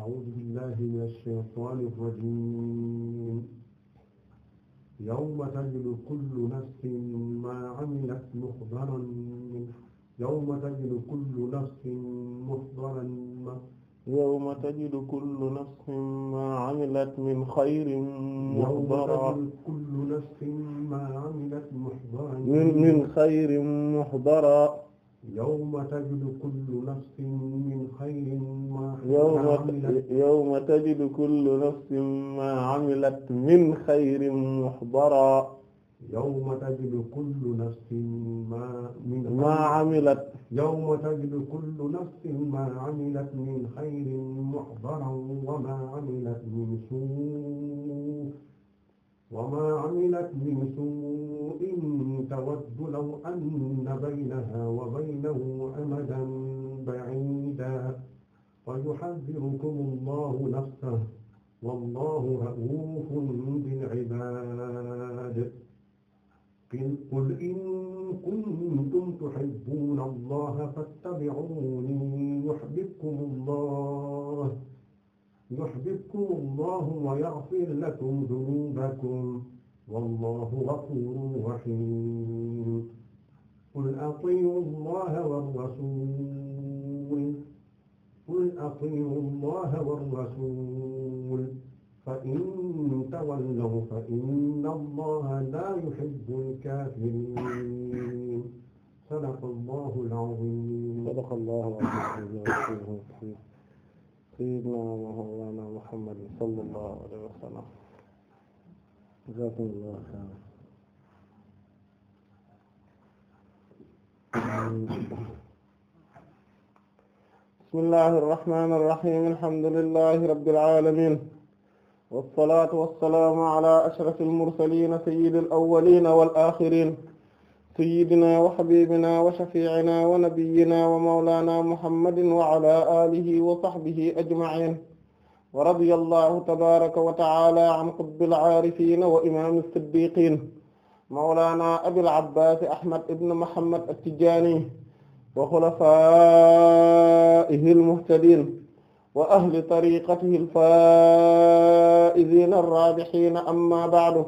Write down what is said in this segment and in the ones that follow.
أعوذ بالله من الشيطان الرجيم يوم تجد كل نفس ما عملت مخبرا من يوم تجد كل نفس مخبرا ما يوم تجد كل نفس ما عملت من خير محضرا يوم تجد كل نفس ما عملت محضرا من خير محضرا yawma tajidu kullu nafsin min xayrin ma yawma tajidu kullu nafsin ma amilat min xayrin muhdara yawma tajidu kullu nafsin ma ma amilat yawma tajidu kullu nafsin ma amilat min xayrin muhdaran wa ma amilat min suu وما عملت من سوء تود لو أن بينها وبينه أمدا بعيدا ويحذركم الله نفسه والله رؤوف بالعباد قل إن كنتم تحبون الله فاتبعوني يحببكم الله يحببكم الله ويغفر لكم ذنوبكم والله غفور رحيم قل أطيعوا الله والرسول قل أطيعوا الله والرسول فإن تولوا فإن الله لا يحب الكافرين صدق الله العظيم صدق الله العظيم sayyidina wa mawlana Muhammad sallallahu alayhi wa sallam jazakumullahu khairan bismillahir rahmanir rahim alhamdulillahi rabbil alamin was salatu was salamu ala ashrafil mursalin sayyidil awwalin wal akhirin sayyidina wa habibina wa shafi'ina wa nabiyyina wa mawlana muhammadin wa ala alihi wa sahbihi ajma'in wa radiyallahu tabaraka wa ta'ala an qutbil aarifin wa imam as-siddiqin mawlana abil abbas ahmad ibn muhammad at-tijani wa khulafa'ihi al-muhtadin wa ahli tariqatihi al-fa'izin ar-rabihin amma ba'du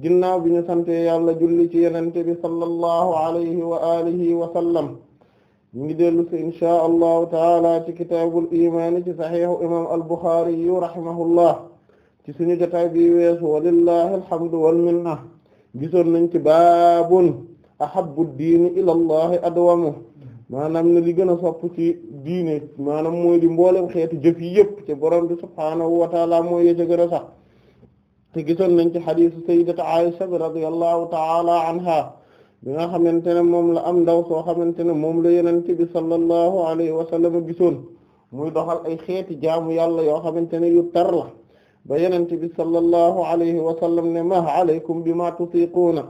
ginnaaw bi ñu sante yàlla julli ci yenente bi sallallahu alayhi wa alihi wa sallam ñu ngi dellu si inchaa allahu taala ci kitaabul imaani ci saxiixu imam al-Buxaari yu rahimahullah ci suñu jotaay bi weesu walillahi alhamdu wal minna gisoon nañ ci baabun ahabbu diini ila adwamu maanaam ne li gën a sopp ci diine maanaam mooy di mboolem xeetu jëf yi yëpp ci borom bi subhaanahu wa taala mooy yëcca gën a te gisoon nañ ci xadiisu sayyidati Aisha bi radiyallahu ta'ala anha bi nga xamante ne moom la am ndaw soo xamante ne moom la yenente bi sallallahu alayhi wa sallam gisoon muy doxal ay xeeti jaamu yàlla yoo xamante ne yu tar la ba yenente bi sallallahu alayhi wa sallam ne ma alaykum bi ma tutiquuna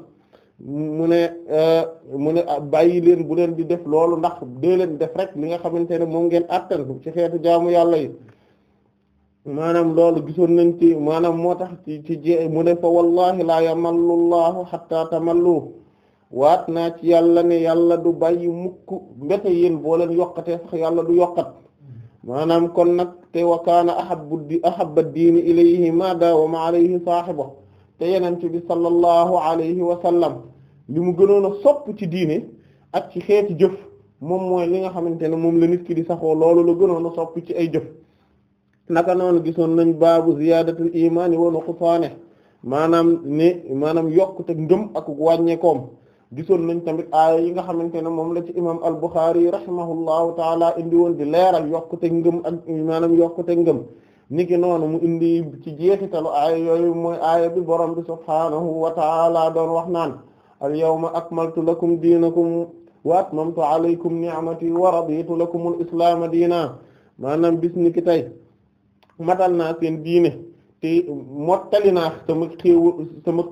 mu ne eh, mu ne bàyyi leen bu leen bi def loolu ndax dee leen def rek li nga xamante ne moom ngeen attan ci xeetu jaamu yàlla yi maanaam loolu gisoon nañ ci maanaam moo tax ci ci je mu ne fa wallahi laa yamallullahu hatta tamallu waat naa ci yàlla ne yàlla du bàyyi mukk mbete yéen boo leen yokkatee sax yàlla du yokkat maanaam kon nag te wa kaana ahabbu di ahabba diini ilayhi ma dawama alayhi saahiba te yenente bi sallallahu alayhi wa sallam li mu gënoon a ci diine ak ci xeeti jëf moom mooy li nga xamante ne moom la nit ki di saxoo loolu la gënoon a sopp ci ay jëf naka noonu gisoon nañu baabu ziyaadatul imaani wa nuqsaane maanaam ni maanaam yokkute ngëm ak wàññeekoom gisoon nañ tamit aaya yi nga xamante ne moom la ci imam al-Bukhari rahimahullahu taala indi woon di leeral yokkute ngëm ak maanaam yokkute ngëm niki noonu mu indi ci jeexitalu aaya yooyu mooy aaya bi borom bi subhaanahu wa taala doon wax naan al yawma akmaltu lakum diinakum wa atmamtu alaykum ni'mati wa raditu lakum al islaama diina maanaam bis niki tey matal naa seen diine te mottali naa sama xéewal sama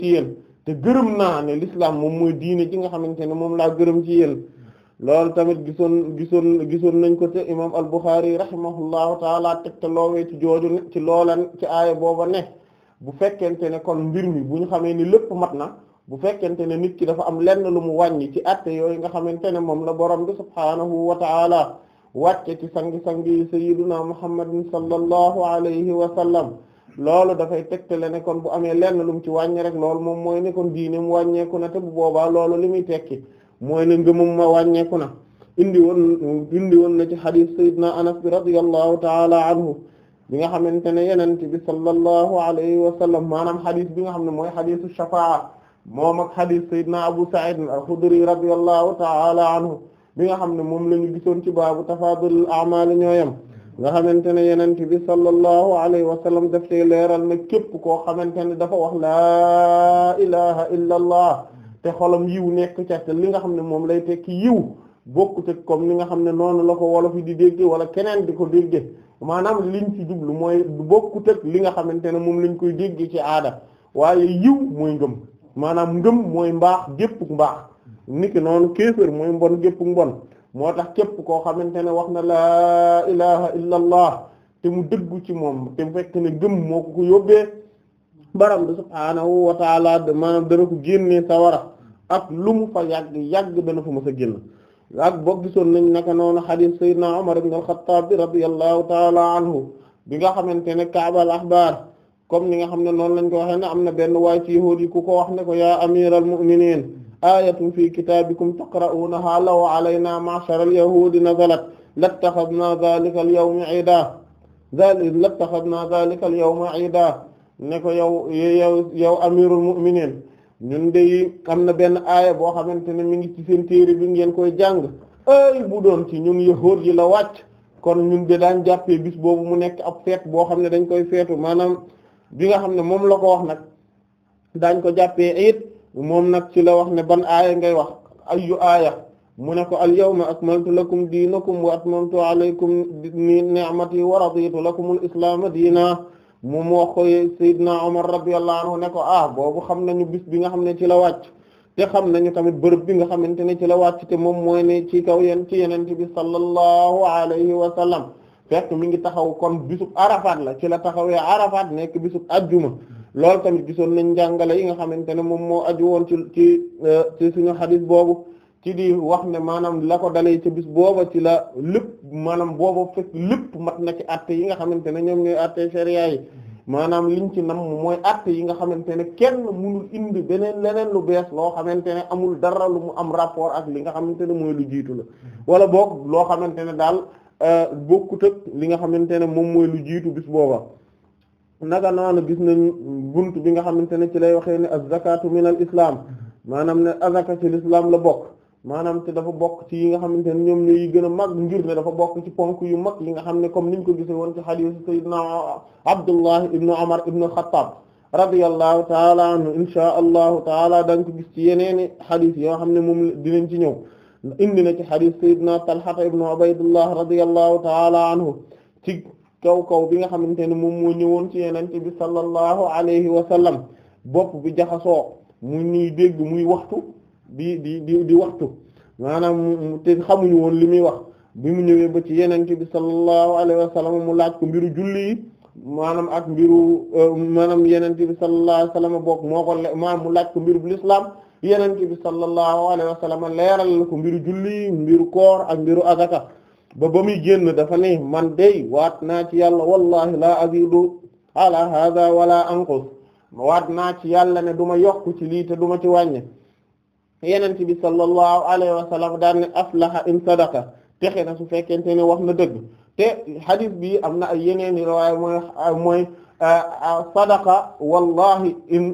ci yéen te gërëm naa ne l'islam moom mooy diine ji nga xamante ne moom laa gërëm ci yéen loolu tamit gisoon gisoon gisoon nañ ko te imam al-Bukhari rahimahullahu taala teg te loowee ci jooju ne ci loola ci aaya booba ne bu fekkente ne kon mbir mi bu ñu xamee ni lépp mat na bu fekkente ne nit ki dafa am lenn lu mu wàññi ci atte yooyu nga xamante ne moom la borom bi subhaanahu wa taala wàcce ci sangi-sangi sayyiduna muhammadin sallallahu alayhi wa sallam loolu dafay tegtale ne kon bu amee lenn lu mu ci wàññi rek loolu moom mooy ne kon diine mu wàññeeku na te bu boobaa loolu li muy tekki mooy ne ngëmum ma wàññeeku na indi woon indi woon na ci xadiis sayyidina anas bi radiyallahu taala anhu bi nga xamante ne yenente bi sallallahu alayhi wa sallam maanaam xadiis bi nga xam ne mooy xadiisu shafaa moom ak xadiis sayyidina abu sa'id al-xudri radiyallahu taala anhu bi nga xam ne moom la ñu gisoon ci baabu tafaadul amaali ñooyam nga xamante ne yenente bi sallallahu alayhi wa sallam daf tey leeral na képp ko xamante ne dafa wax laa ilaha illa te xolam yiw nekk ca te li nga xam ne moom lay tekki yiw bokkute comme li nga xam ne noonu la ko wolof yi di dégge wala keneen di ko dégge maanaam liñ ci jublu mooy bokkute li nga xamante ne moom lañ koy dégge ci aada waaye yiw mooy ngëm maanaam ngëm mooy mbaax gépp mbaax niki noonu kéefër mooy mbon gépp mbon moo tax képp koo xamante ne wax na laa ilaha illa allah te mu dëggu ci moom te fekk ne gëm moo ko ko yóbbee baram bi subhaanahu wa taala maanaam dana ko génnee sawara ak lu mu fa yàgg yàgg dana fa mës a génn ak boog gisoon nañ naka noonu xadiis sayyidina Umar ibn al-Khattab radiyallahu taala anhu bi nga xamante ne kaabal axbaar comme ni nga xam ne noonu lañ ko waxee ne am na benn waay ci yahuud yi ku ko wax ne ko yaa amiral mu'minin ayatun fi kitaabikum taqra'uunahaa law 'alaynaa ma'sharal yahuudi nazalat lattaxadnaa zaalika al-yawma 'iidan zaalika lattaxadnaa zaalika al-yawma 'iidan ne ko yow yow yow amirul mu'minin ñun de am na benn aaya boo xamante ne mi ngi ci seen bi ngeen koy jàng ay bu doon ci ñun yahuud yi la wàcc kon ñun de daan jàppee bis boobu mu nekk ab feet boo xam ne dañ koy feetu maanaam bi nga xam ne moom la ko wax nag daañ ko jàppee it moom nag ci la wax ne ban aaya ngay wax ayu aaya mu ne ko al yawma akmaltu lakum diinakum wa atmamtu alaykum ni'mati wa raditu lakum al islaama diina moom wax ko Seydina Omar radiyallahu anhu ne ko ah boobu xam nañu bis bi nga xam ne ci la wàcc te xam nañu tamit bërëb bi nga xamante ne ci la wàcc te moom mooy ne ci kaw yéen ci yeneen bi sallallahu alayhi wa sallam fekk mi ngi taxaw kon bisub Arafat la ci la taxaw taxawee Arafat nekk bisub ajjuma loolu tamit gisoon nañ njàngale yi nga xamante ne moom moo aju woon ci ci euh, ci suñu xadis boobu ci di wax ne maanaam la ko dalee ci bis booba ci la lépp maanaam booba fekk lépp mat na ci atte yi nga xamante ne ñoom ñooy atte yi maanaam liñ ci nam mooy atte yi nga xamante ne kenn mënul indi beneen leneen lu bees loo xamante ne amul dara lu mu am rapport ak li nga xamante ne mooy lu jiitu la wala boog loo xamante ne daal euh, bokkut li nga xamante ne moom mooy lu jiitu bis booba naga noonu gis nañ buntu bi nga xamante ne ci lay waxee ne az-zakatu min al islam maanaam ne azaka ci l'islam la bokk maanaam te dafa bokk ci yi nga xamante ne ñoom ñooy gën a mag ngir ne dafa bokk ci ponk yu mag yi nga xam ne comme niñ ko gisee woon ci hadith sayyidina Abdullah ibn Umar ibn al-Khattab radiyallahu taala anhu insha allahu taala dañ ko gis ci yeneeni hadith yoo xam ne moom dinañ ci ñëw indi na ci hadith sayyidina Talha ibn Ubaydullah radiyallahu taala anhu ci kaw kaw bi nga xamante ne moom moo ñëwoon ci yenente bi sallallahu alayhi wa sallam bopp bi jaxasoo mu ñuy dégg muy waxtu di di di waxtu maanaam te xamuñu woon li muy wax bi mu ñëwee ba ci yenente bi sallallahu alayhi wa sallam mu laaj ko mbiru julli yi maanaam ak mbiru euh, maanaam yenente bi sallallahu alayhi bokk moo ko mu laaj ko mbiru l'islam yenente bi sallallahu alayhi wa sallam leeral ko mbiru julli mbiru koor ak mbiru adaka ba ba muy génn dafa ne man day waat naa ci yàlla wallahi laa azidu ala hada wala anqus waat naa ci yàlla ne du ma yokku ci lii te ci wàññe bi sallallahu alayhi wa sallam daan ne aflaha in sadaka texe na su fekkente ne wax na dëgg te hadith bi am na ay yeneen riwaaya mooy mooy sadaka wallahi in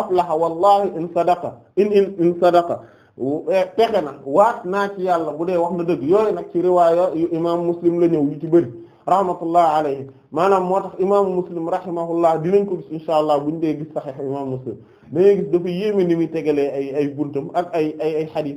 aflaha wallahi in sadaka texe eh, na waat naa ci yàlla bu dee wax na dëgg yooyu nag ci riwaaya yu imam muslim la ñëw yu ci bëri rahmatullah alayhi maanaam moo tax imaamu muslim rahimahullah dinañ ko gis insha allah buñ dee gis saxiix imaamu muslim dañuy gis dafa yéeme ni muy tegalee ay ay buntam ak ay ay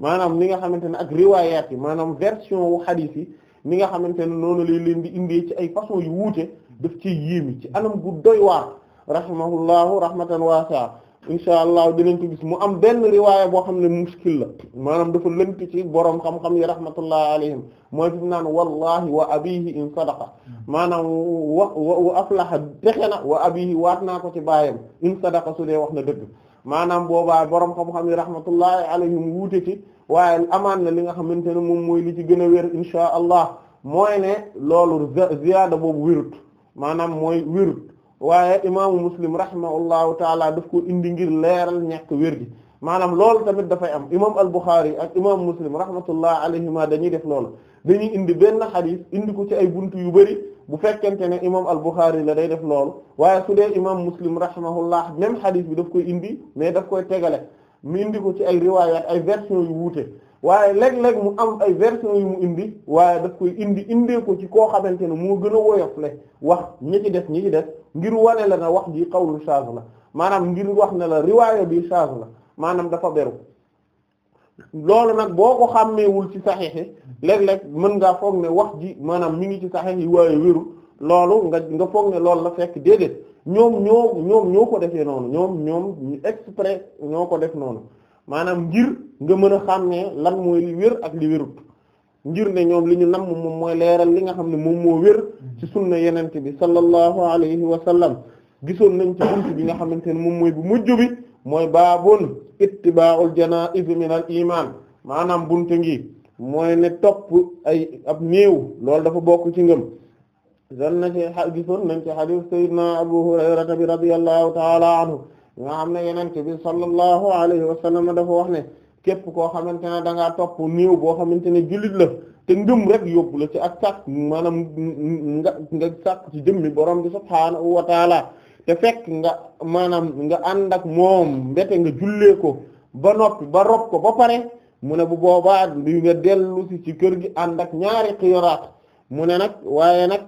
maanaam ni nga xamante ne ak riwaayaat yi maanaam version wu xadiis yi ni nga xamante ne noonu lay leen di indee ci ay façon yu wuute def ci yéeme ci anam gu doy waar rahimahullahu rahmatan waasi'a insha allah dinañ ko gis mu am benn riwaaya boo xam ne muskil la maanaam dafa lënt ci borom xam-xam yi rahmatullahi alayhim mooy fi naan wallahi wa abihi in sadaqa maanaam wa wa aflaha dexe na wa abihi waat naa ko ci baayam in sadaqa su dee wax na dëgg maanaam boobaa borom xam-xam yi rahmatullahi alayhim wuute ci waaye amaan na li nga xamante ne moom mooy li ci gën a wér insha allah mooy ne loolu ziyaada boobu wérut maanaam mooy wérut waaye imaamu muslim rahimahullahu taala daf ko indi ngir leeral ñàkk wér gi maanaam lool tamit dafay am imaam al-Bukhari ak imaam muslim rahmatullah alayhima dañuy def loolu dañuy indi benn xadis indi ko ci ay buntu yu bari bu fekkente ne imaam al-Bukhari la day def loolu waaye su dee imaam muslim rahimahullah même xadis bi daf koy indi mais daf koy tegale mu indi ko ci ay riwaayaat ay version yu wuute. waaye léeg-léeg mu am ay version yu mu indi waaye daf koy indi indee ko ci koo xamante ne moo gën a woyof le wax ñi ci def ñi ci def ngir wane la na wax ji xawlu change la maanaam ngir wax ne la riwaaya bi change la maanaam dafa beru loolu nag boo ko xàmmeewul ci saxiix yi léeg-léeg mën ngaa foog ne wax ji maanaam mi ngi ci saxiix yi waaye wéru loolu nga nga foog ne loolu la fekk déedéet ñoom ñoo ñoom ñoo ko defee noonu ñoom ñoom exprès ñoo ko def noonu maanaam ngir nga mën a xàmmee lan mooy li wér ak li wérut ne ñoom li ñu namm moom mooy leeral li nga xam ne moom moo wér ci sunna yenente bi sallallahu alayhi wa sallam gisoon nañ ci bunt bi nga xamante ne moom mooy bu mujj bi mooy baabun ittiba'ul janaiz min al iman maanaam bunte ngi mooy ne topp ay ab néew loolu dafa bokk ci ngëm zon na ci gisoon nañ ci hadith abu hurayrata bi radiyallahu ta'ala anhu nga na ne yeneen bi sallallahu alayhi wa sallam dafa wax ne képp koo xamante ne da ngaa topp néew boo xamante ne jullit la te ngëm rek yóbbu la ci ak sàkk maanaam nga nga sàkk ci jëmmi borom bi subhaanahu wa taala te fekk nga maanaam nga ànd ak moom mbete nga jullee ko ba noppi ba rob ko ba pare mu ne bu boobaa di nga dellu ci kër gi ànd ak ñaari xiiraat mu ne nag waaye nag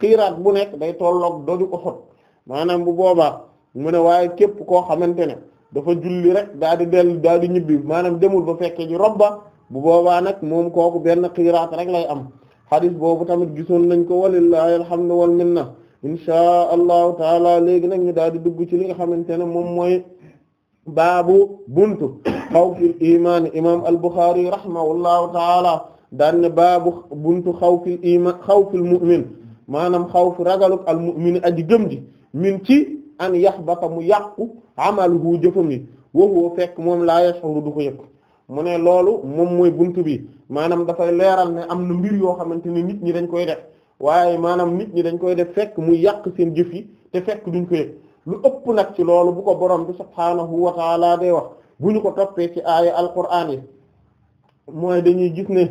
kiiraat eh, bu nekk day tolloog doju ko xot maanaam bu boobaa mu ne waaye képp koo xamante ne dafa julli rek daal di dellu daal di ñibbi maanaam demul ba fekkee ji robba bu boobaa nag moom kooku benn xiraat rek lay am xadis boobu tamit gisoon nañ ko walillahi alhamdu wal minna inshaa allahu taala léegi nag ñu daal di dugg ci li nga xamante ne moom mooy baabu buntu xawfil imaani imaam al-Bukhari rahimahullahu taala daan ne baabu buntu xawfil imaan xawfil mu'min maanaam xawfi ragaluk al mu'min aji gëm min ci an yaxbata mu yàqu amaluhu jëfam yi waxuwa fekk moom laa yashuru du ko yëg mu ne loolu moom mooy bunt bi maanaam dafay leeral ne am na mbir yoo xamante ni nit ñi dañ koy def waaye maanaam nit ñi dañ koy def fekk muy yàq seen jëf yi te fekk duñ ko yëg lu ëpp nag ci loolu bu ko borom bi subhaanahu wa taala day wax bu ñu ko toppee ci aaya alquraan yi mooy dañuy gis ne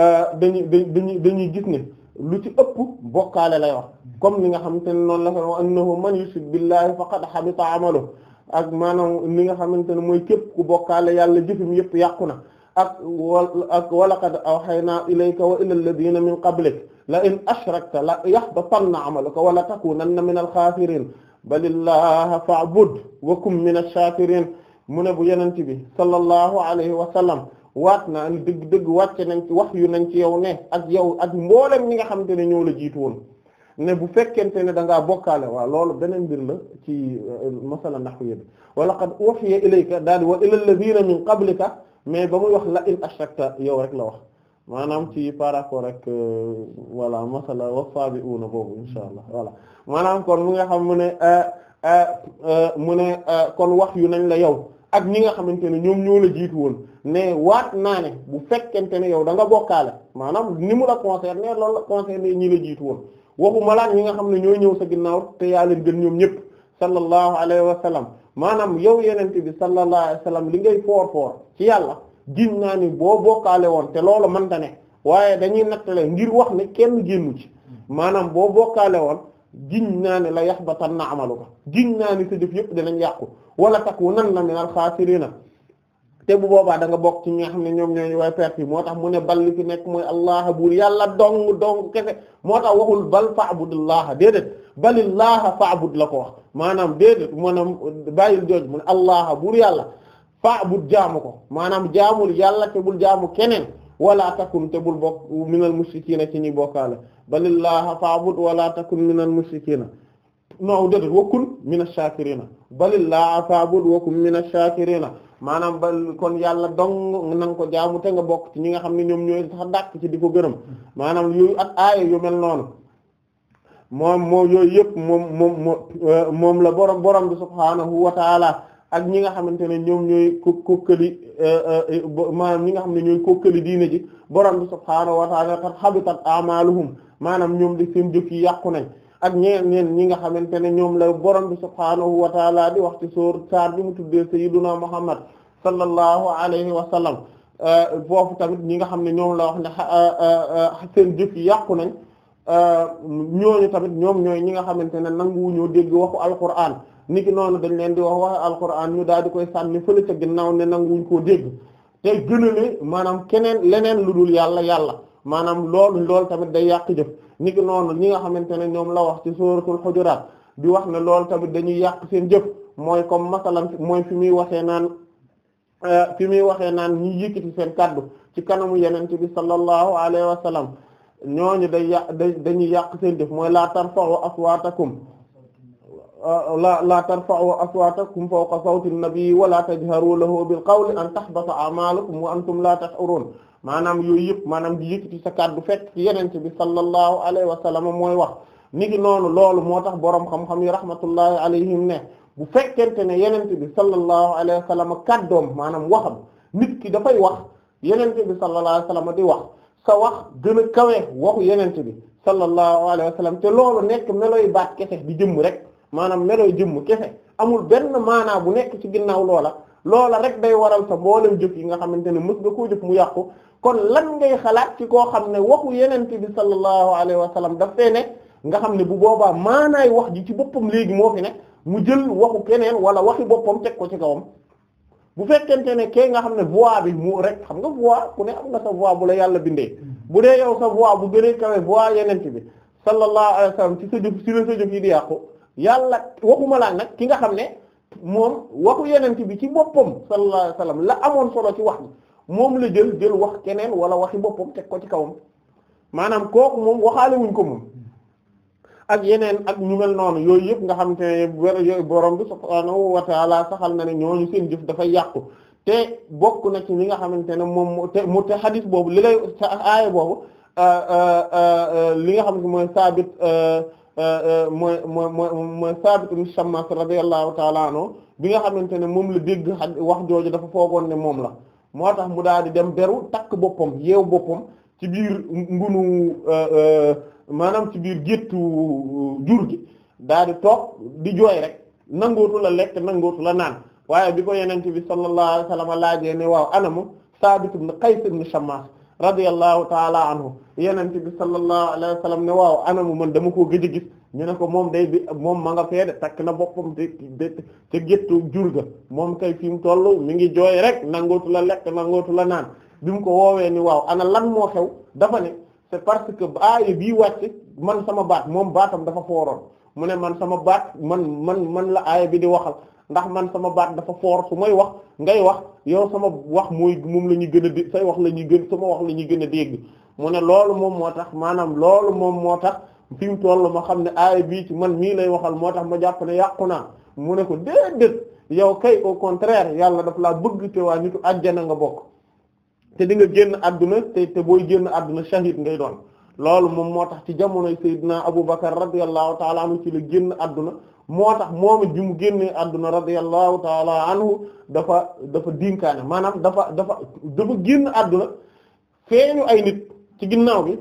euh, dañuy dañuy dañuy gis ne lu ci ëpp bokkaale lay wax comme ni nga xamante ne noonu la ko annahu man yushrik billahi faqad habita amalu ak maanaam li nga xamante ne mooy képp ku bokkaale yàlla jëfim yëpp yàqu na ak wal ak walaqad awhaynaa ilayka wa ila alladhina min qablik la in ashrakta la yahbatanna amaluka wa la takunanna min al-khasirin balillaha fa'bud wa kun min ash-shakirin mu ne bu yenente bi sallallahu alayhi wa sallam waat naa ni dëgg-dëgg wàcce nañ ci wax yu nañ ci yow ne ak yow ak mboolem ñi nga xamante ne ñoo la jiitu woon ne bu fekkente ne da ngaa bokkaale waa loolu beneen mbir la ci euh, masala nahwiya bi wa laqad uhiya ilayka daal di wa ila alladhina min qablika mais ba wax la in ashrakta yow rek la wax maanaam ci par rapport ak euh, voilà masala wa sabiuna boobu insha allah voilà maanaam kon mu nga xam mu ne euh, mu ne kon wax yu nañ la yow ak ñi nga xamante ne ñoom ñoo la jiitu woon mais waat naa ne bu fekkente ne yow da nga bokkaale maanaam ni mu la concerné loolu la concerné ñi la jiitu woon waxu malaat ñi nga xam ne ñoo ñëw sa ginnaaw te yaa leen gën ñëpp sallallahu alayhi wa sallam maanaam yow yeneen bi sallallahu alayhi wa li ngay foor foor ci yàlla giñ naa ni boo bokkaale woon te loolu mënta ne waaye dañuy nattale ngir wax ne kenn génnu ci maanaam boo bokkaale woon giñ naa ne la yaxbatan na amaluka giñ naa ni sa jëf yëpp dinañ yàqu wala takku nan na minal xaasiriina te bu boobaa da nga bokk ci ñi nga xam ne ñoom ñooñu waaye perte yi moo tax mu ne bal li fi nekk mooy allah buur yàlla dong dong kese moo tax waxul bal fa'budullaha déedéet balillaaha fa'bud la ko wax maanaam déedéet maanaam bàyyil jooj mu ne allah buur yàlla fa'bud jaamu ko maanaam jaamul yàlla te bul jaamu keneen wala takun te bul bokk minal mushrikiina ci ñuy bokkaale balillaaha fa'bud wala takun minal mushrikiina non déedéet wakkun minash shaakiriina balillaaha fa'bud wakkun minash shaakiriina maanaam ba kon yàlla dong na nga ko jaamu te nga bokk ci ñi nga xam ne ñoom ñooy sax dàkk ci di ko gërëm maanaam yooyu ak aaya yu mel noonu moom moo yooyu yëpp moom moom euh, moom la borom borom bi subhaanahu wa taala ak ñi nga xamante ne ñoom ñooy kokkali euh, euh, maanaam ñi nga xam ne ñooy kokkali diine ji borom bi subhaanahu wa taala qad habitat a'maluhum maanaam ñoom di seen jëf yi yàqu nañ ak ñeen ñeen ñi nga xamante ne ñoom la borom bi subhaanahu wa taala di wax ci sóor saar bi mu tuddee sayyiduna muhammad sallallahu alayhi wa sallam euh, foofu tamit ñi nga xam ne ñoom la wax ne euh, euh, seen jëf yi yàqu nañ ñooñu tamit ñoom ñooy ñi nga xamante ne nanguwuñoo dégg waxu alquran niki noonu dañ leen di wax wax alquran ñu daal di koy sànni fële ca ginnaaw ne nanguwuñ koo dégg te gënale maanaam keneen leneen lu dul yàlla yàlla maanaam loolu loolu tamit day yàq jëf ni noonu ñi nga xamante ne ñoom la wax ci suuratul xujuraat bi wax ne loolu tamit dañuy yàq seen jëf mooy comme masalan mooy fi muy waxee naan euh, fi muy waxee naan ñi yëkkati seen kaddu ci kanamu yenente bi sallallahu alayhi wa sallam ñooñu day dañuy yàq seen jëf mooy la tarfa'u aswaatakum euh, la la tarfa'u aswaatakum fawqa sawti an-nabi wa la tajharu lahu bil qawli an tahbata a'malukum wa antum la tash'urun maanaam yooy yëpp maanaam di yëkkati sa kàddu fekk ci yenente bi sallallahu alayhi wa sallam mooy wax ni ngi noonu loolu moo tax boroom xam-xam yi rahmatullahi alayhim ne bu fekkente ne yenente bi sallallahu alayhi wa sallam doom maanaam waxam nit ki dafay wax yenente bi sallallahu alayhi wa sallam di wax sa wax gën a kawe bi sallallahu alayhi wa sallam te loolu nekk melooy baat kese di jëmm rek maanaam melooy jëmm kese amul benn maanaa bu nekk ci ginnaaw loola loola rek day waral sa mboolem jëf yi nga xamante ne mës nga koo jëf mu yàqu kon lan ngay xalaat ci koo xam ne waxu yeneen bi sallallahu alayhi wa sallam daf fee nekk nga xam ne bu boobaa maanaay wax ji ci boppam léegi moo fi mu jël waxu keneen wala waxi boppam teg ko ci kawam bu fekkente ne kee nga xam ne voix bi mu rek xam nga voix ku ne am nga sa voix bu yàlla bindee bu dee yow sa voix bu gënee kawe voix bi sallallahu alayhi wa ci sa jëf yi di yàqu yàlla waxuma laa nag ki nga xam ne. moom waxu yenent bi ci boppam sallallahu alayhi wasallam la amoon solo ci wax moom la jël jël wax keneen wala waxi boppam te ko ci kawam maanaam kooku moom waxaale wuñ ko moom ak yeneen ak ñu mel noonu yooyu yëpp nga xam te ne borom bi subhaanahu wa ta'ala saxal na ne ñooñu seen jëf dafay yàqu te bokk na ci ñi nga xamante ne moom te mu te xadis boobu li lay aaya boobu euh, euh, euh, li nga xam ne mooy saabit Euh, euh, mooy mooy mooy mooy Saabit ibn Shammas radiyallahu ta'ala bi nga xamante ne moom la dégg wax jooju dafa foogoon ne moom la moo tax mu daal di dem beru takk boppam yeew boppam ci biir ngunu euh, maanaam ci biir géttu jur gi daal di toog di jooy rek nangootu la lekk nangootu la naan waaye bi ko yenente bi sallallahu alayhi wasallam laajee waaw anamu Saabit ibn Qays ibn Shammas radiyallahu ta'ala yenente bi sallallahu alayhi wa sallam ne waaw anamu man dama koo gëj a gis ñu ne ko moom day bi moom ma nga feede takk na boppam te te géttu jur ga moom kay fi mu toll mi ngi jooy rek nangootu la lekk nangootu la naan bi mu ko woowee ni waaw ana lan moo xew dafa ne c'est parce que aaya bii wàcc man sama baat moom baatam dafa fooroon mu ne man sama baat man man man la aaye bi di waxal ndax man sama baat dafa foor su may wax ngay wax yow sama wax mooy moom la ñuy gën a dé say wax la ñuy gën sama wax la ñuy gën a dégg mu ne loolu moom moo tax maanaam loolu moom moo tax fi mu toll ma xam ne aaya bii ci man mii lay waxal moo tax ma jàpp ne yàqu naa mu ne ko déedéet yow kay au contraire yàlla daf laa bëgg te waa nitu àjjana nga bokk te di nga génn àdduna te te booy génn àdduna shahid ngay doon loolu moom moo tax ci jamonoy Seydina Aboubacar radiyallahu taala anhu ci la génn àdduna moo tax moom it bi mu génnee àdduna radiyallahu taala anhu dafa dafa dinkaane maanaam dafa dafa dafa génn àdduna feeñu ay nit ci ginnaaw bi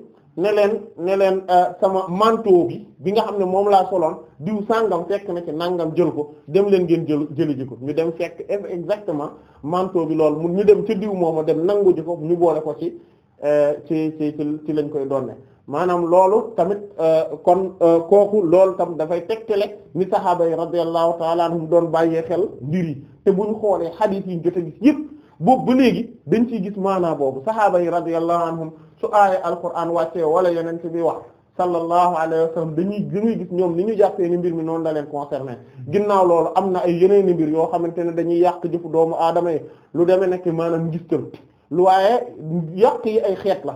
ne leen ne leen euh, sama manteau bi bi nga xam ne moom laa soloon diw sàngam fekk na ci nangam jël ko dem leen ngeen jël jëli ko ñu dem fekk exactement manteau bi loolu mu ñu dem ci diw mooma dem nangu ji ko ñu boole ko ci euh, ci ci ci lañ koy doonne maanaam loolu tamit euh, kon kooku loolu tam dafay tegtale ni sahaaba yi radiyallahu taala anhum doon bàyyee xel mbir yi te bu ñu xoolee xadiis yi ñu jot a gis boobu ba léegi dañ ciy gis maanaa boobu sahaaba yi radiyallahu anhum su aaya alquran wàccee wala yenente bi wax sallallahu alayhi wa sallam dañuy dañuy gis ñoom ni ñu jàppee ni mbir mi noonu la leen concerné ginnaaw loolu am na ay yeneen i mbir yoo xamante ne dañuy yàq jëfu doomu aadama yi lu demee nekk maanaam ngistal lu waaye yàq yi ay xeet la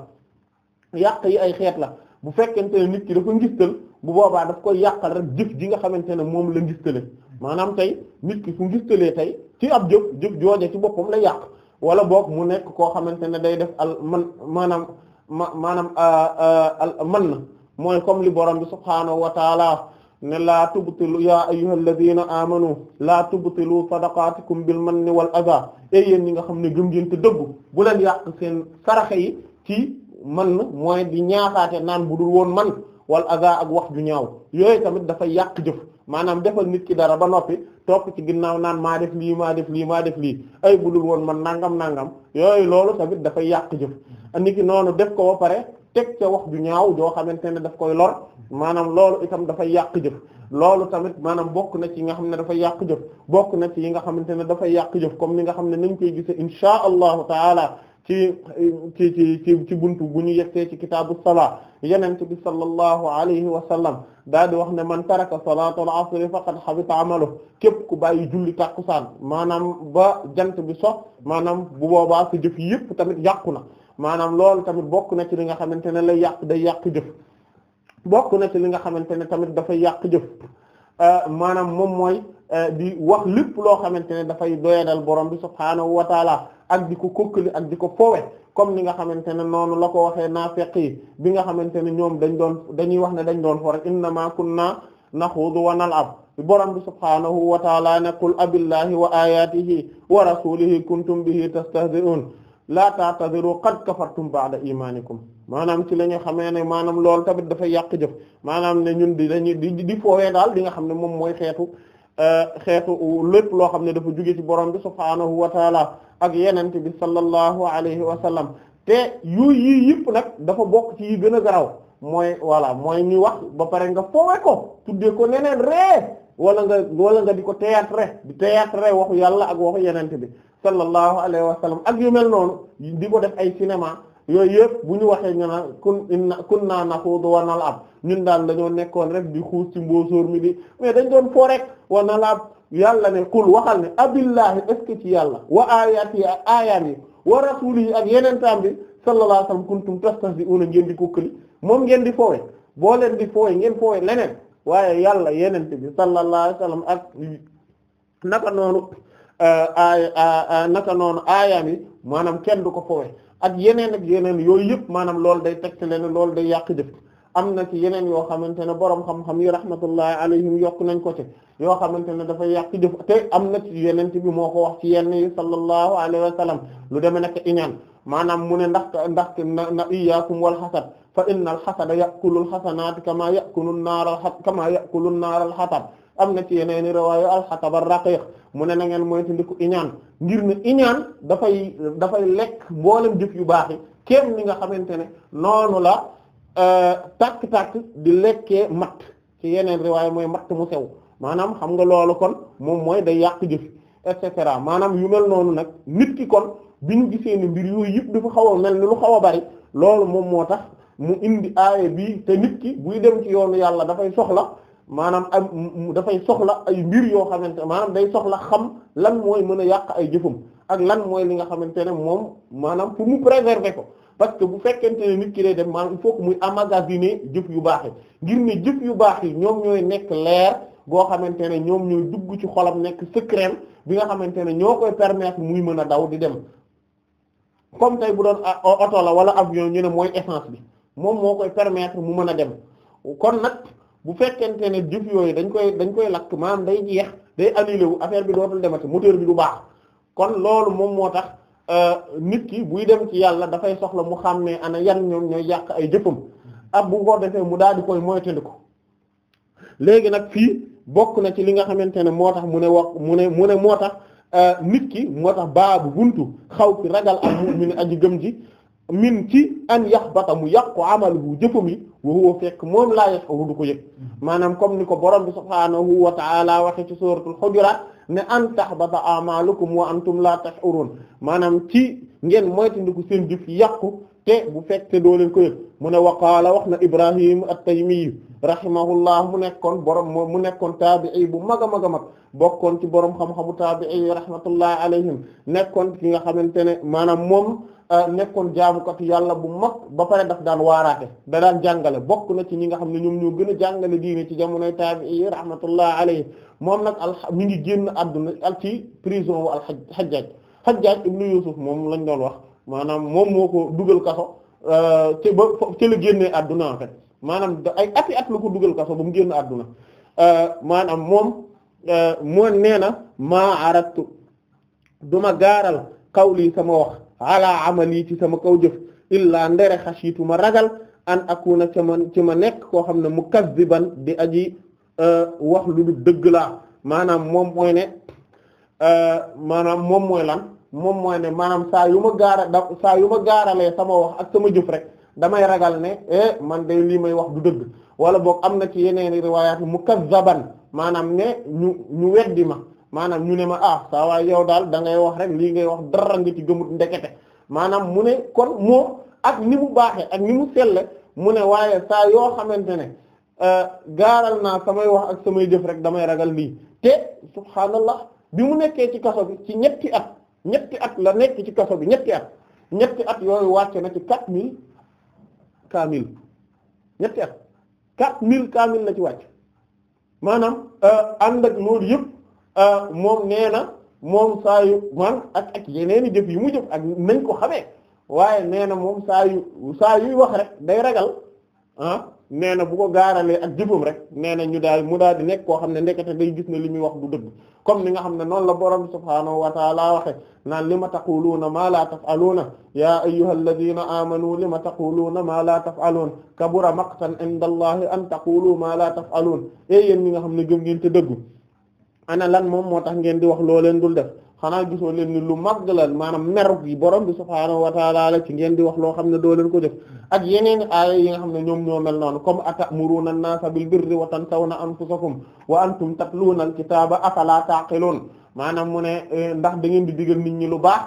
yàq yi ay xeet la bu fekkente ne nit ki dafa ngistal bu boobaa daf koy yàqal rek jëf ji nga xamante ne moom la ngistale maanaam tey nit ki fu ngistalee tey ci ab jëf jëf jooje ci boppam la yàq wala boog mu nekk koo xamante ne day def al man maanaam ma maanaam man mooy comme li borom bi subhaanahu wa taala ne laa tubtilu yaa ayyuhal ladina amanu laa tubtilu sadaqaatikum bil manni wal adha ay yéen ñi nga xam ne gëm ngeen te dëggu bu leen yàq seen saraxa yi ci man mooy di ñaaxaate naan bu dul woon man wal adha ak wax ju ñaaw yooyu tamit dafay yàq jëf maanaam defal nit ki dara ba noppi topp ci ginnaaw naan maa def lii maa def lii maa def lii ay bu woon man nangam nangam yooyu loolu tamit dafay yàq jëf niki noonu def ko ba pare teg ca wax ju ñaaw joo xamante ne daf koy lor maanaam loolu itam dafay yàq jëf loolu tamit maanaam bokk na ci nga xam ne dafay yàq jëf bokk na ci yi nga xamante ne dafay yàq jëf comme ni nga xam ne nañ koy gisee insha allahu taala ci ci ci ci ci buntu bu ñu yegsee ci kitaabu salaa yenent bi sallallahu alayhi wa sallam daal di wax ne man taraka salaatul asri faqad habita amalu képp ku bàyyi julli tàkkusaan maanaam ba jant bi sox maanaam bu boobaa jëf yëpp tamit yàqu na maanaam loolu tamit bokk na ci li nga xamante ne lay yàq day yàq jëf bokk na ci li nga xamante ne tamit dafay yàq jëf euh, maanaam moom mooy euh, di wax lépp loo xamante ne dafay doyadal borom bi subhaanahu wa taala ak di ko kokkali ak di ko fowe comme ni nga xamante ne noonu la ko waxee naafeq yi bi nga xamante ne ñoom dañ doon dañuy wax ne dañ doon fo rek innama kunna naxuudu wa nal'ab borom bi subhaanahu wa taala ne qul abillahi wa ayatihi wa rasulihi kuntum bihi tastahzi'un laa ta'tadiru qad kafartum ba'da imanikum maanaam ci la ñu xamee ne maanaam loolu tamit dafa yàq jëf maanaam ne ñun di dañuy di di daal li nga xam ne moom mooy xeetu euh, xeetu lépp loo xam ne dafa juge ci borom bi subhaanahu wa ak yeneen bi sallallahu alayhi wa sallam te yu yii yëpp nag dafa bokk ci yi gën a garaw mooy voilà mooy ni wax ba pare nga foowee ko tuddee ko neneen ree wala nga wala nga di ko théâtre di théâtre waxu yàlla ak waxu yenent bi sallallahu alayhi wa sallam ak yu noonu di ko def ay cinéma yooyu yëpp bu ñu waxee ñu naan kun inna kunna naxuudu wa am ñun daal dañoo nekkoon rek di xuus ci mbóosóor mi di mais dañ doon foo rek wa nal'ab yàlla ne kul waxal ne abillahi est ci yàlla wa ayati ak aayaan yi wa rasuuli yi ak yeneen taam bi sallallahu alayhi wa sallam kuntum tastahzi'una ngeen di kukkali moom ngeen di foowe boo leen di foowe ngeen foowe leneen waaye yàlla yenent bi sallallahu alayhi wa sallam noonu aaya naka noonu euh, aayaam yi maanaam kenn du ko fowe ak yeneen ak yeneen yooyu yëpp maanaam loolu day tegtale ne loolu day yàq jëf am na ci yeneen yoo xamante ne boroom xam-xam yi rahmatullahi alayhim yokk nañ ko ci yoo xamante ne dafa yàq jëf te am na ci yeneen bi moo ko wax ci yenn yi sallallahu alayhi wa lu deme nekk iñaan maanaam mu ne ndax ndax na iyaakum wal xasad fa innal xasada a xasanaati kamaa yàqulul naaral xa kamaa yàqulul naaral xatab am na ci yeneen i riwaayu alxatab ar-raqiq mu ne na ngeen moytandiku iñaan ngir ne iñaan dafay dafay lekk mboolem jëf yu baax yi kenn ni nga xamante ne noonu la euh, takk-takk di lekkee matt ci yeneen riwaayu mooy matt mu sew maanaam xam nga loolu kon moom mooy day yàq jëf et cetera maanaam yu mel noonu nag nit ki kon bi ñu gisee ni mbir yooyu yëpp dafa xaw a mel ni lu xaw a bari loolu moom moo tax mu indi aaya bi te nit ki buy dem ci yoonu yàlla dafay soxla maanaam am dafay soxla ay mbir yoo xamante maanaam day soxla xam lan mooy mën a yàq ay jëfam ak lan mooy li nga xamante ne moom maanaam pour mu préserver ko parce que bu fekkente ne nit ki day dem maanaam il faut que muy emmagasiner jëf yu baax yi ngir ne jëf yu baax yi ñoom ñooy nekk leer goo xamante ne ñoom ñooy dugg ci xolam nekk secret bi nga xamante ne ñoo koy permettre muy mën a daw di dem comme tey bu doon oto wala avion ñu ne mooy essence bi moom moo koy permettre mu mën a dem kon nag bu fekkente ne jëf yooyu dañ koy dañ koy lakk maanaam day jeex day annulé wu affaire bi dootul demati moteur bi du baax kon loolu moom moo tax euh, nit ki buy dem ci yàlla dafay soxla mu xam ne ana yan ñoom ñooy yàq ay jëfam ak bu ko mu daal di koy moytandiku léegi nag fii bokk na ci li nga xamante ne moo tax mu ne wax mu ne mu ne moo tax euh, nit ki moo tax baabu buntu xaw fi ragal ak mu'min aji gëm ji min ci an yaxbata mu yàqu amaluhu jëfam yi wa huwa fekk moom laa yashuru du ko yëg maanaam comme ni ko borom bi subhaanahu wa ta'ala waxe ci suratul hujurat ne an tahbata amalukum wa antum la tashurun maanaam ci ngeen moytandiku seen jëf yàqu te bu fekk te doo leen ko yëg mu ne waqaala wax na ibrahim at-taymi rahimahullah mu nekkoon borom mu nekkoon taabi'i bu mag a mag a mag bokkoon ci borom xam-xamu taabi'i rahmatullah alayhim nekkoon ki nga xamante ne maanaam moom Euh, nekkoon jaamu jaamukatu yàlla bu mag ba pare daf daan waaraate da daan jàngale bokk na ci ñi nga xam ne ñoom ñoo gën a jàngale diine ci jamonoy taabi'i yi rahmatullah alayhi moom nag al mi ngi génn àdduna alti ci prison wu al Hajjaj Hajjaj ibnu Yusuf moom lañ doon wax maanaam moom moo ko dugal kaso ci euh, ba ci la àdduna maanaam ay ati at la ko dugal kaso ba mu euh, maanaam moom moo nee na maa aratu duma gaaral xawli sama wax ala amali ci sama kaw jëf illaa ndere xasiitu ma ragal an akuna ca ma ci ma nekk koo xam ne mukazziban di aji euh, wax lu dëgg laa maanaam moom mooy ne euh, maanaam moom mooy lan moom mooy ne maanaam saa yu ma gaara da saa yu ma gaaralee sama wax ak sama jëf rek damay ragal ne eh, man de lii may wax du dëgg wala book am na ci yeneen riwaayaat mukazzaban maanaam ne ñu ñu weddi ma maanaam ñu ne ma ah saa waay yow daal da ngay wax rek lii ngay wax dara nga ci gëmut ndekete maanaam mu ne kon moom ak ni mu baaxe ak ni mu selle mu ne waaye saa yoo xamante ne euh, gaaral naa samay wax ak samay jëf rek damay ragal lii te subhaanallah bi mu nekkee ci kaso bi ci ñetti at ñetti at la nekk ci kaso bi ñetti at ñetti at yooyu wàcce na ci quatre mille kaamil ñetti at quatre mille kaamil la ci wàcc maanaam euh, ànd ak loolu yëpp Euh, moom nee na moom saa yu man ak ak yeneen i jëf yu mu jëf ak nañ ko xamee waaye nee na moom saa yu saa yuy wax rek day ragal ah nee na bu ko gaaralee ak jëfam rek nee na ñu daal mu daal di nekk koo xam ne ndekete day gis ne li muy wax du dëgg comme ni nga xam ne noonu la borom subhaanahu wa taala waxe naan lima taquluuna maa laa taf'aluuna yaa ayyuhal ladhiina aamanuu lima taquluuna maa laa taf'aluun kabura maqtan inda allahi an taqulu maa laa taf'aluun e yéen ñi nga xam ne gëm ngeen te dëggu ana lan moom moo tax ngeen di wax loo leen dul def xanaa gisoo leen ni lu màgg la maanaam mer bi borom bi subhaanahu wa taala la ci ngeen di wax loo xam ne doo leen ko def ak yeneen aaya yi nga xam ne ñoom ñoo mel noonu comme atamuruna an-naasa bil birri wa tansawna anfusakum wa antum tatluuna al-kitaaba afala taqiluun maanaam mu ne eh, ndax da ngeen di digal nit ñi lu baax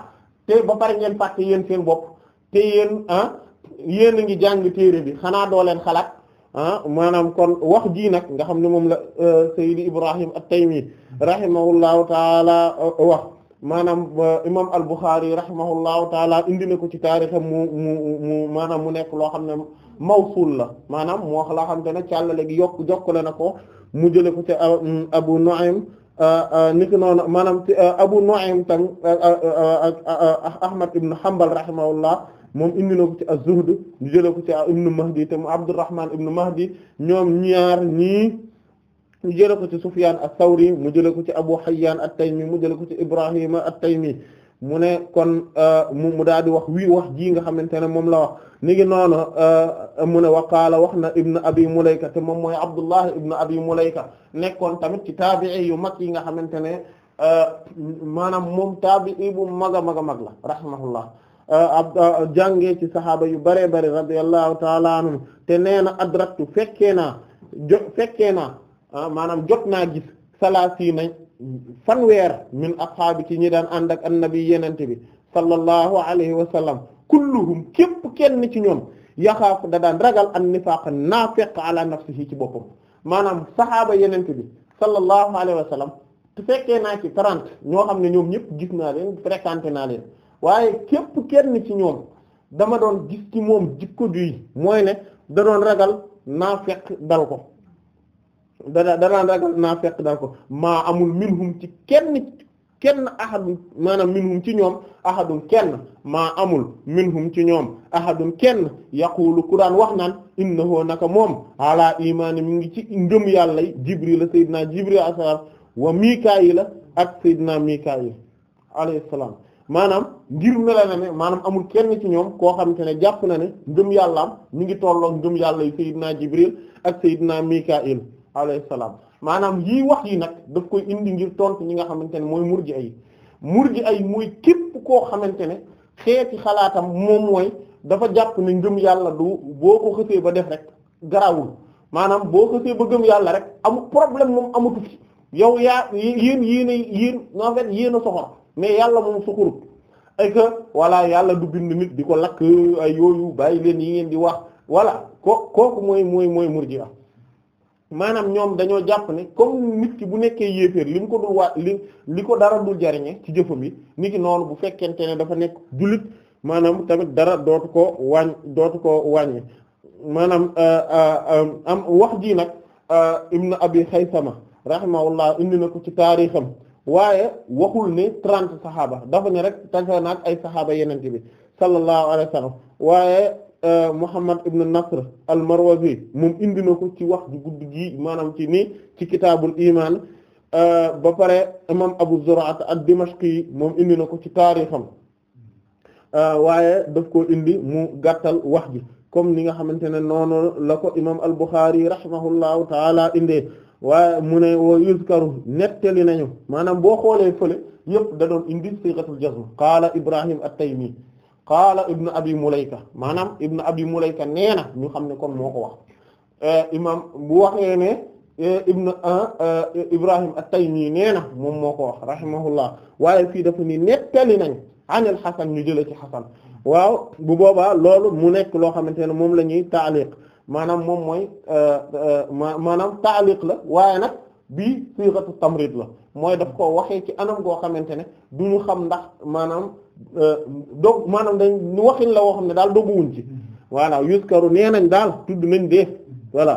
te ba pare ngeen fàtte yéen seen bopp te yéen ah yéen a ngi jàng téere bi xanaa dooleen leen ah maanaam kon wax jii nag nga xam ne moom la euh, Sayyid Ibrahim at-Taymi rahimahullahu taala euh, wax maanaam euh, imam al-Bukhari rahimahullahu taala indi na ko ci taarixam mu mu mu maanaam mu nekk loo xam ne mawsul la maanaam mu wax loo xam te ne càllale gi yokk jokkale na ko mu jële ko ci Abu Nu'aym niki maanaam Abu Nu'aym tam ak Ahmad ibn Hanbal rahimahullah moom indi ko ci az-Zuhd ñu jëlee ko ci ibnu Mahdi te mu Abdurrahman ibnu ñoom ñaar ñii mu jëlee ko ci Sufyan as-Sawri mu jëlee ko ci Abu Hayyan at-Taymi mu jëlee ko ci Ibrahima at-Taymi mu ne kon euh, mu mu daal di wax wii wax ji nga xamante ne moom la wax ni ngi noonu euh, mu ne waqaala wax na ibnu abi mulayka te moom mooy abdullahi ibnu abi mulayka nekkoon tamit ci taabi'i yu mag yi nga xamante ne euh, maanaam moom taabi'i bu mag a mag a mag la ab jàngee ci saxaaba yu bare bare radiyallahu taala anhum te nee na adraktu fekkee na jo fekkee naa ah, maanaam jot naa gis salaasiina fanweer min ashaabi ci ñi daan ànd ak annabi yenente bi sallallahu alayhi wa sallam kulluhum képp kenn ci ñoom yaxaaf da daan ragal an nifaaq naafiq ala nafsihi ci boppam maanaam saxaaba yenente bi sallallahu alayhi wa sallam te fekkee naa ci 30 ñoo xam ne ñoom ñëpp gis naa leen fréquenté naa leen waaye képp kenn ci ñoom dama doon gis ci moom jikko juy mooy ne da doon ragal naa fekk ko da daan ragal naa fekk dal amul minhum ci kenn kenn ahadun maanaam minhum ci ñoom ahadum kenn maa amul minhum ci ñoom ahadun kenn yaqulu ku daan wax naan innahu naka moom ala imaani mi ngi ci ngëm yàlla jibril sayyidina jibril asar wa mikaayila ak sayyidina mikaayil alayhi salaam maanaam ngir mela na ne maanaam amul kenn ci ñoom koo xamante ne jàpp na ne ngëm yàllaam ñu ngi tolloog ngëm yàlla yi Seydina Jibril ak Seydina Mikail alayhi salaam maanaam yii wax yi nag daf koy indi ngir tontu ñi nga xamante ne mooy murji ay murji ay mooy képp koo xamante ne xeeti xalaatam moom mooy dafa jàpp ne ngëm yàlla du boo ko xësee ba def rek garawul maanaam boo xësee ba gëm yàlla rek amul problème moom amatu fi yow yaa yéen yéen a yéen a soxor mais yàlla moom sukurut et que voilà yàlla du bind nit di ko lakk yooyu bàyyi leen yi ngeen di wax voilà ko kooku mooy mooy mooy murji am maanaam ñoom dañoo jàpp ne comme nit ki bu nekkee yéeféer li mu ko dul waa li li ko dara dul jariñe ci jëfam yi nit ki noonu bu fekkente ne dafa nekk jullit maanaam tamit dara dootu ko wàññ dootu ko wàññi maanaam euh, euh, euh, am wax ji nag ibn abi xaysama rahimahullah indi na ko ci taarixam waaye waxul ni trent saxaaba dafa ne rek tasa naag ay saxaaba yeneen bi sallallahu alayhi wa sallam waaye euh, Muhammad ibn Nasr al-Marwazi moom indi na ko ci wax ju gudd gi maanaam ci ni ci kitaabul imaan euh, ba pare imam Abu Zur'at ad-Dimashqi moom indi na ko ci taarixam euh, waaye daf koo indi mu gàttal wax ji comme ni nga xamante ne noonu la ko imam al-Bukhari rahimahullahu taala indee. waa mu ne wa yuzkaru nettali nañu maanaam boo xoolee fële yëpp da doon indi siqatul jazm qaala Ibrahim at-Taymi qaala ibnu abi mulayka maanaam ibnu abi mulayka nee na ñu xam ne kon moo ko wax eh, imam bu waxee ne eh, ibnu ah, eh, Ibrahim at-Taymi nee na moom moo ko wax rahimahullah waaye fii dafa ni nettali nañ anil xasan ñu jëlee ci xasan waaw bu boobaa loolu mu nekk loo xamante ne moom la ñuy taaliq maanaam moom mooy euh, euh, maanaam taaliq la waaye nag bii sighatu tamrid la mooy daf koo waxee ci anam goo xamante ne du ñu xam ndax maanaam euh, doog maanaam dañ ñu waxin la woo xam ne daal dogguwuñ ci voilà yuskaru nee nañ daal tudd nañ dee voilà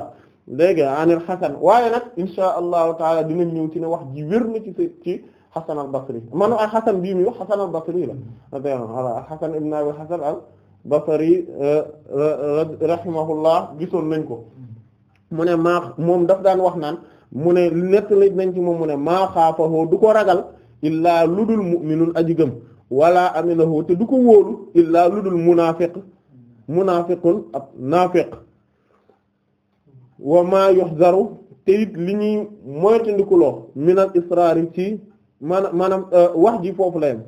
léegi anil xasan waaye nag insha allahu taala dinañ ñëw ci ne wax ji wér na ci ci xasan al basri maanaam ak xasan bii muy wax xasan al basri la mm. voilà xasan ibn abi xasan al Basri euh, euh, euh, rahimahullah gisoon nañ ko mu ne maa moom daf daan wax naan mu ne nettali nañ ci moom mu ne maa xaafahoo du ko ragal illaa ludul mu'minun aji gëm wala aminahu te du ko wóolu illaa lu ludul munaafiq munaafiqun ab naafiq wa maa yuhzaru te it li ñuy moytandikuloo minal israari ci maanaam maanaam wax ji foofu la yem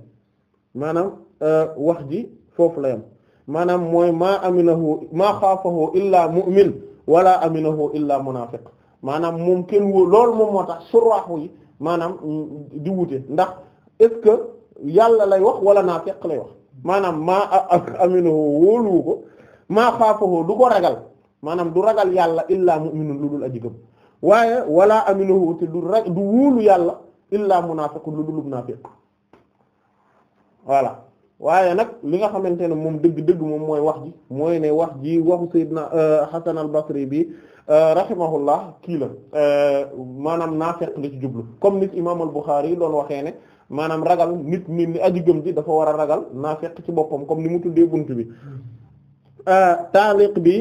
wax ji foofu la yem maanaam mooy maa aminahu maa xaafahu illaa mu'min wala aminahu illaa munaafiq maanaam moom kenn wóor lool moom moo tax suraaxu yi maanaam di wute ndax est que yàlla lay wax wala naafiq lay wax maanaam maa aminahu wóoluwu ko maa xaafahu du ko ragal maanaam du ragal yàlla illaa mu'minun lu dul aji gëm waaye wala aminahu te du ra du wóolu yàlla illaa munaafiq lu dul munaafiq voilà waaye nag li nga xamante ne moom dëgg-dëgg moom mooy wax ji mooy ne wax ji waxu Seydina euh, Hasan al-Basri bi euh, rahimahullah kii la euh, maanaam naafeq la ci jublu comme nit imaam al-Bukhari yi doon waxee ne maanaam ragal nit nit ni aji gëm ji dafa war a ragal naafeq ci boppam comme ni mu tuddee bunt bi taaliq bi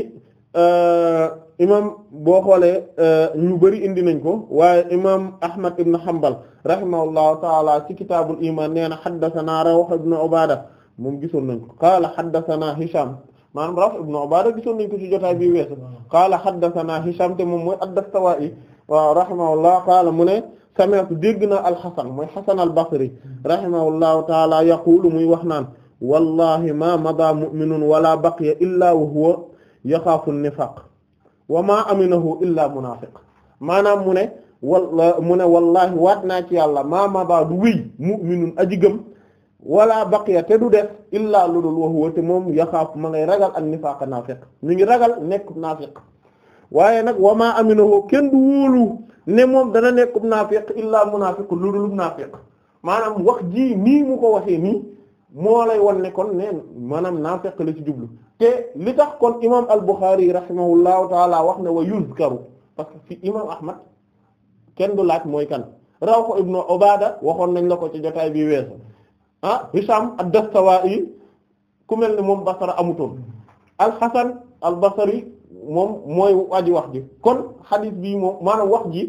imam boo xoolee euh, ñu bari indi nañ ko waaye imam Ahmad ibn Hanbal rahimahullahu taala ci kitaabul iman nee na xaddasanaa Rawh ibn Ubaada moom gisoon nañ ko qaala xaddasanaa Hisham maanaam Rawh ibn Ubaada gisoon nañ ko ci jotaay bi weesu qaala xaddasanaa Hisham te moom mooy ad-Dastawaa'i waaw rahimahullah qaala mu ne sami'tu dégg na al-Hasan mooy Hasan al-Basri rahimahullahu taala yaqulu muy wax naan wallahi ma mada mu'minun wala baqiya illa wa huwa yaxaafu an wa maa aminahu illaa munaafiq maanaam mu ne wala mu ne wallaahi waat naa ci yàlla maa mabaa du wéy mu'minun aji gëm wala baqiya te du def illaa lu dul wa te moom yaxaaf ma ngay ragal ak nifaaqa naafiq mi ngi ragal nekk naafiq waaye nag wa maa aminahu kenn du wóolu ne moom dana nekkub naafiq illaa munaafiq lu dul naafiq maanaam wax ji nii mu ko waxee nii moo lay won ne ne maanaam naafiq la ci jublu te li tax kon imam al-Bukhari rahimahullahu taala wax ne wa yuzkaru parce que fi imam Ahmad kenn du laaj mooy kan raw ko ibnu Obada waxoon nañ la ko ci jotaay bi weesu ah Hisham ad-Dastawa'i ku mel ne moom Basra amutoon al-Hasan al-Basri moom mooy aji wax ji kon xadis bi moom maanaam wax ji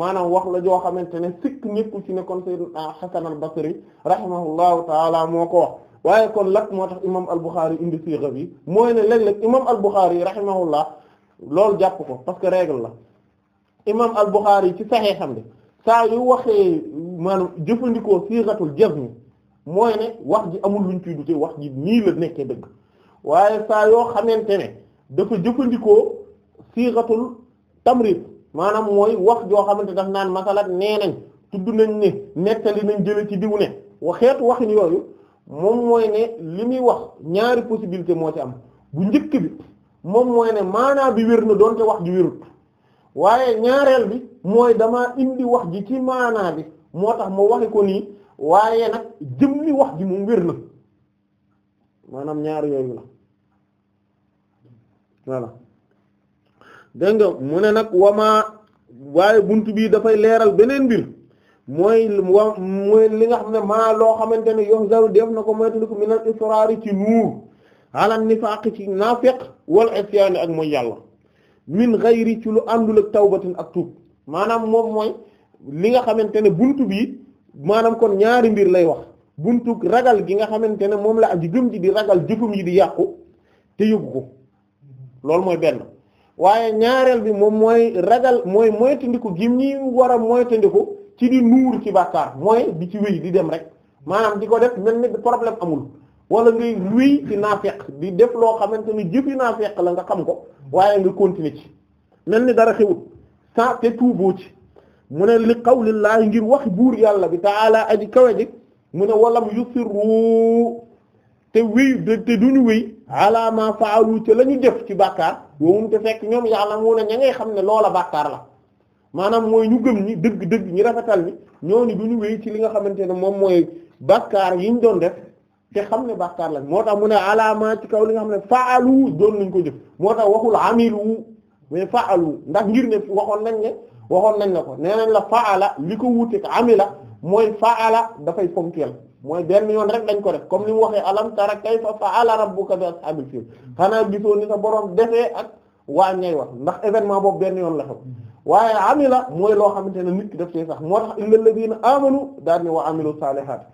maanaam wax la joo xamante ne sikk ñépp ci ne kon Sayyidina Hasan al-Basri rahimahullahu taala moo ko wax waaye kon lak moo tax imam al-Bukhari indi siira bi mooy ne léeg-léeg imam al-Bukhari rahimahullah loolu jàpp ko parce que règle la imam al yi ci saxee xam ne saa yu waxee maanaam jëfandikoo siiratul jazm mooy ne wax ji amul luñ ciy dute wax ji nii la nekkee dëgg waaye saa yoo xamante ne dafa jëfandikoo siiratul tamrid maanaam mooy wax joo xamante daf naan masalat nee nañ tudd nañ ne nettali nañ jële ci diw ne waxeetu waxin yooyu moom mooy ne li muy wax ñaari possibilité moo ci am bu njëkk bi moom mooy ne maanaa bi wér na wax ji wérut waaye ñaareel bi mooy dama indi wax ji ci maanaa bi moo tax ma waxe ko nii waaye nag jëm li wax ji moom wér na maanaam ñaar yooyu la voilà dégg nga mu ne nag wamaa waaye bunt bii dafay leeral beneen mbir mooy mooy li nga xam ne maa loo xamante ne yox zaru def na ko moytandiku min al israari ci nuur ni nifaaq ci naafiq wal isyaani ak mooy yàlla min ghayri ci lu àndul ak tawbatin ak tuub maanaam moom mooy li nga xamante ne buntu bi maanaam kon ñaari mbir lay wax buntu ragal gi nga xamante ne moom la aji gëm ji di ragal jëfum yi di yàqu te yóbbu ko loolu mooy benn waaye ñaareel bi moom mooy ragal mooy moytandiku gi ñi war a moytandiku ci di nuur ci bàkkaar mooy di ci wéy di dem rek maanaam di ko def mel ni problème amul wala ngay luy ci naafeq di def loo xamante ni jëfi naafeq la nga xam ko waaye nga continuer ci mel ni dara xewut sans te tuuboo ci mu ne li qawlillaahi ngir wax buur yàlla bi ta'ala aji kawe ji mu ne walam yusirru te wéy te duñu wéy ala ma faalu ca la ñu def ci bàkkaar wowum te fekk ñoom yàlla mu ne ña ngay xam ne loola bàkkaar la maanaam mooy ñu gëm ñi dëgg dëgg ñi rafetal ñi ñooñu du ñu wéy ci li nga xamante ne moom mooy bàkkaar yi ñu doon def te xam ne bàkkaar lañ moo tax mu ne alaama ci kaw li nga xam ne faalu doon nañ ko jëf moo tax waxul amilu mais faalu ndax ngir ne waxoon nañ ne waxoon nañ la ko nee nañ la faala li ko wuuteeg amila mooy faala dafay ponctuel mooy benn yoon rek dañ ko def comme ni mu waxee alam tara kayfa faala rabbuka bi ashabil fil xanaa gisoo ni sa borom defee ak waa ñay wax ndax événement boobu benn yoon la xew waaye amila mooy loo xamante ne nit ki daf ci sax moo tax illal ladina amanu daal ni wa amilu salihat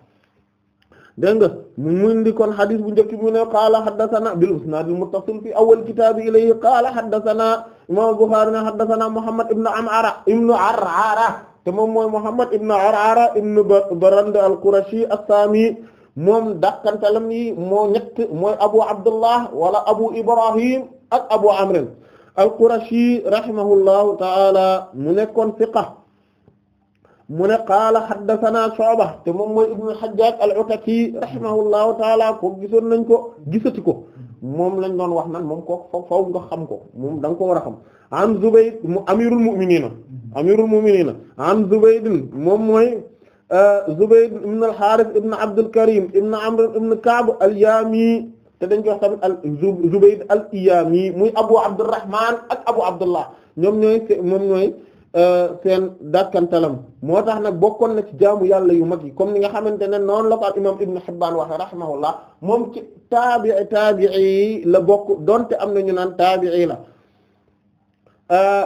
dégg nga mu mun di kon xadis bu njëkk mu ne qaala xaddathana bil isnaadil muttasil fi awal kitaabi ilayhi qaala xaddathana imam Bukhari ne xaddathana Muhammad ibn Amara ibn Arara te moom mooy Muhammad ibn Arara ibn Barand al-Qurashi as-Saami moom dàqantalam yi moo ñett mooy Abu Abdullah wala Abu Ibrahim ak Abu Amr al-Qurashi rahimahullahu ta'ala mu nekkoon fiqa mu ne qaala haddathana Shu'ba te moom mooy ibnu al-Hajjaj al-Ataki rahimahullahu ta'ala ko gisoon nañ ko gisati ko moom lañ doon wax nan moom kooku faw nga xam ko moom da nga ko war a xam an Zubayd mu amirul mu'minina amirul mu'minina an Zubayd moom mooy euh, Zubayd ibn al-Harith ibn Abdul Karim ibn Amr ibn Ka'b al-Yami te dañ koy wax tamit al Zubayd al Iyami muy Abu Abdurrahman ak Abu Abdullah ñoom ñooy moom ñooy euh, seen dàkkantalam moo tax nag bokkoon na ci jaamu yàlla yu mag yi comme ni nga xamante ne noonu la ko al imam Ibn Hibban waxe rahimahullah moom ci taabii taabii la bokk donte am na ñu naan taabii la euh,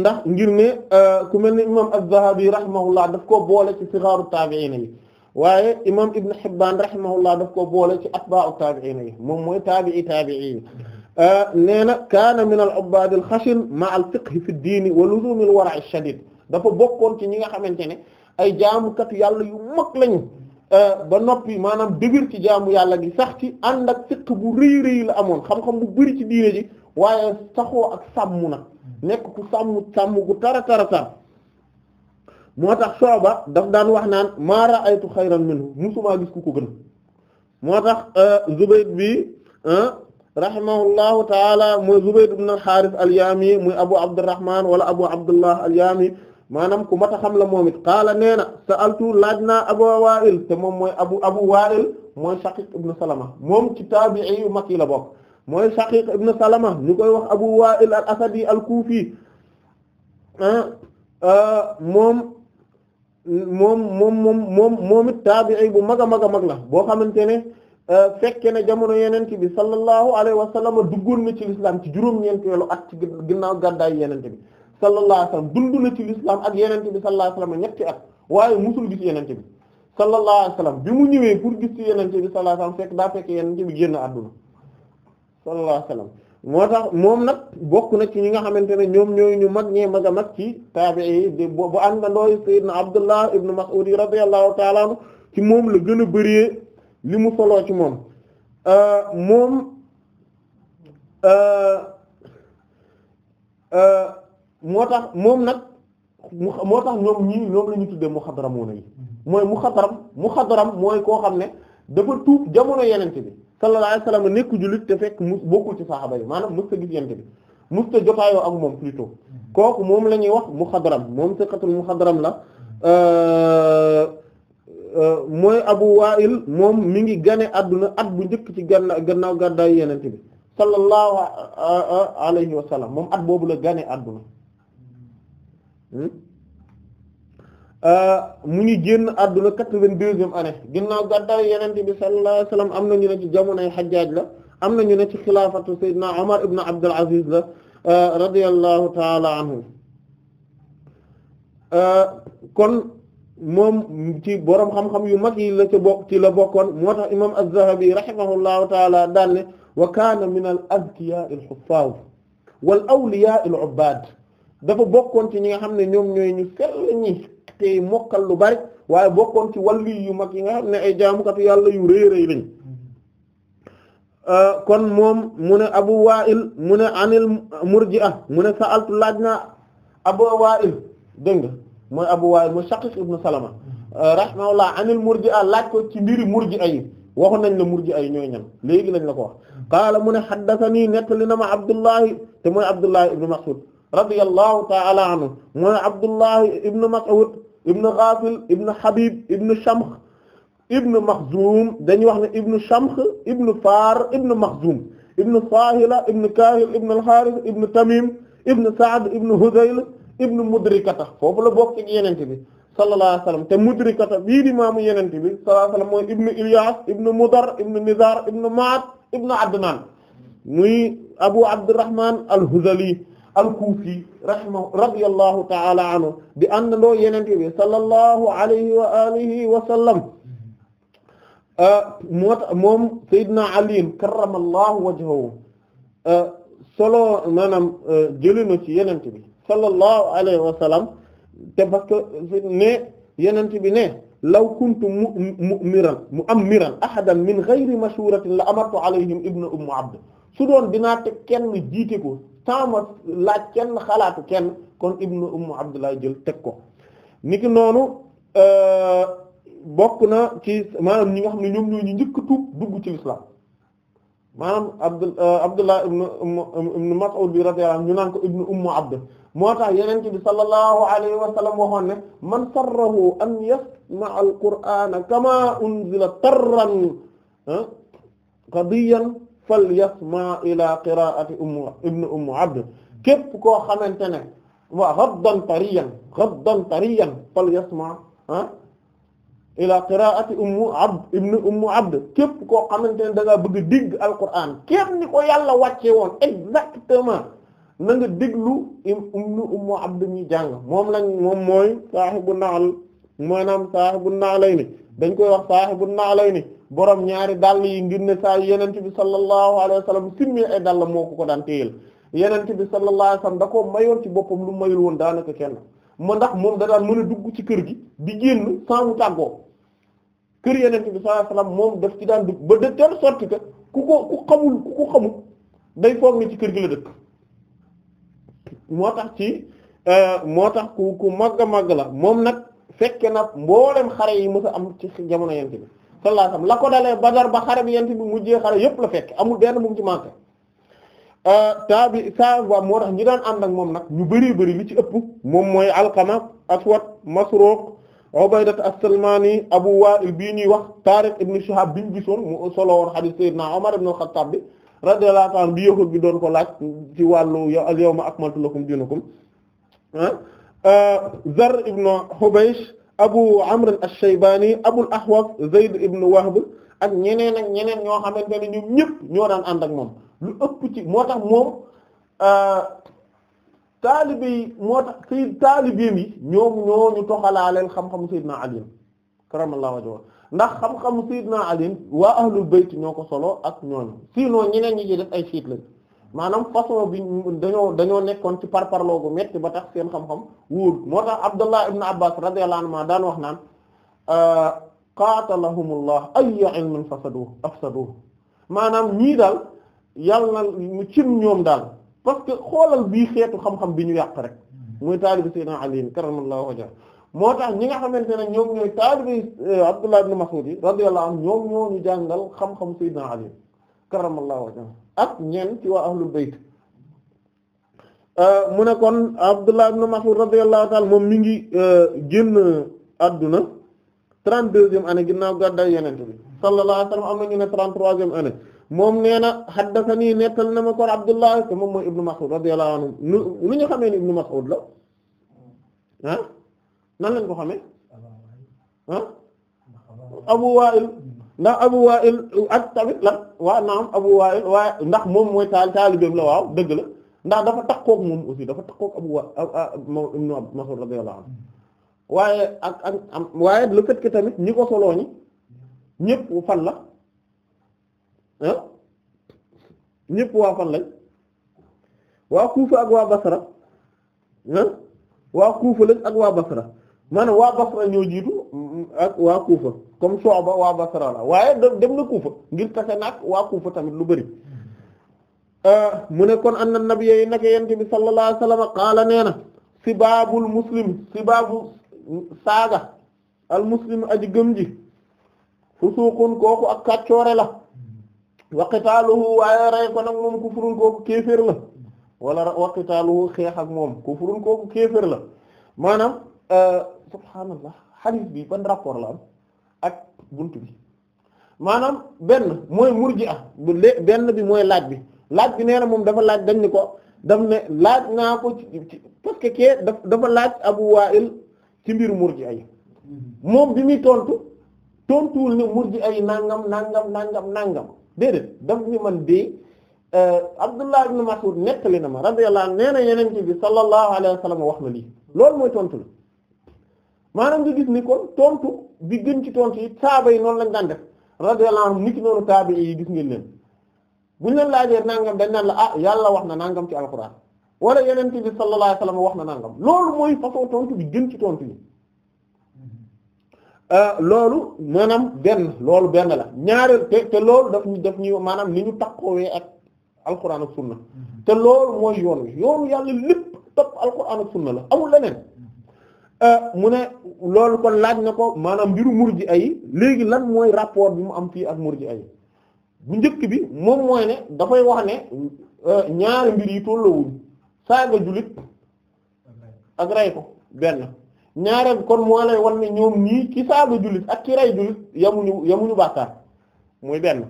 ndax ngir ne euh, ku mel ni imam az-Zahabi rahimahullah daf koo boole ci sigaaru taabi'iin yi waaye imam Ibn Hibbaan rahimahullah daf ko boole ci atbaa'u taabi'iina yi moom mooy taabi'i taabi'i yi euh, nee na kaana min al-ubbaad al-xashin ma'a al-fiqh fi ad-diin wa luzuum al-wara' ash-shadiid dafa bokkoon ci ñi nga xamante ne ay jaamukat yàlla yu mag lañu euh, ba noppi maanaam dëgër ci jaamu yàlla gi sax ci ànd ak fiqh bu rëy rëy la amoon xam-xam bu bari ci diine ji waaye saxoo ak sàmm na nekk ku sàmm sàmm gu tara tara tar moo tax Shu'ba daf daan wax naan maa ra'aytu xayran minhu musumaa gis ku ko gën moo tax euh, Zubayr bi rahimahullahu taala mooy Zubayr ibn al-Harith al-Yami muy Abu Abdurrahman wala Abu Abdullah al-Yami maanaam ku mat a xam la moom it qaala nee na sa'altu laaj naa Abu Wa'il te moom mooy Abu Abu Wa'il mooy Shaqiq ibn Salama moom ci taabi'i yu mag yi la bokk mooy Shaqiq ibn Salama ñu koy wax Abu Wa'il al-Asadi al-Kufi euh, moom. moom moom moom moom moom it taabi'i bu mag a mag a mag la boo xamante ne euh, fekke na jamono yenente bi sallallahu alayhi wa sallam duggoon na ci lislaam ci juróom-ñeenteelu at ci ginnaaw gàddaay yenente bi sallallahu alayhi wa sallam dund na ci lislaam ak yenente bi sallallahu alayhi wa sallam ñetti at waaye musul gis yenente bi sallallahu alayhi wa sallam bi mu ñëwee pour gis ci yenente bi sallallahu alayhi wa sallam fekk daa fekk yenente bi génn àdduna sallallahu alayhi wa sallam moo tax moom nag bokk na ci ñi nga xamante ne ñoom ñooy ñu mag ñee mag a mag ci taabi'i yi na àndandooy sayyidna Abdullah ibn Mas'ud radiyallahu ta'ala anhu ci moom la gën a bëree li mu soloo ci moom euh, moom euh, euh, moo tax moom nag moo tax ñoom ñii ñoom la ñu tuddee muxadaramoon yi mm-hmm. mooy mu muxadaram muxadaram mooy koo xam ne dafa tuub jamono yenente bi sallallahu alayhi wasallam nekku jullit te fekk mus bokkul ci saxaaba yi maanaam mus ta gis yent bi mus ta jotaayoo ak moom plutôt kooku moom la ñuy wax muxadram moom siqatul muxadram la euh, euh, mooy Abu Wa'il moom mi ngi gane àdduna at bu njëkk ci ganna gannaaw gàddaay yenente bi sallallahu alayhi wa moom at boobu la gane adduna hmm? Euh, mu ngi génn àdduna quatre-vingt-deuxième année ginnaaw gàddaay yenente bi sallallahu alayhi wasallam am na ñu ne ci jamonoy xajjaaj la am na ñu ne ci xilaafatu sayyidina Umar ibn Abdul Aziz la euh, radiyallahu taala anhu euh, kon moom ci boroom xam yu mag yi la ca bokk ci la bokkoon moo tax imam az-Zahabi rahimahullahu taala daan ne wa kaana min al azkiya al wal awliya al ubbad dafa bokkoon ci ñi nga xam ne ñoom ñooy ñu sell tey mokkal lu bari waaye bokkoon ci wàllu yu mag yi nga xam ne ay jaamukatu yàlla yu rëy rëy lañ kon moom mu ne Abu Wa'il mu ne anil Murji'a mu ne sa'altu laaj na Abu Wa'il dégg nga mooy Abu Wa'il mooy Shaqiq ibn Salama euh, rahimahullah anil Murji'a laaj ko ci mbiri Murji'a yi waxoon nañ la murji ay ñooy ñan léegi lañ la ko wax qaala mu ne haddathanii nettali na ma Abdullahi te mooy Abdullahi ibn Mas'ud radiyallahu ta'ala anhu mooy Abdullahi ibn Mas'ud ibn Ghafil ibn Habib ibn Shamkh ibn Makhzum dañuy wax ne ibn Shamkh ibn Far ibn Makhzum ibn Sahila ibn Kahil ibn al-Harith ibn Tamim ibn Sa'd ibn Hudayl ibn Mudrikata foofu la bokk ci yenente bi sallallahu alayhi wasallam te Mudrikata bii di maamu yenente bi sallallahu alayhi wasallam mooy ibn Ilyas ibn Mudar ibn Nizar ibn Ma'ad ibn Adnan muy Abu Abdurrahman al-Hudhali al-Kufi rahimahu radiyallahu ta'ala anhu di àndandoo Yonent bi sallallahu alayhi wa alihi wa sallam euh, moo tax moom Seydina Ali karramallahu wajhahu euh, solo maanaam euh, jëlee na ci Yonent bi sallallahu alayhi wa sallam te parce que ne Yonent bi ne law kuntu mu'miran mu'ammiran ahadan min ghayri mashuratin la amartu alayhim ibna Umm Abd su doon dinaa teg kenn jiite ko. sans ma kenn xalaatu kenn kon ibnu ummu abdullah jël teg ko noonu euh, bokk na ci maanaam ñi nga xam ne ñoom ñoo ñu njëkk tuub dugg ci lislaam euh, abdullah ibnu ibnu mas'ud bi radiyallahu ñu naan ko ibnu ummu abd moo tax yeneen bi sallallahu alayhi wa sallam man sarrahu an yasma'a al-qur'ana kama tarran ah, qadiyan fal yasma ila qiraati ummu ibnu ummu abd képp koo xamante ne waa raddan tariyan raddan tariyan fal yasma ah ila qiraati ummu abd ibnu ummu abd képp koo xamante ne da ngaa bëgg digg alquran képp ni ko yàlla wàcce woon exactement na nga déglu ibnu ummu abd mi jàng moom lañ moom mooy saahibu naal maanaam saaxibun naalayni dañ koy wax saaxibun naalayni borom ñaari dàll yi ngir ne saa yenent bi sallallahu alayhi wa sallam simmi moo ko ko daan téyel yenent bi sallallahu alayhi wa sallam da ko mayoon ci boppam lu kenn ma ndax moom da a dugg ci kër gi di génn sans mu tàggoo kër yenent bi sallallahu alayhi wa sallam moom daf ci daan dugg ba de telle sorte ku ko ku xamul ku ko xamul day foog ni ci kër gi la dëkk moo tax ci euh, moo tax ku ku màgg a màgg la moom nag fekke na mboolem xare yi mës a am ci jamono yent bi sallallahu alayhi wasallam la ko dalee Badar ba xare bi yent bi mujjee xare yëpp la fekk amul benn mu ci manqué ta bi sa moo tax ñi daan ànd ak moom nag ñu bëri bëri li ci ëpp moom mooy Alqama Aswad Masruq Ubaydat as-Salmani Abu Wa'il bii ñuy wax Tariq ibn Shihab bi ñu gisoon mu solo woon hadith Sayyidina Umar ibn al-Khattab bi radiyallahu ta'ala bi yahud bi doon ko laaj ci wàllu al-yawma akmaltu lakum dinakum ah Euh, Zar ibn Hubaysh Abu Amr ash-Shaybani Abul Ahwas Zayd ibn Wahb ak ñeneen ak ñeneen ñoo xamante ne ñoom ñëpp ñoo daan ànd ak moom lu ëpp ci moo tax moom euh, taalibe yi moo tax ci taalibeem yi ñoom ñoo ñu toxalaaleel xam-xamu Sayyidina Ali a wajhahu ndax xam-xamu Sayyidina Ali waa ahlul bayt ñoo ko solo ak ñooñu sinon ñeneen ñi ci def ay siit lañ. maanaam façon bi dañoo dañoo nekkoon ci parparloo gu metti ba tax seen xam-xam wóor moo tax Abdullah ibn Abbas radiyallahu anhu daan wax naan euh, qatalahumullah ayyu ilmin fasadu afsaduhu maanaam ñii daal yàlla na mu cim ñoom daal parce que xoolal bii xeetu xam-xam bi ñu yàq rek muy taalibi sayyidina Ali karamallahu wajha moo tax ñi nga xamante ne ñoom ñooy taalibi euh, Abdullah ibn Mas'ud yi radiyallahu anhu ñoom ñoo ñu jàngal xam-xam sayyidina Ali karamallahu wajhahu ak ñenn ci waa ahlul bayt euh, mu ne kon Abdullah ibn Mas'ud radiyallahu ta'ala moom mi ngi euh, génn adduna trente-deuxième année ginnaaw gàddaay yonent bi sallallahu alayhi wa sallam am na ñu ne trente moom nee na haddathani nettal na ma kon Abdullah te moom mooy ibn Mas'ud radiyallahu anhu nu nu ñu xamee ni ibn Mas'ud la ah nan lañ ko xamee Abu Wa'il ndax Abu Wa'il ak tamit lan waaw naam Abu Wa'il waaye ndax moom mooy taal taalibeem la waaw dëgg la ndax dafa takkook moom aussi dafa takkook Abu Wa'il ibn Mas'ud radiyallahu anhu waaye ak ak am waaye le fait que tamit ñi ko soloo ñi ñépp fan la ah, ñépp waa fan lañ waa Kuufa ak waa Basra ah waa Kuufa lañ ak waa Basra maanaam waa Basra ñoo jiitu ak waa Kuufa comme Shu'ba waa Basra la waaye dem na Kufa ngir tase nag waa Kufa tamit lu bari euh, mu ne kon anna nabiyya yi naka yent bi sallallahu alayhi wasallam qaala nee na sibaabul muslim sibaabu saaga al muslim aji gëm ji fusuqun kooku ak kàccoore la wa qitaaluhu waaye rey ko nag moom kufrun kooku kéeféer la wala euh, subhaanallah hadith bi ban rapport la am bunt bi maanaam benn mooy a bu benn bi mooy laaj bi laaj bi nee na moom dafa laaj dañ ni ko daf ne laaj naa ko ci parce que kee dafa laaj Abu Wa'il ci mbir murji'a ay mm-hmm. moom bi muy tontu tontuwul ne murji'a yi nangam nangam nangam nangam déedéet daf ni man de euh, Abdullah bi Mas'ud nettali na ma radiyallahu anhu nee na yeneen bi sallallahu alayhi wa sallam wax na lii loolu mooy tontu la maanaam nga gis ni kon tontu bi gën ci tontu yi saaba yi noonu lañ daan def radiyallahu anhum niki noonu taaba yi gis ngeen leen buñ leen laajee nangam dañ naan la ah yàlla wax na nàngam ci alquran wala yeneen bi sallallahu alayhi wasallam wax na nangam loolu mooy façon tontu bi gën ci tontu yi euh, loolu maanaam benn loolu benn la ñaareel te te loolu daf ñu daf ñu maanaam ni ñu takkuwee ak alquran ak sunna mm-hmm. te loolu mooy yoon wi yoonu yàlla lépp topp alquran ak sunna la amul leneen. Euh, mu ne loolu ko laaj na ko maanaam mbiru murji ay léegi lan mooy rapport bi mu am fii ak murji ay bu njëkk bi moom mooy ne dafay wax ne euh, ñaari mbir yi tolloowuñ saaga jullit ak rey ko benn ñaareel kon moo lay wan ne ñoom ñii ki saaga jullit ak ki rey jullit yamuñu yamuñu bàkkaar muy benn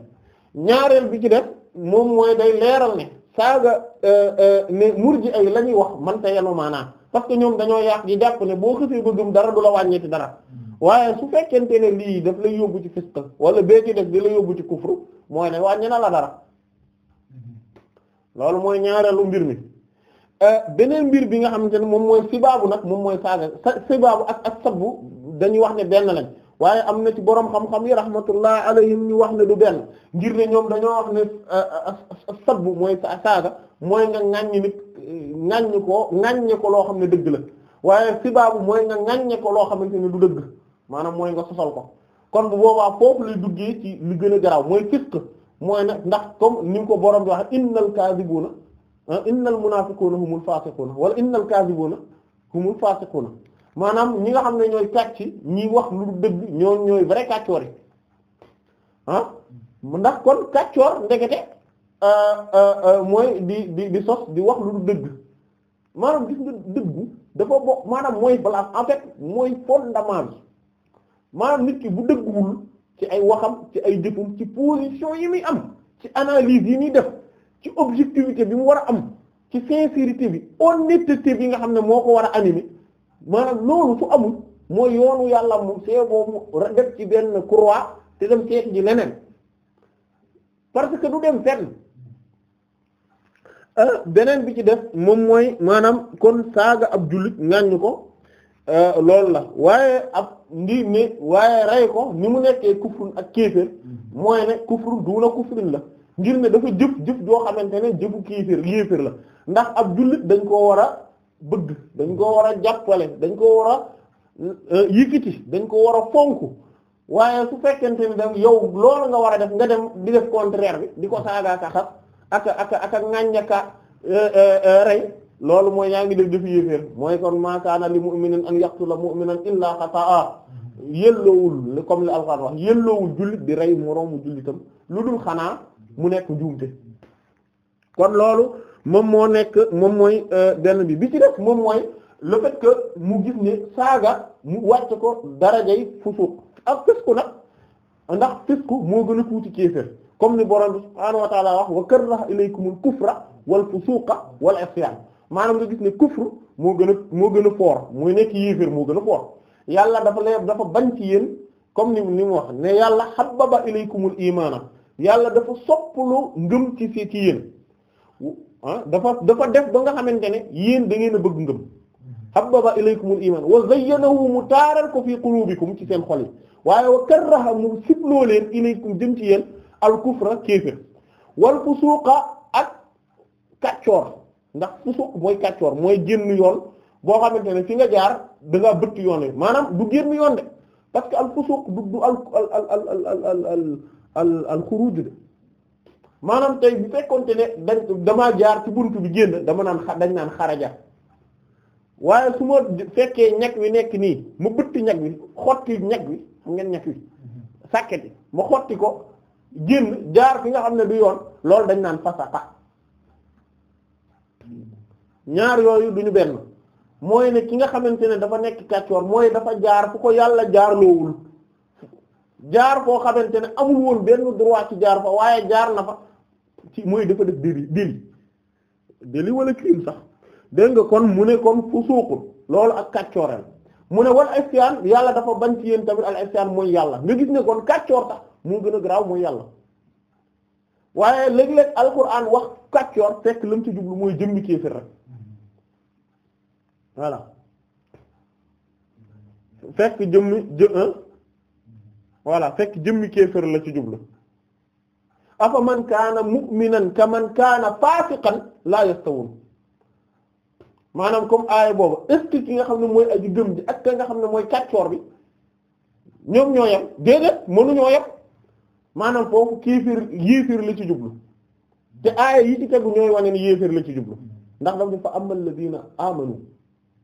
ñaareel bi ci def moom mooy day leeral ne saaga euh, ne murji ay la wax manta yenu maanaa parce que ñoom dañoo yàq yi jàpp ne boo xësee ba gëm dara du la wàññeeti dara waaye su fekkente ne lii daf lay yóbbu ci fisq wala bee ci def di la yóbbu ci kufru mooy ne wàññi na la dara loolu mooy ñaareelu mbir mi euh, beneen mbir bi nga xamante ne moom mooy sibaabu nag moom mooy saaga sibaabu ak ak sabbu dañuy wax ne benn lañ waaye am na ci borom xam-xam yi rahmatullah alayhim ñu wax ne du benn ngir ne ñoom dañoo wax ne euh, euh, sabbu mooy saaga mooy nga ŋàññi nit ŋàññi ko loo xam ne dëgg la waaye sibaabu mooy nga ŋàññi ko loo xamante ne du dëgg maanaam mooy nga sosal ko kon bu boobaa foofu lay duggee ci li gën a garaaw mooy fisq mooy nag ndax comme ni nga ko borom bi wax innal kaadibuuna innal munaafiquuna humul na wala innal kaadibuuna humul faasiquuna maanaam ñi nga xam ne ñooy kàcc ñi wax lu dëgg ñoo ñooy vrai kàccoor yi ah ndax kon kàccoor ndekete euh, euh, euh, mooy di di di sos di wax lu dëgg maanaam gis nga dëggu dafa bokk maanaam mooy balaa en fait mooy fondement bi maanaam nit ki bu dëgguwul ci ay waxam ci ay jëfum ci position yi muy am ci analyse yi muy def ci objectivité bi mu war a am ci sincérité bi honnêteté bi nga xam ne moo ko war a animer maanaam loolu su amul mooy yoonu yàlla mu see boobu def ci benn croix te dem seet ji leneen parce que du dem fenn euh, beneen bi ci def moom mooy maanaam kon saaga ab julit jullit ni ko euh, loolu la waaye ab ndi ne waaye rey ko ni mu nekkee kufrun ak kéefër mooy ne kufrun duuna kufrun la ngir ne dafa jëf jëf joo xamante ne jëfu kéefër yéefër la ndax ab jullit dañ koo war a bëgg dañ koo war a jàppale dañ koo war a euh, yëkkati dañ ko war a fonk waaye su fekkente ni dem yow loolu nga war a def nga dem di def contraire bi di ko saaga ka xas ak ak ak ak ŋàññaka euh, euh, rey loolu mooy yaa ngi def def yéeféer mooy kon ma kaana li mu'minin an yaqtula mu'minan illa xata'a yelloowul comme li alxuraan wax yelloowul jullit di rey moroomu jullitam lu dul xanaa mu nekk njuumte kon loolu moom moo nekk moom mooy euh, benn bi bi ci def moom mooy le que mu gis ne saaga mu wàcc ko darajay fusuq ak fisku nag ndax fisku moo gën a tuuti kéefër comme ni borom bi subhaanahu wa ta'ala wax wa karraha ilaykumul kufra wal fusuqa wal isyan maanaam nga gis ne kufr moo gën a moo gën a foor mooy nekk yéeféer moo gën a foor yàlla dafa lee dafa bañ ci yéen comme ni ni mu wax ne yàlla habbaba ilaykumul imaana yàlla dafa soppaloo ngëm ci si ci yéen ah dafa dafa def ba nga xamante ne yéen da ngeen a bëgg ngëm habbaba ilaykumul iman wa zayyanahu mu taaral ko fii qulubikum ci seen xol yi waaye wa karraha mu sibloo leen ilaykum jëm ci yéen al kufra kéefér wal fusuqa ak kàccoor ndax fusuq mooy kàccoor mooy génn yoon boo xamante ne fi nga jaar da ngaa bëtt yoon wi maanaam du génn yoon de parce que al fusuq du du al al al al al al al xuruuj de maanaam tey bu fekkonte ne dañ damaa jaar ci bunt bi génn dama naan xa dañ naan xaraja waaye su ma fekkee ñag wi nekk nii mu butti ñag wi xotti ñag wi xam ngeen ñag wi ma xotti ko génn jaar fi nga xam ne du yoon loolu dañ naan fasaqa ñaar yooyu ñu benn mooy ne ki nga xamante ne dafa nekk kàccoor mooy dafa jaar fu ko yàlla jaar jaarloowul jaar foo xamante ne amul woon benn droit ci jaar fa waaye jaar na fa ci mooy dafa def déli déli déli wala crime sax dégg nga kon mu ne kon fu suuqul loolu ak kàccooreel mu ne wal istian yàlla dafa bañ ci yéen tamit al mooy yàlla nga gis ne kon kàccoor sax moo gën a garaaw mooy yàlla waaye léeg-léeg alquran wax kàccoor fekk lam ci jublu mooy jëmmi kéefër rek voilà fekk jëmmi jë voilà fekk jëmmi kéefër la ci jublu afa man kaana mu'minan ka man kaana fasiqan laa yastawun maanaam comme aaya boobu est ki nga xam ne mooy aji gëm ak ka nga xam ne mooy kàccoor bi ñoom ñoo yem déedéet mënuñoo yem maanaam foofu kiifir yéefir la ci jublu te aaya yi ci tegu ñooy wane ni yéefir la ci jublu ndax daf dafa amma alladina amanu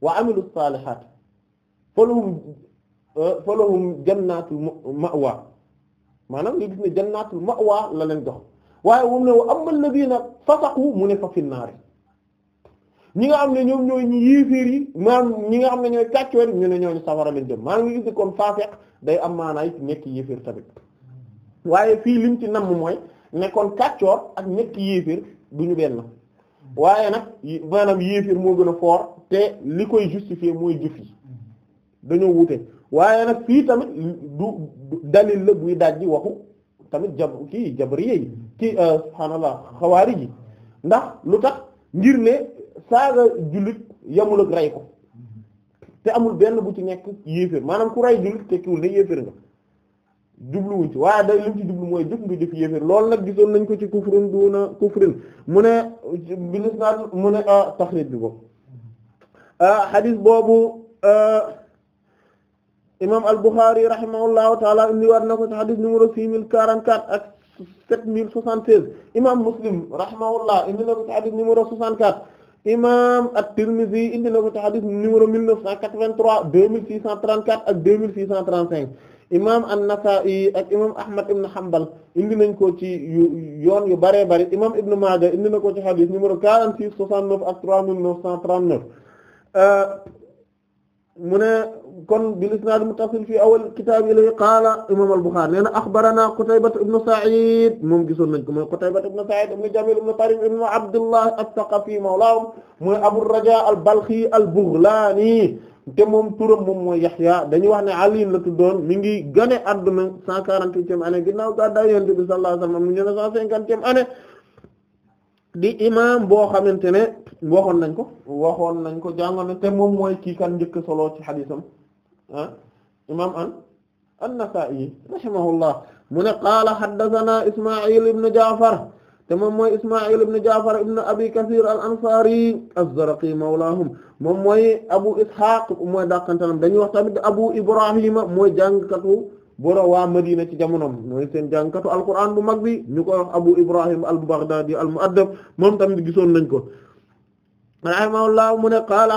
wa amilu salihat falahum falahum jannatu ma'wa maanaam nga gis ne ma waa la leen jox waaye moom ne wa ammal ladina fasaqu mu ne fa finnaari ñi nga xam ne ñoom ñoo ñi yéeféer yi maanaam ñi nga xam ne ñooy kàccoor ñu ne ñooñu safara lañ jëm maanaam nga day am maanaay nekk yéeféer tamit waaye fii lim ci namm mooy ne kon ak nekk yéeféer du ñu waaye nag maanaam yéeféer moo gën a fort te li koy justifier mooy jëf yi dañoo wute waaye nag fii tamit du dalil la buy dajji waxu tamit jab kii jabar yi kii euh, subhaanallah xawaarij yi ndax lu tax ngir ne saaga jullit yamul ak rey ko te amul benn bu ci nekk yéeféer maanaam ku rey jullit tekkiwul ne yéeféer nga jubluwuñ ci waaye da li ci jublu mooy jëf nga jëf yéeféer loolu nag gisoon nañ ko ci kufrun duna kufrin mu ne bilis naan mu ne euh, taxrij bi boobu euh, xadiis boobu imam al-Bukhari rahimahullahu taala indi waat na ko ci hadith numéro six mille quarante quatre ak sept mille soixante seize imam Muslim rahimahullah indi na ko ci hadith numéro soixante quatre imam at-Tirmidhi indi na ko ci hadith vingt trois deux mille six cent trente quatre ak deux mille six cent trente cinq imam an-Nasa'i ak imam Ahmad ibn Hanbal indi nañ ko ci yoon yu bëree bëri imam Ibn Maaja indi na ko ci hadith numéro quarante six soixante neuf ak trois mille neuf cent trente neuf euh, mu ne kon bil isnaad muttasil fi awal kitaab ilayhi qaala imaam al-Bukhari nee na axbaranaa Qutaybata ibnu Sa'iid moom gisoon nañ ko mooy Qutaybata ibnu Sa'iid ibnu Jamiil ibnu Tariif ibnu Abdullah as-Saqafi mawlaahum mooy Abu Rajaa al-Balxi al-Baghlaani te moom turam moom mooy Yahya dañuy wax ne Ali la tuddoon mi ngi gane adduna 148e année ginnaaw gàddaay Yonent bi sallallahu alayhi wasallam mu ñëw 150e année di imam boo xamante ne waxoon nañ ko waxoon nañ ko jàngoon na te moom mooy ki kan njëkk solo ci imam an an-Nasa'i rahimahullah mu ne qaala haddathana Isma'il ibn Ja'far te moom mooy Isma'il ibn Ja'far ibn Abi Kathir al-Ansari az-Zarqi mawlahum moom mooy Abu Ishaq mooy dàqantanam dañuy wax tamit Abu Ibrahima mooy jàngkatu boro waa Madina ci jamonom mooy seen jàngkatu al-Qur'an bu mag bi ñu koy wax Abu Ibrahima al-Baghdadi al-Mu'addab moom tamit gisoon nañ ko rahimahullah mu ne qaala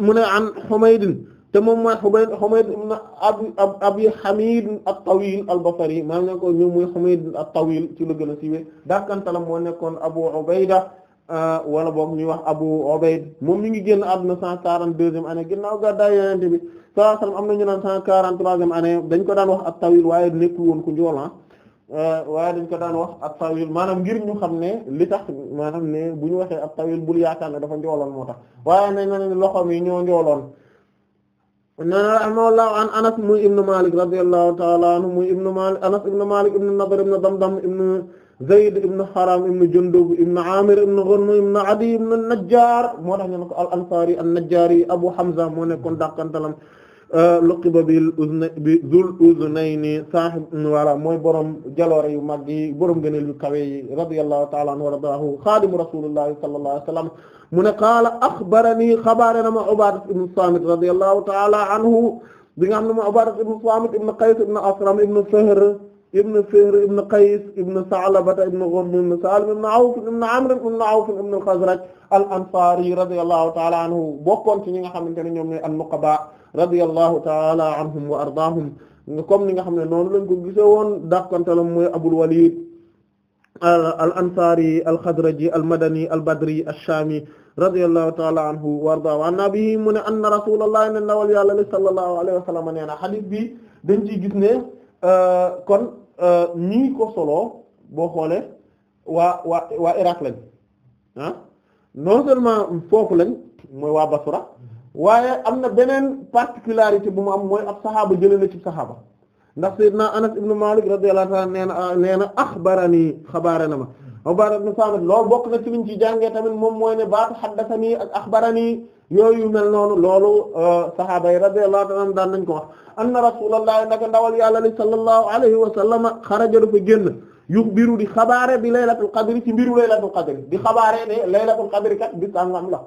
mu ne an Humaydin te moom mooy Humayd Humayd ibn Abi Abi Hamid at-Tawil ñu muy Humayd at-Tawil ci la moo nekkoon Abu Ubayda euh, wala boog ñuy wax Abu Ubayd moom mi ngi génn àdduna cent quarante-deuxième année ginnaaw gàddaay Yonent na ñu naan cent dañ ko daan wax at-Tawil waaye nekk woon ku njool ah. euh, waaye dañ ko daan wax at-Tawil maanaam ngir ñu xam ne li tax maanaam ne bu ñu waxee at-Tawil bul yaakaar ne dafa njooloon moo tax waaye nañ na ne yi ñoo njooloon rahimahullah an anas muy ibnu malik radiyallahu ta'ala anhu muy ibnu malik anas ibnu malik ibnu nadr ibnu damdam ibnu zayd ibnu haram ibnu jundub ibnu amir ibnu ghanm ibnu adi ibnu najjar moo tax ñu ne ko al ansari an najjari abu hamza moo nekkoon dàqantalam luqiba bil uzna bi zul uznayni sahib wala mooy borom jaloore yu mag yi borom gëneel yu kawe yi radiyallahu ta'ala anhu wa radaahu xaadimu rasulillahi sallallahu alayhi wa sallam mu ne qaala axbarani xabaare na ma Ubaada ibn Saamit radiyallahu ta'ala anhu bi nga xam ne ma Ubaada ibn Saamit ibn Qays ibn Asram ibn Fihr ibn Fihr ibn Qays ibn Sa'labata ibn Ghurm ibn Salim ibn Awf ibn Amr ibn Awf ibn al-Khazraj al-Ansaari radiyallahu ta'ala anhu bokkoon ci ñi nga xamante ne ñoom ñooy an-nuqaba radiyallahu taala anhum wa ardaahum comme ni nga xam ne noonu lañ ko gisee woon dàqantalam mooy Abul Walid al ansari al xadraji al madani al badri al shaami radiyallahu taala wa ardaahu mu ne anna rasulullah ne ndawal sallallahu alayhi wa sallam nee na bi dañ ciy gis ne euh, kon euh, ñii ko solo boo xoolee waa waa waa Irak lañ ah, foofu lañ mooy waa Basra waaye am na beneen particularité bu mu am mooy ab saxaaba jëlee na ci saxaaba ndax na Anas ibn Malik radiyallahu ta'ala nee na nee na axbarani xabaare na ma Ubaada ibn Samit loolu bokk na ci liñ ci jàngee tamit moom mooy ne baatu haddathani ak axbarani yooyu mel noonu loolu euh, saxaaba yi radiyallahu ta'ala daan nañ ko wax anna rasulullahi naka ndawal yàlla li sallallahu alayhi wa sallam xaraja dafa génn yuxbiru di xabaare bi laylatul qadri ci mbiru laylatul qadri di xabaare ne laylatul qadri kat bis sàngam la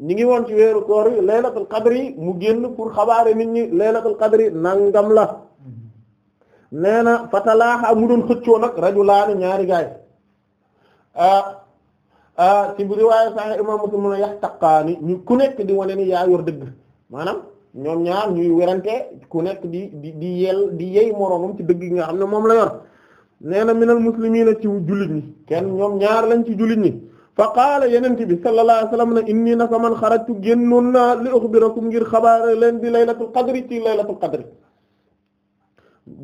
ni ngi woon ci weeru koor yi laylatul qadri mu génn pour xabaare nit ñi laylatul qadri nangam la nee na fatalaaxa mu doon xëccoo nag rajulaani ñaari gaay ci bu riwaaya sahih imam muslim mun a yaxtaqaani ñu ku nekk di wane ni yaa dëgg maanaam ñoom ñaar ñuy werante ku di di di yel di yey moroomam ci dëgg gi nga xam ne moom la yor nee na minal muslimiina ci jullit ñi kenn ñoom ñaar lañ ci julit ñi fa qaala yenente bi sallallahu alayhi wasallam ne inni naka man xarajtu génnoon na li uxbirakum ngir xabaare leen di laylatul qadri ci laylatul qadri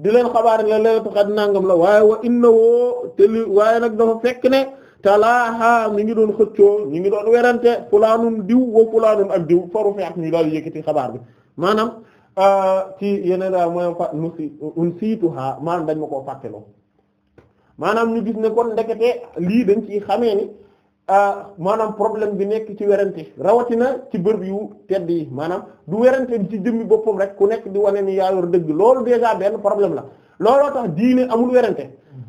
di leen xabaare la laylatul qadri nangam la waaye wa inna woo te li waaye nag dafa fekk ne talaaha mi ngi doon xëccoo ñi ngi doon werante fulaanun diw wa fulaanun ak diw faru fi at ñu daal yëkkati xabaar bi maanaam euh, ci yeneen daal mooy fa nusi un siituha maanaam dañ ma koo fàtteloo maanaam ñu gis kon ndekete lii dañ ci xamee Ah, maanaam problème bi nekk ci werante rawatina ci bërëb yu tedd yi maanaam du werante bi ci jëmmi boppam rek ku nekk di wane ni yaa yor dëgg loolu déjà benn problème la looloo tax diine amul werante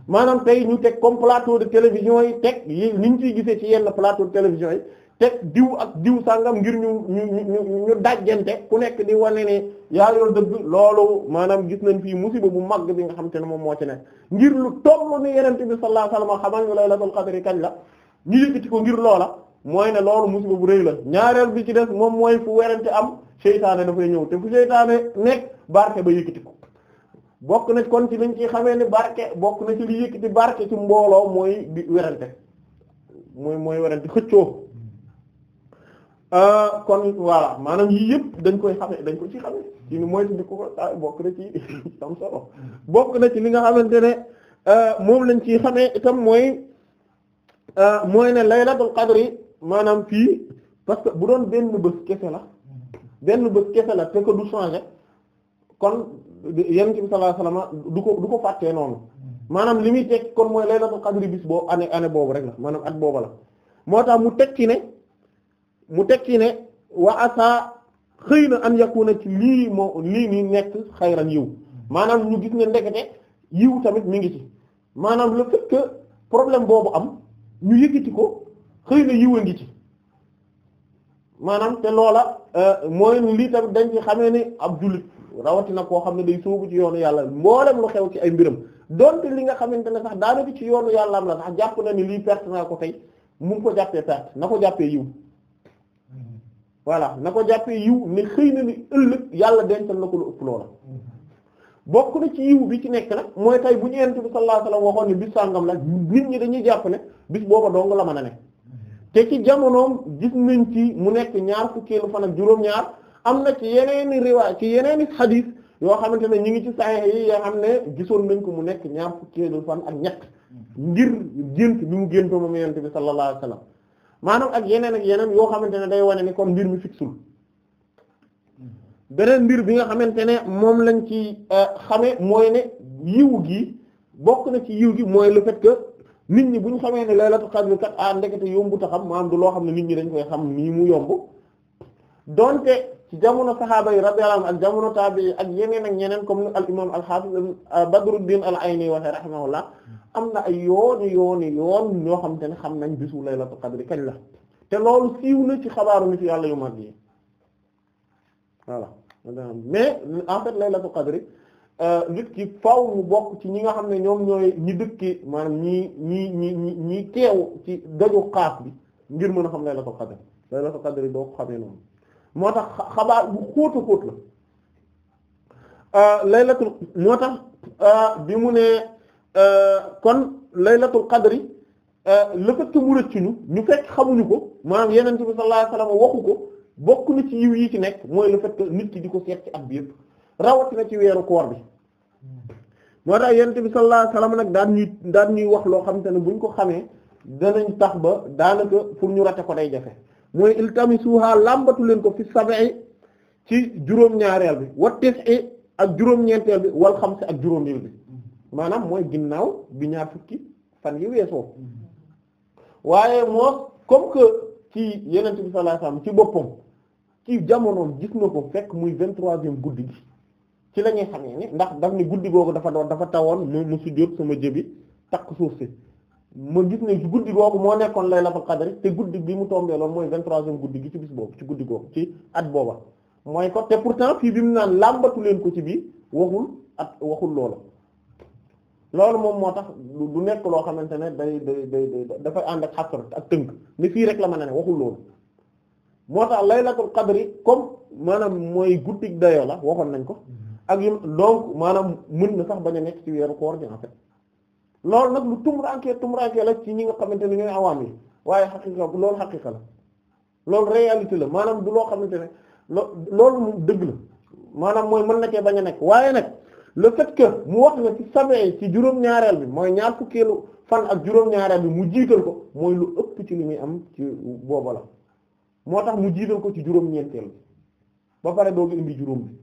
maanaam tey ñu teg comme plateau de télévision yi teg yi ni ñu ciy gisee ci yenn plateau de télévision yi diw ak diw sàngam ngir ñu ñu ñu ñu dajjante ku nekk di wane ne yaa dëgg loolu maanaam gis nañ fii musiba bu mag bi nga xam te ne moom moo ci nekk ngir lu toll ni yenente bi sallallahu alayhi wasallam xamal ñu laylatul qadr kañ la ñu yëkkati ko ngir loola mooy ne loolu mu musiba bu rëy la ñaareel bi ci des moom mooy fu werante am seytaane dafay ñëw te fu seytaane nekk barke ba yëkkati ko bokk na kon ci liñ ci xamee ni barke bokk na ci li yëkkati barke ci mbooloo mooy di werante mooy mooy werante xëccoo euh, kon voilà maanaam yii yëpp dañ koy xamee dañ ko ci xamee ci bokk na ci am bokk na ci li nga xamante ne euh, moom lañ ci xamee itam mooy Euh, mooy ne laylatul qadri maanaam fii parce que bu doon benn bés kese la benn bés kefe la te ko du changer kon yonent bi sallallahu du ko du ko fàttee noonu maanaam li muy teg kon mooy laylatul qadri bis boobu année année boobu rek la maanaam at boobu la moo tax mu teg ci ne mu teg ci ne wa asa xëy na an yakuna ci lii moo lii nii nekk xayran yiw maanaam ñu gis ne ndekete yiw tamit mu ngi ci maanaam le fait problème boobu am ñu yëkkati ko xëy na yiwa ngi ci maanaam te loola euh, mooy lii tamit dañ ci xamee ni ab jullit rawatina koo xam ne day sóobu ci yoonu yàlla mboolem lu xew ci ay mbiram donte li nga xamante ne sax daanaka ci yoonu yàlla am la sax jàpp na ni lii perte naa ko tey mu ko jàppee perte na ko jàppee yiw mm-hmm. voilà na ko jàppee yiw ni xëy na ni ëllëg yàlla dencal na ko lu ëpp loola mm-hmm. bokk na ci yiw bi ci nekk nag mooy tey bu ñu yonent bi sallallahu alayhi waxoon ni bis sàngam la nit ñi dañuy jàpp ne bis booba dong la mën a ne te ci jamonoom gis nañ ci mu nekk ñaar fukkeelu fan ak juróom-ñaar am na ci yeneeni riwaay ci yeneeni xadiis yoo xamante ne ñu ngi ci sahih yi yoo gisoon nañ ko mu nekk ñaar fukkeelu fan ak ñett ngir gént bi mu géntoo moom yonent bi sallallahu alayhi wasallam ak yeneen ak yeneen yoo xamante ne day wane ni comme mbir mi fixul beneen mbir bi nga xamante ne moom lañ ci euh, xame mooy ne yiw gi bokk na ci yiw gi mooy le fait nit ñi bu xamee ne laylatul qadr kat ah ndekete yombu ta xam loo xam ne nit ñi dañ koy xam nii mu yomb donte jamono saxaaba yi radiyallahu anhum ak jamono taabi ak yeneen ak ñeneen comme al imam al hafiz euh, Badruddin al Ayni waxe rahimahullah am na ay yooni yooni yoon ñoo xam te ne xam nañ bisu laylatul qadr kañ la te loolu siiw na ci xabaaru nit yàlla yu mag yi voilà mais en fait laylatul qadri euh, nit ki faaw mu bokk ci ñi nga xam ne ñoom ñooy ñi dëkki maanaam ñi ñi ñi ñi ñi teew ci daju xaas bi ngir mën a xam laylatul qadri laylatul qadri doo ko xamee noonu moo tax xabaar bu xóotu xóot la euh, laylatul moo tax euh, bi mu ne kon laylatul qadri le fait que mu rëcc ñu ñu fekk xamuñu ko maanaam yeneen bi sallallahu alayhi waxu ko bokk na ci yiw yi ci nekk mooy le fait nit ki di ko seet ci at bi yëpp rawatina ci weeru koor bi moo tax yonent bi sallallahu alayhi nag daan ñuy daan ñuy wax loo xamante ne ñu ko xamee danañ tax ba daanaka pour ñu rate ko day jafe mooy iltamisuha làmbatu leen ko fi sab'i ci juróom-ñaareel bi wa tis'i ak juróom-ñeenteel bi wal xam si ak juróomeel bi maanaam mooy ginnaaw bi ñaar fukki fan yi weesoo mm-hmm. waaye moo comme que ci yonent bi sallallahu ci boppam ci jamonoom gis na ko fekk muy vingt-troisième guddi gi ci la ñuy xamee ne ndax daf ni guddi googu dafa doon dafa tawoon mu mu sujjóot sama jëbi takk suuf si ma gis ne guddi googu moo nekkoon la laylatul qadr te guddi bi mu tombé loon mooy vingt-troisième guddi gi ci bis boobu ci guddi googu ci at booba mooy ko te pourtant fii bi mu naan làmbatu leen ko ci biir waxul at waxul loola loolu moom moo tax du nekk loo xamante ne day day day dafay ànd ak xasar ak tënk rek la mën ne waxul loolu moo tax laylatul qadri comme maanaam mooy guddik dayoo la waxoon nañ ko mm-hmm. ak yu donc maanaam mën na sax bañ a nekk ci weeru koor gi en fait loolu nag lu tumuraanke tumuraanke la ci ñi nga xamante ni ñooy awaam yi waaye xaqiqa loolu xaqiqa la loolu réalité la maanaam du loo xamante ne lo loolu moom dëgg la maanaam mooy mën na kee bañ a nekk waaye nag le fait mu wax nga ci sabee ci juróom-ñaareel bi mooy ñaar fukkeelu fan ak juróom-ñaareel bi mu jiital ko mooy lu ëpp ci li muy am ci booba la moo tax mu jiital ko ci juróom-ñeenteel ba pare doogu indi juróom bi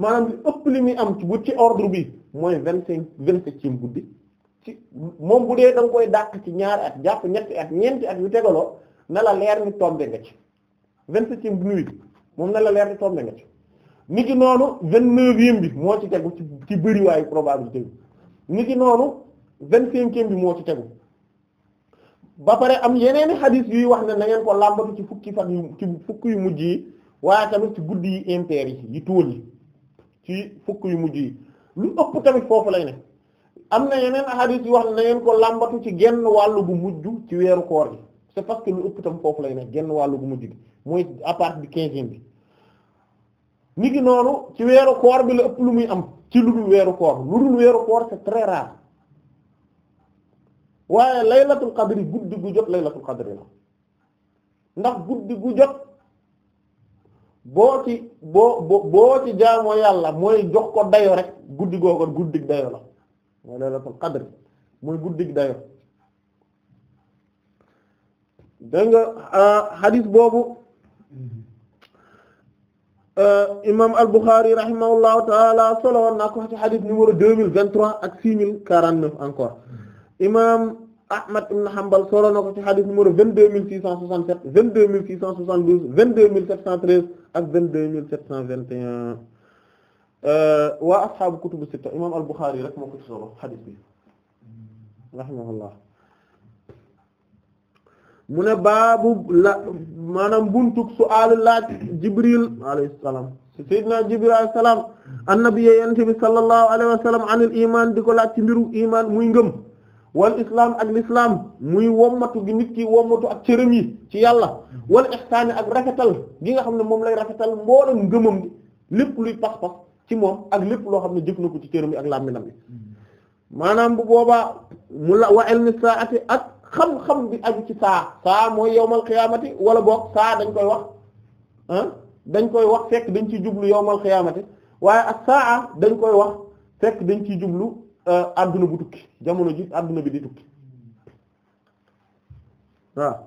maanaam li ëpp li muy am ci bu ci ordre bi mooy vingt cinq vingt septième guddi ci moom bu dee da nga koy dàq ci ñaar at jàpp ñetti at ñeenti at yu tegaloo na la leer ni tombe nga ci vingt septième nuit bi moom na la leer ni tombe nga ci ni ki noonu vingt neuvième bi moo ci tegu ci ci bëriwaayu probabilité bi ni ki noonu vingt cinquième bi moo ci tegu ba pare am yeneeni xadis yuy wax na ngeen ko làmbatu ci fukki fan yu ci fukk yu mujj yi waaye tamit ci guddi yi impair yi yi tóol yi ci fukk yu mujj yi lu ëpp tamit foofu lay ne am na yeneen xadis yu wax ne na ngeen ko làmbatu ci genn wàllu bu mujj ci weeru koor gi c'est parce que ëpp tamit foofu lay ne genn wàllu bu mujj gi mooy à partir du quinzième bi ni ki noonu ci weeru koor bi la ëpp lu muy am ci lu dul weeru koor lu dul weeru koor c'est très rare waaye laylatul qadri guddi gu jot laylatul qadri la ndax guddi gu jot boo ci boo boo yàlla mooy jox ko dayo rek guddi googu guddi dayo la mooy laylatul qadri mooy guddi dayo dégg nga ah, hadith boobu ah, imam al-Bukhari rahimahullahu taala solo woon na ko ci hadith numéro deux mille vingt-trois ak six mille quarante-neuf encore imaam Ahmad ibn Hanbal solo na ko ci xadis numéro vingt-deux mille six cent soixante-sept vingt-deux mille six cent soixante-douze vingt-deux mille sept cent treize ak vingt-deux mille sept cent vingt et un euh, waa ashaabu kutubu sitta imaam al-Bukhari rek moo ko ci solo xadis bi rahimahullah mu ne baabu la maanaam buntug su aal laaj Jibril alayhi salaam sayyidina Jibril alayhi salaam annabi yonent bi sallallahu alayhi wa sallam anil iman di ko laaj ci mbiru iman muy ngëm wal islam ak l'islam muy wommatu gi nit ki wommatu ak cërëm yi ci yàlla wal ihsaan ak rafetal gi nga xam ne moom lay rafetal mboolem ngëmam gi lépp luy pas-pas ci moom ak lépp loo xam ne jëf na ko ci cërëm yi ak làmminam yi maanaam bu boobaa mu la wa ilmi saati ak xam-xam bi aju ci saa saa mooy yowmal xiyaamati wala boog saa dañ koy wax ah, dañ koy wax fekk dañ ciy jublu yowmal xiyaamati waaye ak saa dañ koy wax fekk dañ ciy jublu adduna euh, bu tukki jamono ji adduna bi di tukki waaw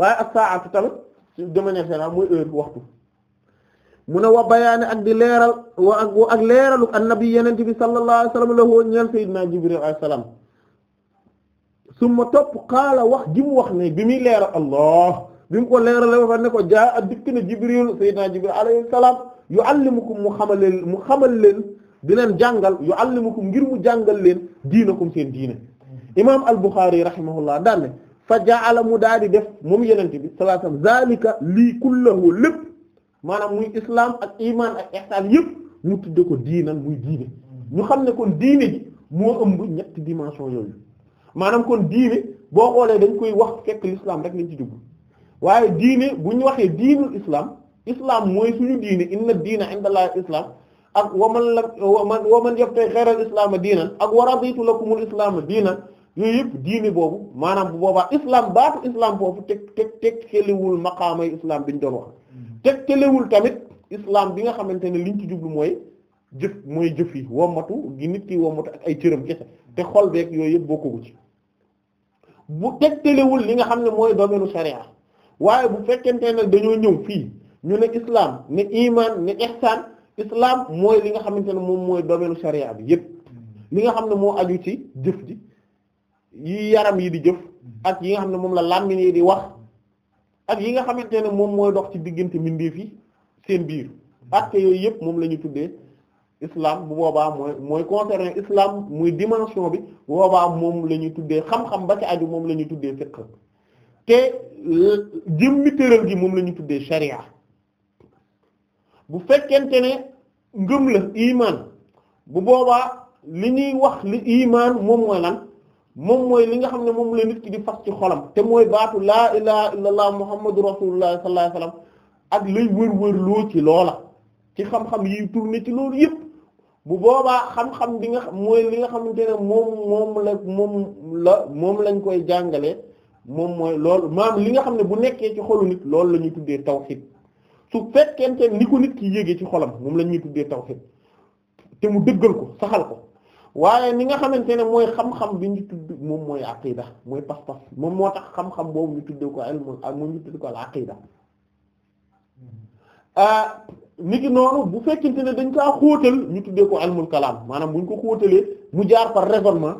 waaye ak saatu tamit de manière générale mooy heure waxtu mu ne wa bayaane ak di leeral wa ak wa ak leeralu annabi yenente bi sallallahu alayhi wasallam la woo ñeel sayyidina jibril alayhi salaam summa topp xaala wax ji mu wax ne bi muy leeral allah bi mu ko leeral la fa ne ko jaa ak dikk na jibril sayyidina jibril alayhi salaam yuallimukum mu xamal leen mu xamal leen di jàngal yu allimukum ngir mu jàngal leen diinakum seen diine imaam al-Bukhari rahimahullah daan ne fa ja'ala mu daal di def moom yenente bi sallallahu alayhi wasallam zalika lii kullahu lépp maanaam muy islam ak iman ak yëpp mu tudde ko diinan muy diine ñu xam ne kon diine ji moo ëmb ñetti dimension yooyu maanaam kon diine boo xoolee dañ koy wax fekk l'islam rek lañ ci dugg waaye diine bu ñu waxee diinul islam islaam mooy suñu diine inna diina inda ak waman la waman waman yabtay xayral islaama diinan ak wa raditu lakumul islaama diinan yooyu yëpp diini boobu maanaam bu boobaa islam baatu islam boobu teg teg teg kelewul maqaamay islam bi ñu doon wax teg tamit islam bi nga xamante ne liñ ci jublu mooy jëf mooy jëf yi gi nit ki wommatu ay cëram kese te xol beeg yooyu yëpp bokkugu ci bu teg kelewul li nga xam ne mooy domaine sharia waaye bu fekkente dañoo ñëw fii ñu ne islam ne iman ne ihsan islam mooy li nga xamante ne moom mooy domaine sharia bi yépp hmm. li nga xam ne moo aju ci jëf ji yi yaram yi di jëf hmm. ak yi nga xam ne moom la làmmiñ yi di wax ak yi nga xamante ne moom mooy dox ci diggante mbindeef yi seen biir hmm. ak yooyu yépp moom la ñu tuddee islam bu boobaa mooy mooy concerné islam muy dimension bi bu moom la ñuy tuddee xam-xam ba ci aju moom la ñuy tuddee fiqh te jëmmi tëral gi moom la ñuy tuddee sharia bu fekkente ne ngëm la imaan bu boobaa li ñuy wax li imaan moom mooy lan moom mooy li nga xam ne moom la nit ki di fas ci xolam te mooy baatu laa ilaha illallah muhammadu rasulullah sallallahu alayhi wasallam ak lay wër-wër loo ci loola ci xam-xam yiy tourné ci loolu yëpp bu boobaa xam-xam bi nga mooy li nga xam ne moom moom la moom la moom lañ koy jàngale moom mooy loolu maam li nga xam ne bu nekkee ci xolu nit loolu la ñuy tuddee tawhid su fekkente ni ko nit ki yéegee ci xolam moom la ñuy tuddee tawhid te mu dëggal ko saxal ko waaye ni nga xamante ne mooy xam-xam bi ñu tudd moom mooy aqida mooy pas-pas moom moo tax xam-xam boobu ñu tuddee ko ilmu ak ah, moom ñu tuddee ko al aqida hmm. ah, nit ki noonu bu fekkente ne dañ kaa xóotal ñu tuddee ko ilmul kalaam maanaam bu ñu ko xóotalee mu jaar par raisonnement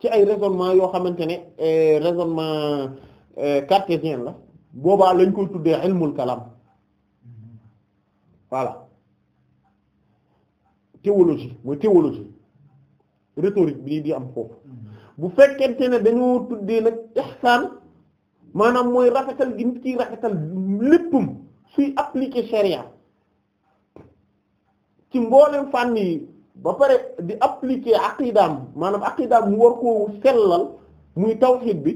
ci ay raisonnement yoo xamante ne eh, raisonnement eh, cartésien la boobaa lañ koy tuddee ilmul kalaam voilà théologie mooy théologie rhétorique bi di am foofu bu fekkente ne dañoo tuddee nag ihsaan maanaam mooy rafetal gi nit ki rafetal léppum suy appliquer charia ci mboolem fànn yi ba pare di appliquer aqidaam maanaam aqidaam mu war koo sellal muy taw tawhid bi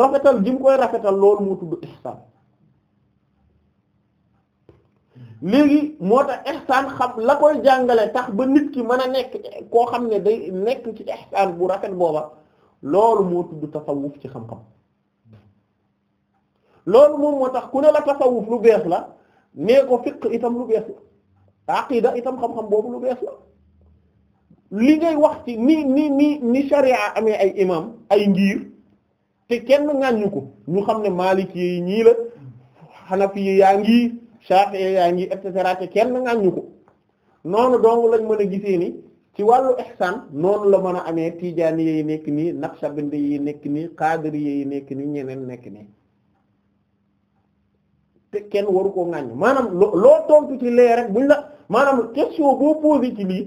rafetal gi mu koy rafetal loolu moo tudd ihsaan léegi moo tax ihsaan xam la koy jàngale tax ba nit ki mën a nekk koo xam ne day nekk ci ihsaan bu rafet booba loolu moo tudd tasawuf ci xam-xam loolu moom moo tax ku ne la tasawuf lu bees la nee ko fiqh itam lu bees la aqida itam xam boobu lu bees li ngay waxti ni ni ni ni amee ay imam ay ngir te kenn ŋàññu ko ñu xam ne maliki yi ñii la xanafi yaa ngi Shafi'i yaa ngi et cetera te kenn nga ñu ko noonu dong lañ mën a gisee ni ci wàllu ihsan noonu la mën a amee tiijaan yi nekk nii naqshbandi yi nekk nii qadiri yi nekk nii ñeneen nekk nii te kenn waru koo ŋàññ maanaam loo tontu ci lee rek buñ la maanaam question boo posé ci lii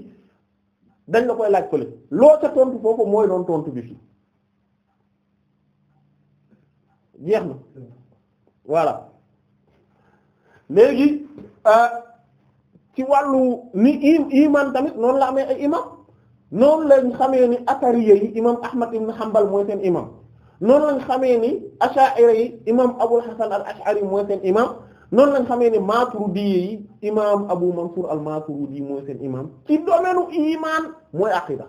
dañ la koy laaj fële loo ca tontu foofu mooy doon tontu bi fii jeex na voilà léegi euh, ci wàllu ni iman tamit noonu la amee ay imam noonu lañ xamee ni atariya yi imam ahmad ibn hanbal mooy seen imam noonu lañ xamee ni asha'ira yi imam abul hasan mooy seen imam noonu lañ xamee ni maturidi yi imam abu mansur al maturidi mooy seen imam ci domaine u mooy aqida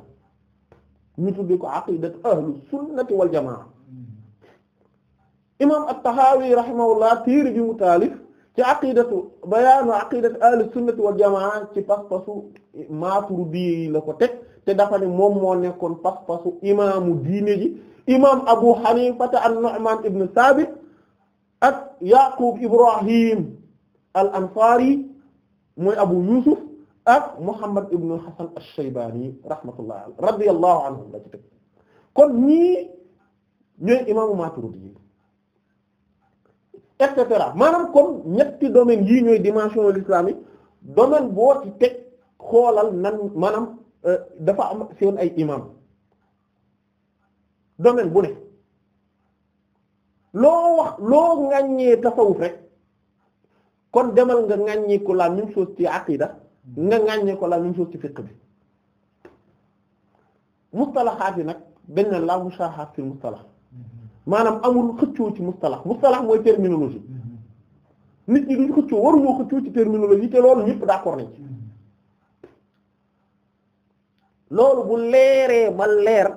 ñu tudde ko aqidatu ahlu sunnati wal jamaa imam at-tahawi rahimahullah mu taalif ci aqidatu bayaanu aqidatu ahlu sunnati wal jamaa ci pas-pasu Maturidi yi la ko teg te dafa ne moom moo nekkoon pas-pasu imaamu diine ji imaam Abu Hanifa te an ibn Sabit ak Yaqub Ibrahim al-Ansari mooy Abu Yusuf ak Muhammad ibn Hasan ash-Shaybani rahmatullah radiyallahu anhum la ci teg kon ñii ñooy imaamu Maturidi yi et cetera maanaam kon ñetti domaines yi ñooy dimension islamique domaine boo ci teg xoolal nan maanaam euh, dafa am seen ay imam domaine bu ne loo wax loo ŋàññee tasawuf rek kon demal nga ŋàññee ko la même chose ci aqida nga ŋàññee ko la même chose ci fiqh bi mustalahaat yi nag dañ na la mushahaat fil mustalah maanaam amul xëccoo ci mustalax mustalax mooy terminologie nit ñi duñ xëccoo waruñoo xëccoo ci terminologie te loolu ñëpp d'accord nañ ci loolu bu leeree ba leer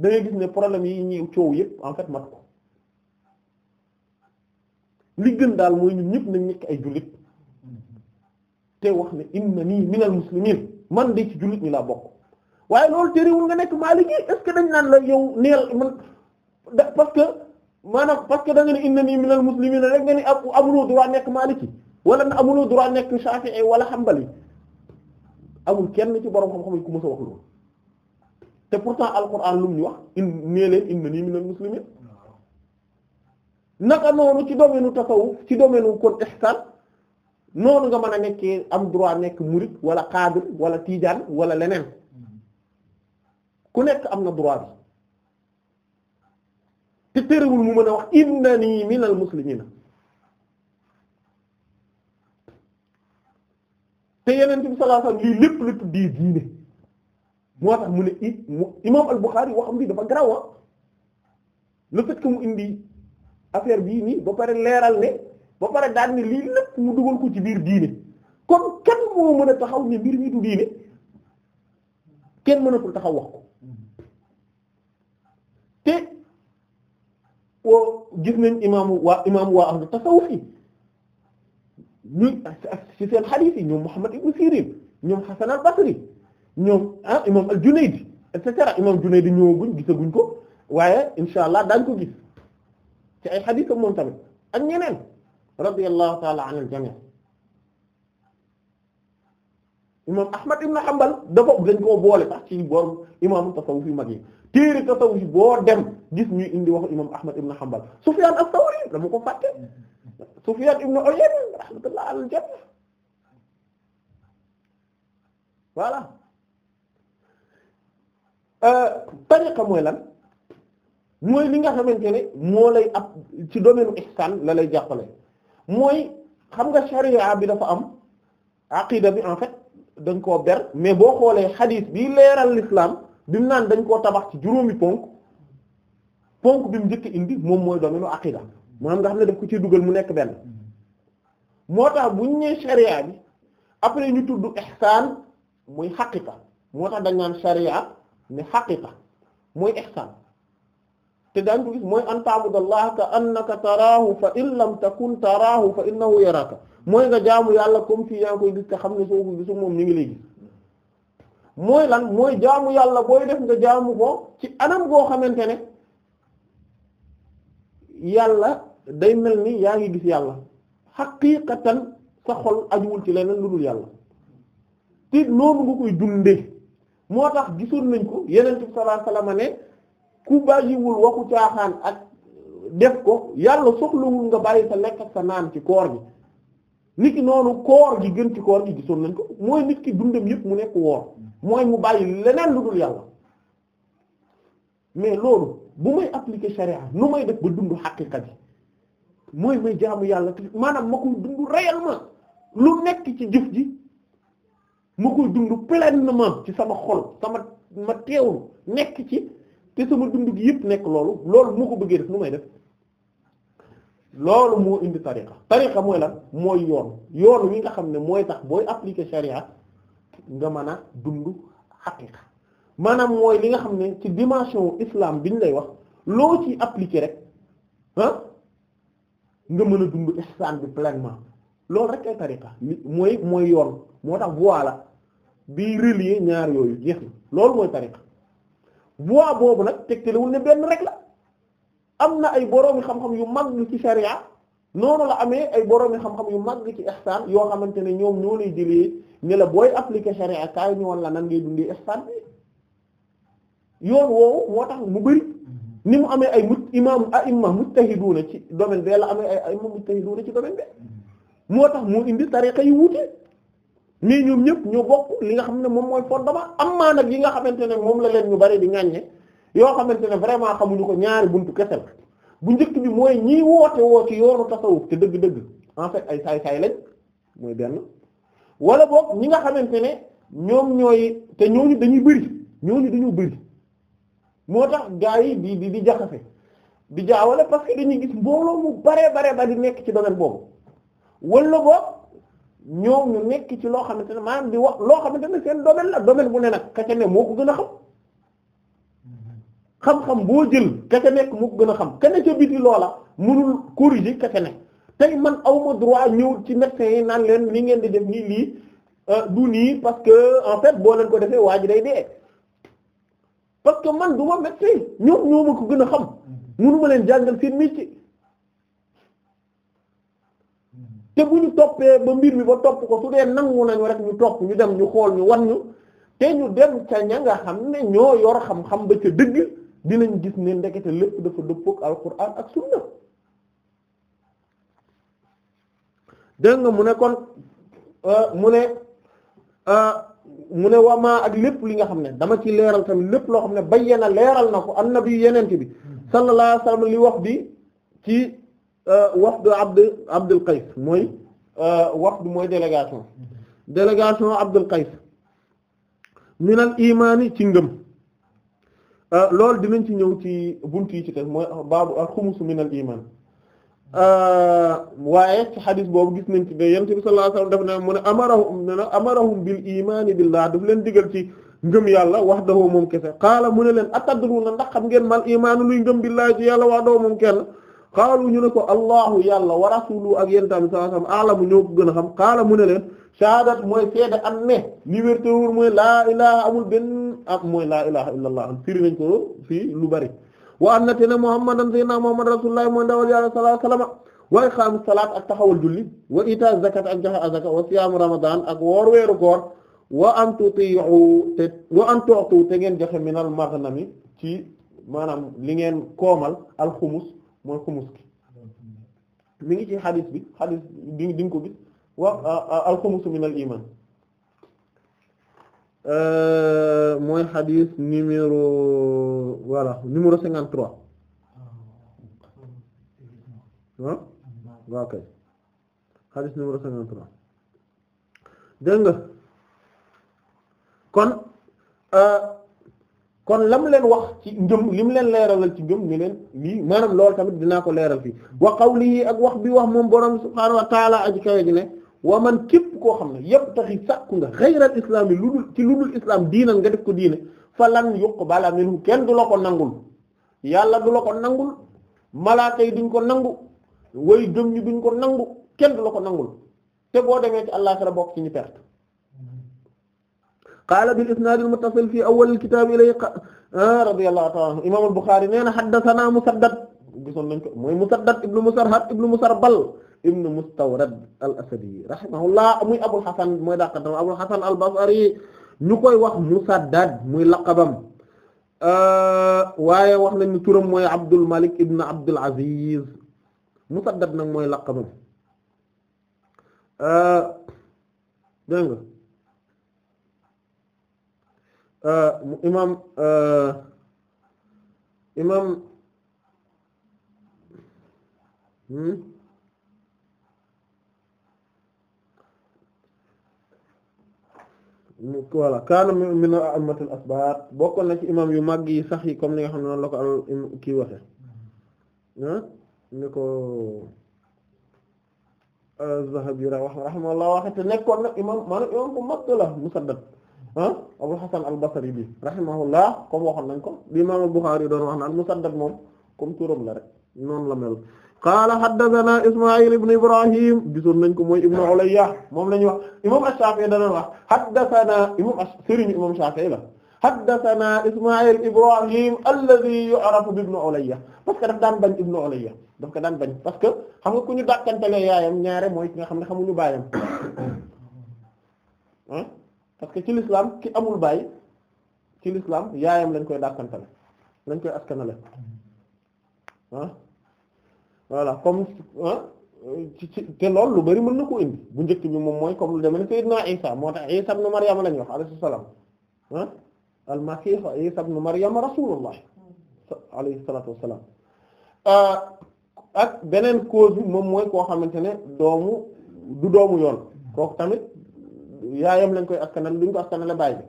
da ngay gis ne problème yi ñuy coow yëpp en fait mat ko li gën daal mooy ñun ñëpp nañ nekk ay jullit te wax ne inna nii minal muslimin man de ci jullit ñi laa bokk waaye loolu terewul nga nekk maliki est dañ naan la yow neel man parce que maanaam parce que da nga ne innanii minal muslimiin rek nga ni amuloo droit nekk maliki wala na amuloo droit nekk shafi'i wala hanbali amul kenn ci borom xam-xam yi ku mësa wax loolu te pourtant alquran lu mu ñu wax in nee leen innanii minal muslimiin naka noonu ci domaine tasawuf ci domaine kon ihsan noonu nga mën a nekkee am droit nekk murid wala xaadir wala tiijaan wala leneen ku nekk am na droit bi te terewul mu mën a wax innani minal muslimina te yeneen bi sallallahu alayhi wasallam lii lépp la tuddee diine moo tax mu ne it mu imaam al waxam bi dafa garaw ah le mu indi affaire bii nii ba pare leeral ne ba pare daan ne lii lépp mu dugal ko ci biir diine kon kenn moo mën a taxaw ne mbir mi du diine kenn mënatul taxaw wax ko o gis nañ imaamu waa imaamu waa ahlu tasawuf yi ñu ci seen xadiis yi ñoom Muhammad ibn Sirin ñoom Hasan al ñoom ah imaam al-Junaydi et cetera imaam Junaydi ñëwaguñ gisaguñ ko waaye insha allah daañ ko gis ci ay xadiisam moom tamit ak ñeneen radiyallahu ta'ala anil jami' imaam Ahmad ibn Hanbal dafa dañ koo boole sax ci bor imaamu tasawuf yu mag yi téere dem gis ñuy indi waxu imam Ahmad ibn Hanbal Sufyan as-Sawri dama ko fàtte Sufyan ibn Uyayna rahmatullah al-jami voilà euh, tariqa mooy lan mooy li nga xamante ne moo lay ab ci domaine ihsan la lay jàppale mooy xam nga sharia bi dafa am aqida bi en fait dañ koo ber mais boo xoolee xadiis bi leeral lislaam bi naan dañ koo tabax ci juróomi ponk ponk bi mu njëkk indi moom mooy domaine u aqida maanaam nga xam ne daf ko ci dugal mu nekk benn moo tax bu ñu nee sharia bi après ñu tudd ihsaan muy xaqiqa moo tax dañ naan sharia ne xaqiqa mooy ihsaan te daañ ko gis mooy an ta'budallaha ka annaka taraahu fa in lam takun taraahu fa innahu yaraka mooy nga jaamu yàlla comme si yaa ngi koy gis te xam ne soo ko gisul moom ñu ngi lay gis mooy lan mooy jaamu yàlla booy def nga jaamu ko ci anam goo xamante ne yàlla day mel ni yaa ngi gis yàlla xaqiiqatan sa xol ajuwul ci leneen lu dul yàlla te noonu nga koy dundee moo tax gisoon nañ ko yeneen bi sallallahu alayhi wasallam ne ku bàyyiwul waxu caaxaan ak def ko yàlla soxlawul nga bàyyi sa lekk ak sa naan ci koor gi nit ki noonu koor gi gën ci koor gi gisoon nañ ko mooy nit ki dundam yépp mu nekk woor mooy mu bàyyi leneen lu dul yàlla mais loolu bu may appliquer charia nu may def ba dund xaqiqa bi mooy may jaamu yàlla maanaam ma koy dund réellement lu nekk ci jëf ji ma koy dund pleinement ci sama xol sama ma teewlu nekk ci te sama dund gi yëpp nekk loolu loolu moo ko bëggee def nu may def loolu moo indi tariqa tariqa mooy lan mooy yoon yoon wi nga xam ne mooy tax booy appliquer charia nga mën a dund xaqiqa maanaam mooy li nga xam ne ci dimension islam ñu lay wax loo ci appliquer rek ah nga mën a dund ihsan bi pleinement loolu rek ay tariqa mooy mooy yoon moo tax la bi relier ñaar yooyu jeex na loolu mooy tariqa voie boobu nag tegtalewul ne benn rek la am na ay boromi xam-xam yu mag ci sharia noonu la amee ay boroomi xam-xam yu mag ci ihsan yoo xamante ne ñoom ñoo lay jëlee ne la booy appliquer sharia kaay ñu wan la nan ngay dundee ihsan bi yoon woowu moo tax mu bëri ni mu amee ay mut imam a'imma mujtahiduna ci domaine bi la amee ay a'imma mujtahiduna ci domaine bi moo tax mu indi tariqa yu wuute mais ñoom ñëpp ñoo bokk li nga xam ne moom mooy fondement am maa yi nga xamante ne moom la leen ñu bari di ŋàññe yoo xamante ne vraiment xamuñu ko ñaari buntu kese bu njëkk bi mooy ñiy woote woo ci yoonu tasawuf te dëgg-dëgg en fait ay saay-saay lañ mooy benn wala boog ñi nga xamante ne ñoom ñooy te ñooñu dañuy bëri ñooñu dañoo bëri moo tax gaa yi di di di jaxase di jaawale parce que dañuy gis mbooloo mu bare bare ba di nekk ci domaine boobu wala boog ñoom ñu nekk ci loo xamante ne maanaam di wax loo xamante ne seen domaine la domaine bu ne nag ka ne moo ko gën a xam mm-hmm. xam-xam boo jël ka ca nekk moo ko gën a xam kenn ca biti loola mënul corriger ka ca nekk tey man awma droit ñëw ci médecin yi naan leen li ngeen di dem nii lii euh, du nii parce que en fait boo leen ko defee waa ji day dee. parce que man du ma médecin ñoom ñoo ko gën a xam mënu ma leen jàngal seen métier te bu ñu toppee ba mbir mi ba topp ko su dee nangu nañu rek ñu topp ñu dem ñu xool ñu wan ñu te ñu dem ca ña nga xam ne ñoo yor xam-xam ba ca dëgg dinañ gis ne ndekete lépp dafa dëppook alquran ak sunna dégg nga mu ne kon euh, mu ne. Euh, mu ne wamaa ak lépp li nga xam ne dama ci leeral tamit lépp loo xam ne bayyana leeral na ko annabi yenente bi sallallahu alayhi wasallam li wax bi ci euh, wafdu abd abdul qays mooy euh, wafdu mooy délégation délégation abdul qays minal imaani ci ngëm euh, loolu dinañ ci ñëw ci buntu yi ci teg mooy baabu al xumus minal imaan Euh, waaye ci xadis boobu gis nañ ci ne yonent bi sallallahu alayhi wasallam daf ne mu ne amarahum ne amarahum bil imaani billah daf leen digal ci ngëm yàlla wahdahu moom kese qaala mu ne leen atadruuna ndax xam ngeen mal imaanu luy ngëm billaahi ci yàlla wahdahu moom kenn qaalu ñu ne ko allahu yàlla wa rasuluhu ak yonent bi sallallahu alayhi wasallam alamu gën a xam qaala mu ne leen shahaadat mooy seede am ne liberté wuur mooy laa ilaha amul benn ak mooy laa ilaha illa allah firi nañ ko fii lu bari wa am na te ne muhammadan sayyidina muhammad rasulullah mooy ndawal yàlla sallallahu alayhi wasallam wa iqaamu salaat ak taxawal julli wa itaa zakat ak joxe azaka wa siyaamu ramadan ak woor weeru koor wa an tuti'u te wa an tu'tu te ngeen joxe minal maghnami ci maanaam li ngeen koomal alxumus mooy xumus ki mi ngi ci xadis bi xadis di nga ko gis wa alxumusu minal iman Euh, mooy xadis numéro voilà numéro cinquante trois ah kay xadis numéro cinquante trois dégg nga kon euh, kon lam leen wax ci ngëm lim leen leeralal ci ngëm mi leen lii maanaam loolu tamit dinaa ko leeral fii wa qawlihi ak wax bi wax moom borom subhaanahu wa taala aji kawe ne waa man képp koo xam ne yëpp taxi sàkku nga xayral islam yi lu dul ci lu dul islam diinal nga def ko diine fa lan yuqbala minhu kenn du la ko nangul yàlla du la ko nangul malaa yi duñ ko nangu way gëm ñi duñ ko nangu kenn du la ko nangul te boo demee ci àllaaxira bokk ci ñu perte qaala bil isnaad al muttasil fi awwal al kitaab ilay ah, radiyallahu ta'ala anhu imaam al Buxaari nee na haddasanaa Musaddad gisoon nañ ko mooy Musaddad ibnu Musarhad ibnu Musarbal ibn Mustawrad al Asadi rahimahullah muy Abul Hasan mooy dàqatam Abul Hasan al Basri ñu koy wax Musaddad muy laqabam euh, waaye wax nañ ni turam mooy Abdul Malik ibn Abdul Aziz Musaddad nag mooy laqabam euh, dégg nga euh, imaam voilà kaana min a'immatil asbaat bokkoon na ci imam yu mag yi sax yi comme ni nga xam ne noonu la ko al kii waxe ni ko euh, Zahabi ra wax rahimahullah waxe te nekkoon nag imam maanaam imam bu mag la Musaddad ah Abul Hasan al-Basri bi rahimahullah comme waxoon nañ ko bi imam Bukhari doon wax naan Musaddad moom comme turam la rek noonu la mel qaala haddathana Isma'il ibn Ibrahim gisoon nañ ko mooy Ibn Ulayya moom la ñuy wax imam Shafi'i da doon wax haddathana imam Sëriñ imam Shafi'i la haddathana Isma'il Ibrahim alladhi yu'rafu bi Ibn Ulayya parce que daf daan bañ Ibn Ulayya daf ko daan bañ parce que xam nga ku ñu dàkkantele yaayam ñaare mooy ki nga xam ne xamuñu baayam ah parce que ci l'islam ki amul baay ci l'islam yaayam lañ koy dàkkantele lañ koy askanale ah voilà comme ci ci te loolu lu bari mën na ko indi bu njëkk bi moom mooy comme lu demee ne Seydina Isa moo tax Isa ibn Maryam lañu wax alayhi salaam ah al-Masih Isa euh, beneen cause bi moom mooy koo xamante ne doomu doomu yoon kooku tamit yaayam lañ koy askanal luñ ko askanale baay bi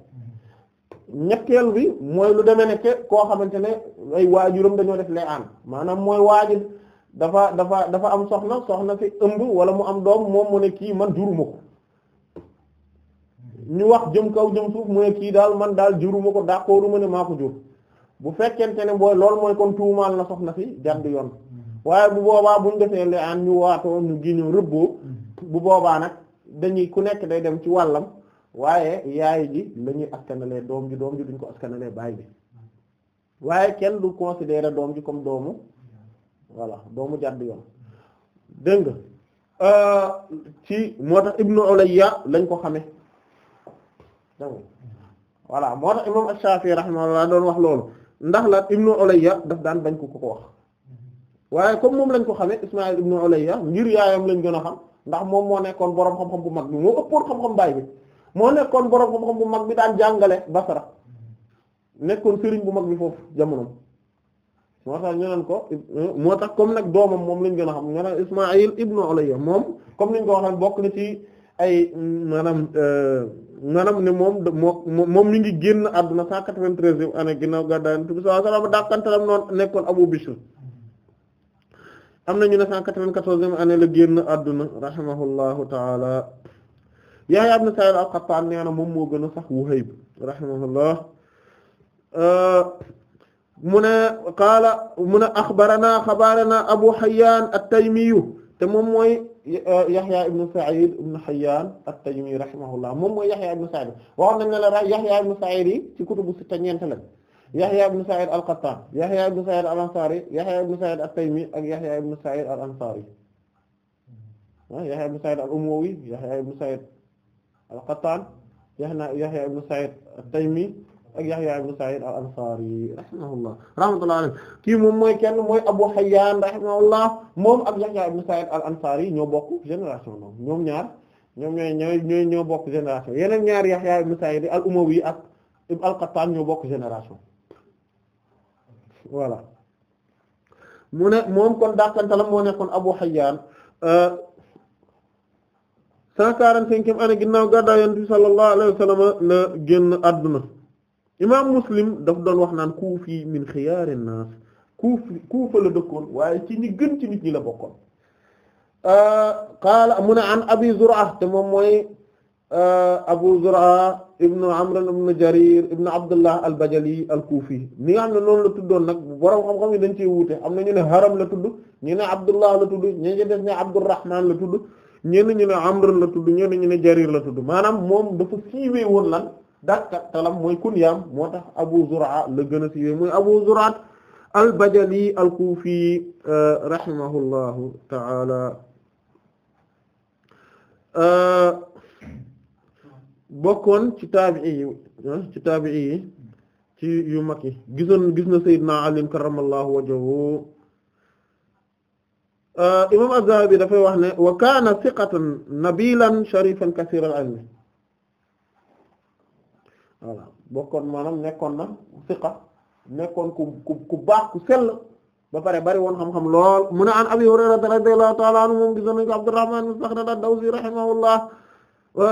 bi mooy lu demee ne ke koo xamante ne ay waajuram dañoo def lay aan maanaam mooy waajur. dafa dafa dafa am soxna soxna si ëmb wala mu am doom moom mu ne kii man juruma ko ñu wax jëm kaw jëm suuf mu ne kii daal man daal juruma ko d'accord ma ne maa bu fekkente ne booy loolu mooy kon tuumaal na soxna si jàdd yoon waaye bu boobaa buñ defee li ñu waatoo ñu giñu rëbboo bu boobaa nag dañuy ku nekk day dem ci wàllam waaye yaay ji la ñuy doom ji doom ji duñ ko askanalee baay bi waaye kenn du considérer doom ji comme doomu voilà ba mu jàdd yoon dégg euh, ci moo tax Ibnu Ulayya lañ ko xamee voilà moo tax imam Ash-Shafi'i rahimahullah doon wax loolu ndax la Ibnu ya daf daan bañ ko ko wax waaye comme moom lañ ko xamee Ismaïl Ibnu ya ngir yaayam lañ gën a xam ndax moom moo nekkoon boroom xam-xam bu mag bi moo ëppoon xam-xam baay bi moo nekkoon boroom xam-xam bu mag bi daan jàngale Basra nekkoon sëriñ bu mag bi foofu jamono moo tax ñu ko moo tax comme nag doomam moom lañ gën a xam maanaam Ismaïl ibnu Ulayya moom comme niñ ko waxee bokk na ci ay maanaam euh, maanaam ne moom moo moom mi ngi génn àdduna cent quatre-vingt-treizième année ginnaaw gàddaay Yonent bi sallallahu nekkoon Abu Bishr am na ñu ne cent quatre-vingt-quatorzième année la génn àdduna rahimahullahu taala Yahya ibn Sa'id al-Qattan nee na moom moo gën a sax Wuhayb rahimahullah euh, mu ne qaala mu ne axbarana xabarana Abu Hayyan at-Taymiyu te moom mooy Yahya ibn Sa'id ibn Hayyan at-Taymi rahimahullah moom mooy Yahya ibn Sa'id waxoon nañ ne la Yahya ibn Sa'id yi ci kutubu sitta ñeent la Yahya ibn Sa'id al-Qattan Yahya ibn Sa'id al-Ansari Yahya ibn Sa'id at-Taymi ak Yahya ibn Sa'id al-Ansari Yahya ibn Sa'id al-Umawi Yahya ibn Sa'id al-Qattan Yahya ibn Sa'id at-Taymi ak Yahya ibn Sa'id al-Ansari rahimahullah rahmatullah alayhi kii moom mooy kenn mooy Abu Hayyan rahimahullah moom ak Yahya ibn Sa'id al-Ansari ñoo bokk génération ñoom ñoom ñaar ñoom ñooy ñooy ñooy ñoo bokk génération yeneen ñaar Yahya ibn Sa'id al-Umawi ak al-Qattan ñoo bokk génération voilà mu ne moom kon dàqante la moo nekkoon Abu Hayyan euh, cent quarante-cinquième année ginnaaw gàddaay Yonent bi sallallahu alayhi wa sallam la génn àdduna imaam muslim daf doon wax naan kuufi min xiyaari naas kuufi kuufa la dëkkoon waaye ci ñi gën ci nit ñi la bokkoon euh, qaala mu ne an abi zur'a te moom mooy euh, abu zur'a ibnu amr ibnu jarir ibnu abdullah al bajali al kuufi ni nga xam ne noonu la tuddoon nag borom xam-xam yi dañ cee wuute am na ñu ne haram la tudd ñu ne abdullah la tudd ñi ci def ne abdurrahman la tudd ñenn ñu ne amr la tudd ñenn ñu ne jarir la tudd maanaam moom dafa siiwee woon lan dàqatalam mooy kunyaam moo tax Abu Zur'a la gën a siiwee mooy Abu Zur'a al-Bajali al-Kufi euh, rahimahullahu ta'ala euh, bokkoon ci taabi'i yi ah, ci taabi'i yi ci yu mag yi gisoon gis na Seydina Ali karramallahu wajhahu euh, imam Az-Zahabi dafay wax ne wa kaana thiqatan nabilan sharifan kaseeral ilmi voilà bokkoon maanaam nekkoon na siqa nekkoon ku ku ku baax ku sell ba pare bari woon xam-xam lool mu ne an Abi Hurayra radiyallahu ta'ala anhu moom gisoon nañu ko Abdurrahman ibn Sakhrad ad-Dawsi rahimahullah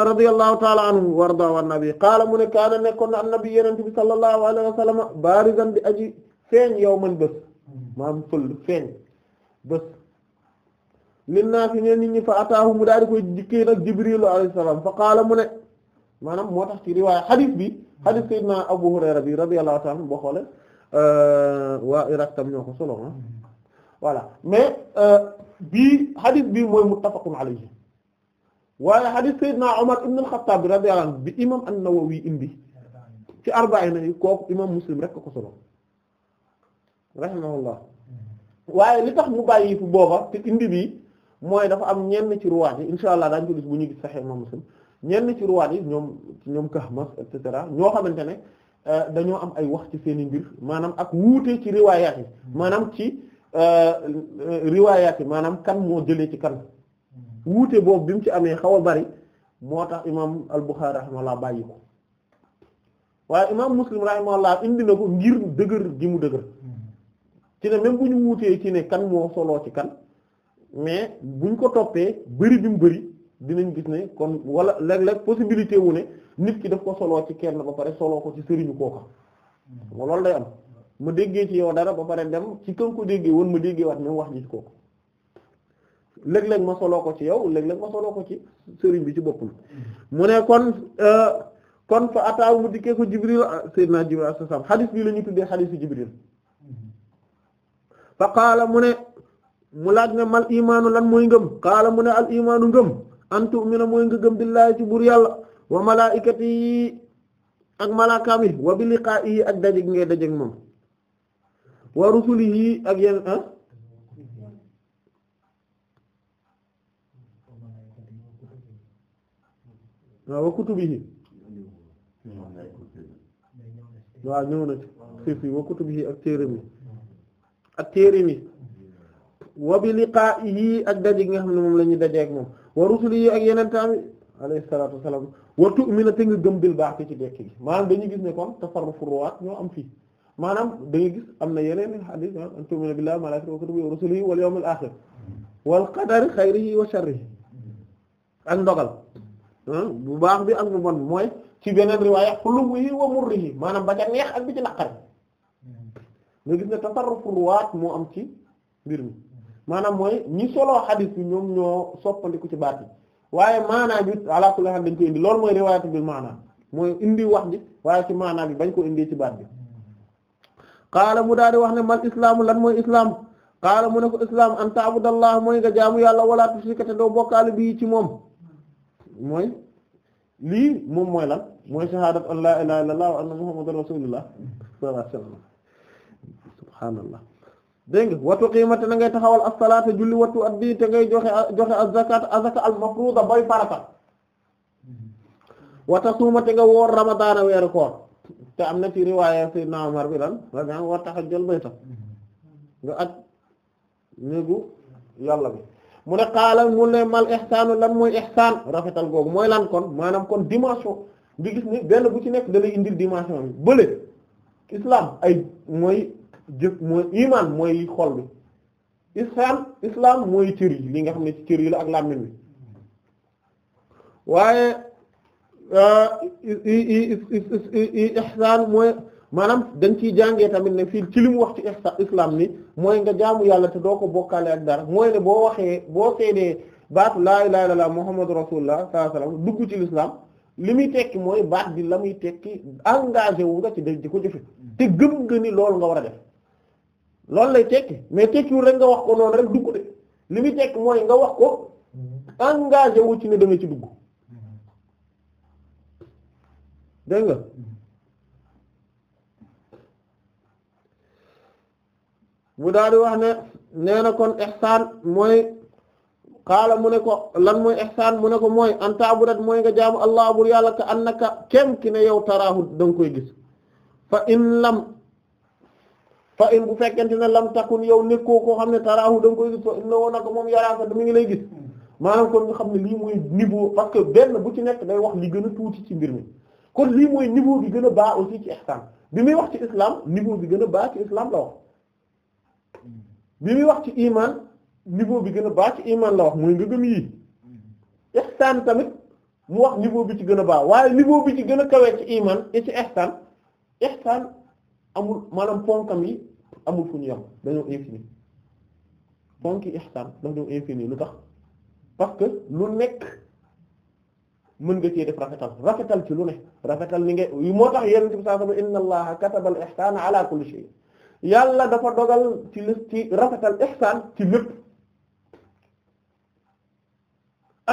radiyallahu ta'ala anhu warda wa nabi qaala mu ne kaana nekkoon na annabi yenente bi sallallahu alayhi wa sallam barizan di aji feeñ yow man bés maanaam feeñ bés lin naa fa ataahu mu daal koy jikkee Jibril alayhi salam fa qaala mu ne maanaam moo tax ci riwaaya xadis bi xadis hmm. sayyidina Abu Hurayra bi radiyallahu ta'ala boo xoolee euh, waa Iraq tam ñoo ko solo ah hmm. voilà mais euh, bii xadis bi mooy muttafaqun alayhi waaye xadis sayyidina Umar ibn al-Khattab radiyallahu anhu bi imam an-Nawawi indi ci arba'ina yi kooku imam Muslim rek ko solo rahimahullah hmm. waaye li tax mu bàyyi fi booba te indi bi mooy dafa am ñenn ci ruwaat yi insha allah daañu ko bu ñu gis Sahih Muslim ñenn ci ruwaat yi ñoom ñoom Kahmas et cetera ñoo xamante ne euh, dañoo am ay wax ci seen i mbir maanaam ak wuute ci riwaayaat yi maanaam ci euh, euh, riwaayaat yi maanaam kan moo jëlee ci kan wuute boobu bi mu ci amee xaw a bari moo tax imaam al-Bukhari rahimahullah bàyyi ko waaye imaam Muslim rahimahullah indi na ko ngir dëgër gi mu dëgër ci ne même bu ñu wuutee ci ne kan moo soloo ci kan mais buñ ko toppee bëri bi mu bëri dinañ gis ne kon wala léeg-léeg possibilité wu ne nit ki daf ko soloo ci kenn ba pare soloo ko ci sëriñu kooka loolu day am ma déggee ci yow dara ba pare dem ci kan ko déggee woon ma déggee waat même wax ji ci kooku léeg-léeg ma soloo ko ci yow léeg-léeg ma ko ci sëriñ bi ci boppam mu ne kon euh, kon fa ataaw mu dikkee ko Jibril ah, Seydina Jibril sa salaam xadis bii la ñu tuddee bi Jibril fa qaala mu ne mu laaj ne mal imaanu lan mooy ngëm qaala mu ne al imaanu ngëm an tu'mina mooy nga gëm billaahi ci buur yàlla wa malaa'ikati ak malaakaam yi wa bi liqaa'ihi ak daje ngay daje ak moom wa rusulihi ak yenn ah waaw wa kutubihi waaw ñëw na ci fi wa yii ak téereem ak téereem wa bi liqaa'ihi ak daje gi nga xam ne moom lañuy ñuy moom wa rusulihi ak yeneen taami alayhi salaatu wa salaam wa tu'minu te nga gëm bil baax ci dekk gi maanaam dañuy gis ne kon tasarrufu ruwaat ñoo am fii maanaam da nga am na yeneen hadith ah, an tu'minu billahi wa malaa'ikatihi wa kutubihi wa rusulihi wal yawmil aaxir wal qadari xayrihi wa sharrihi ak ndogal ah, bu baax bi ak bu mooy ci beneen riwaaya xulumihi wa murrihi maanaam ba ca ak bi ci naqari hmm. nga gis ne tasarrufu ruwaat moo am ci mbir mi. maanaam mooy ñi solo xadis bi ñoom ñoo soppandiku ci baat bi waaye maanaa bi ala kulli haal dañ ko indi loolu mooy riwaayatu bil maanaa mooy indi wax bi waaye ci maanaa bi bañ ko indi ci baat bi qaala mu daal di wax ne mal islaamu lan mooy islaam qaala mu ne ko islaam an ta'budallaah mooy nga jaamu yàlla wala tushrika te doo bokkaale bii ci moom mooy lii moom mooy lan mooy shahaadat an laa ilaaha illallaah wa anna muhammadan rasuulullaah dégg nga watu qiimata na ngay taxawal as-salaata julli watu addi te ngay joxe joxe az-zakaat a al-mafruuda bay farata wata suuma te nga woor ramadaana weeru koor te am na ci riwaaya sayyidina Umar bi lan rabi'an wa tahajjal bayta nga at néegu yàlla bi mu ne xaalal mu ne mal ihsaanu lan mooy ihsaan rafetal googu mooy lan kon maanaam kon dimension bi gis ni benn bu ci nekk da lay indil dimension bi bële islam ay mooy jëf mooy iman mooy xol bi islam islam mooy cër yi li nga xam ne ci cër yi la ak làmmiñ bi waaye euh, ihsaan mooy maanaam dañ ciy jàngee tamit ne fii ci li mu wax ci ihsaan islam ni mooy nga jaamu yàlla te doo ko bokkaale ak dara mooy ne boo waxee boo seedee baatu laa ilaaha illallaah muhammadu rasulullah sallallaahu alayhi wa sallam dugg ci l'islam li muy tekki mooy baat bi la muy tekki engagé wu nga ci def di ko jëfe te gëm nga ni loolu nga war a def loolu lay tekki mais tekkiwul rek nga wax ko noonu rek dugg de li muy tekki mooy nga wax ko engagé wu ci ne da ci dugg dégg nga mu daal wax ne nee na kon ihsaan mooy xaala mu ne ko lan mooy ihsaan mu ne ko mooy an ta'budat mooy nga jaamu allah bur yàlla ka annaka kem ki ne yow taraahu da koy gis fa in lam fa in bu fekkente ne lam takun yow nekkoo koo xam ne taraahu da nga koy gis fa inna woo nako moom yaraa sax mi ngi lay gis maanaam kon nga xam ne lii mooy niveau parce que benn bu ci nekk day wax li gën a tuuti ci mbir mi kon lii mooy niveau bi gën a baa aussi ci ihsan bi muy wax ci islam niveau bi gën a baax ci islam la wax muy wax ci iman niveau bi gën a baa ci iman la wax mooy nga gëm yii ihsan tamit mu wax niveau bi ci gën a baax waaye niveau bi ci gën a kawee ci iman et ci ihsan amul maanaam ponkam yi amul fu ñu yam dañoo infini ponki ihsaan dañoo infini lu tax parce que lu nekk mën nga cee def rafetal rafetal ci lu ne rafetal ni nga moo tax yenn ci saa sama inna allaha katabal ihsaan ala kulli shay yàlla dafa dogal ci li ci rafetal ihsaan ci lépp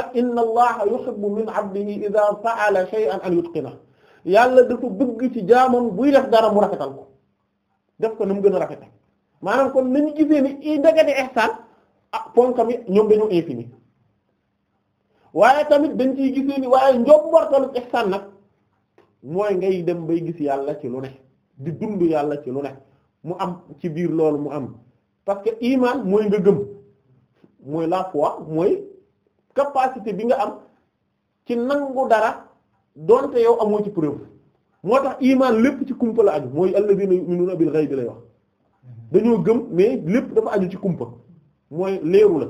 ak inna allaha yuhibbu min abdihi idha fa'ala shay'an an yutqina yàlla dafa bëgg ci jaamam buy def dara mu rafetal ko def ko na mu gën a rafetal maanaam kon nañu gisee ni i ndagate ihsaan ah ponkam yi ñoom dañoo infini waaye tamit dañ ciy gisee ni waaye njombortalu ihsaan nag mooy ngay dem bay gis yàlla ci lu ne di dund yàlla ci lu ne mu am ci biir loolu mu am parce que iman mooy nga gëm mooy la foi mooy capacité bi nga am ci nangu dara doonte yow amoo ci preuve moo tax imaan lépp ci kumpa la aju mooy alladhina yu'minuna bil ghaybi lay wax dañoo gëm mais lépp dafa aju ci kumpa mooy leeru la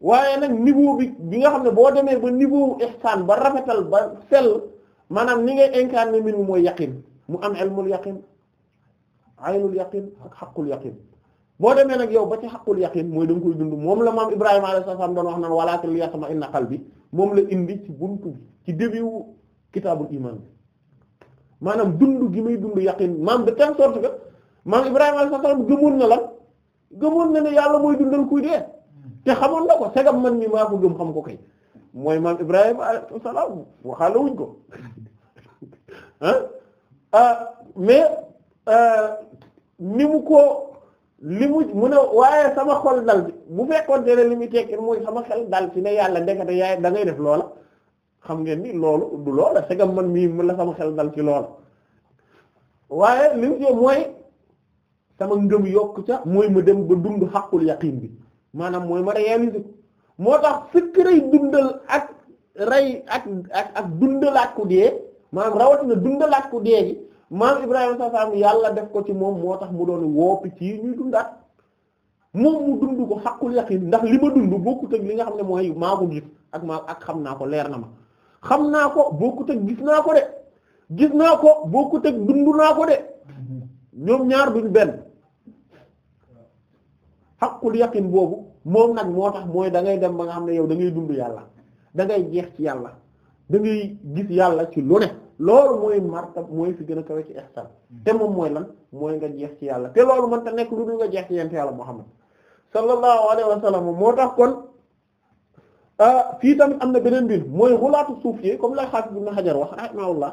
waaye nag niveau bi bi nga xam ne boo demee ba niveau ihsan ba rafetal ba sell maanaam ni ngay incarner mbir mi mooy yaqin mu am ilmul yaqin aynul yaqin ak xaqul yaqin boo demee nag yow ba ci xaqul yaqin mooy da nga koy dund moom la maam Ibrahima alayhi salaam doon wax naan walaakin liyatma'inna moom la indi ci buntu ci début kitaabul iman bi maanaam dund gi muy dund yaqin maam de telle sorte que maam Ibrahima alayhi salaam gëmoon na lan gëmoon na ne yàlla mooy dundal kuy dee te xamoon na ko segam man mi maa ko gëm xam ko kay mooy maam Ibrahima alayhi salaam waxaale wuñ ko ah, mais euh, ni mu ko limu mu mu ne waaye sama xol dal bi bu fekkoon te ne muy mooy sama xel dal ci ne yàlla ndekete yaay da ngay def loola xam ngeen ni loolu du loola segam man mii mu la sama xel dal ci loola waaye li mu mooy sama ngëm yokk ca mooy ma dem ba dund xaqul yaqiin bi maanaam mooy ma réaliser moo tax fikk rey dundal ak ak ak ak dundalaat ku dee maanaam rawatina dundalaat ku dee gi maam yàlla def ko ci moom moo tax mu doon woppi ci ñuy dundaat moom mu ndax li li nga xam ne mooy maa ko gis ak maa ak xam naa ko leer na ma xam naa ko bokkut ak gis naa ko de gis naa ko boo ko teg dund naa ko de ñoom ñaar duñ benn xaqul yaqin boobu moom nag moo tax mooy dangay dem ba nga xam ne yow da ngay dund yàlla da ngay jeex ci yàlla da ngay gis yàlla ci lu ne loolu mooy martab mooy fi gën a kawe ci ihsan te moom mooy lan mooy nga jeex ci yàlla te loolu mën ta nekk lu dul nga jeex ci yent yàlla Muhammad sallallahu alayhi wa sallam moo tax kon a ah, fii tamit am na beneen mbir mooy xulaatu suufiyee comme la xaafis ibn Hajar wax rahimahullah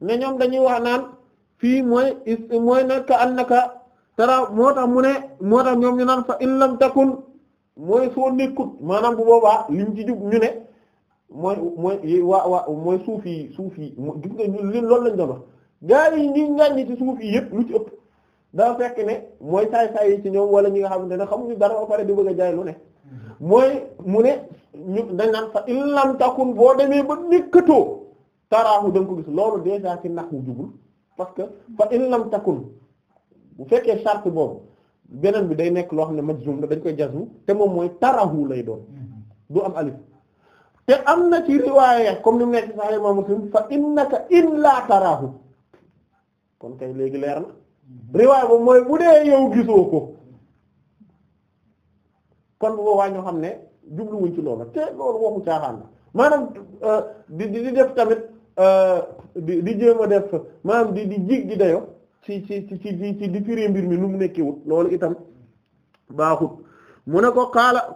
ne ñoom dañuy wax naan fii mooy mooy ne ka annaka tara moo tax mu ne moo tax ñoom ñu naan fa in lam takun mooy nekkut maanaam bu boobaa lim ci jub ñu ne mooy mooy waa waa mooy suuf yi suuf yi gis nga ñu loolu lañ doon wax gaa yi ñi ngàññi ci suuf yi yëpp lu ci ëpp daa fekk ne mooy saay-saay yi ci ñoom wala ñi nga xamante ne xamuñu dara ba pare di bëgg a jaay lu ne mooy mu ne ñu dañ naan fa illam takun boo demee ba nekkatoo taraahu da ko gis loolu déjà ci naxu jubul parce que fa illam takun bu fekkee charte boobu beneen bi day nekk loo xam ne majzum la dañ koy jazmu te moom mooy taraahu lay doon du am alif te am na ci riwaaya comme ni mu nekk Sahih Muslim fa innaka illa taraahu kon kay léegi leer na riwaaya boobu mooy bu dee yow gisoo ko. kon boobaa ñoo xam ne jubluwuñ ci loolu te loolu waxu caaxaan la maanaam euh, di di def tamit euh, di di jéem a def maanaam di di jig di dayo ci ci ci ci ci di firi mbir mi nu mu nekkiwut loolu itam baaxut mu ne ko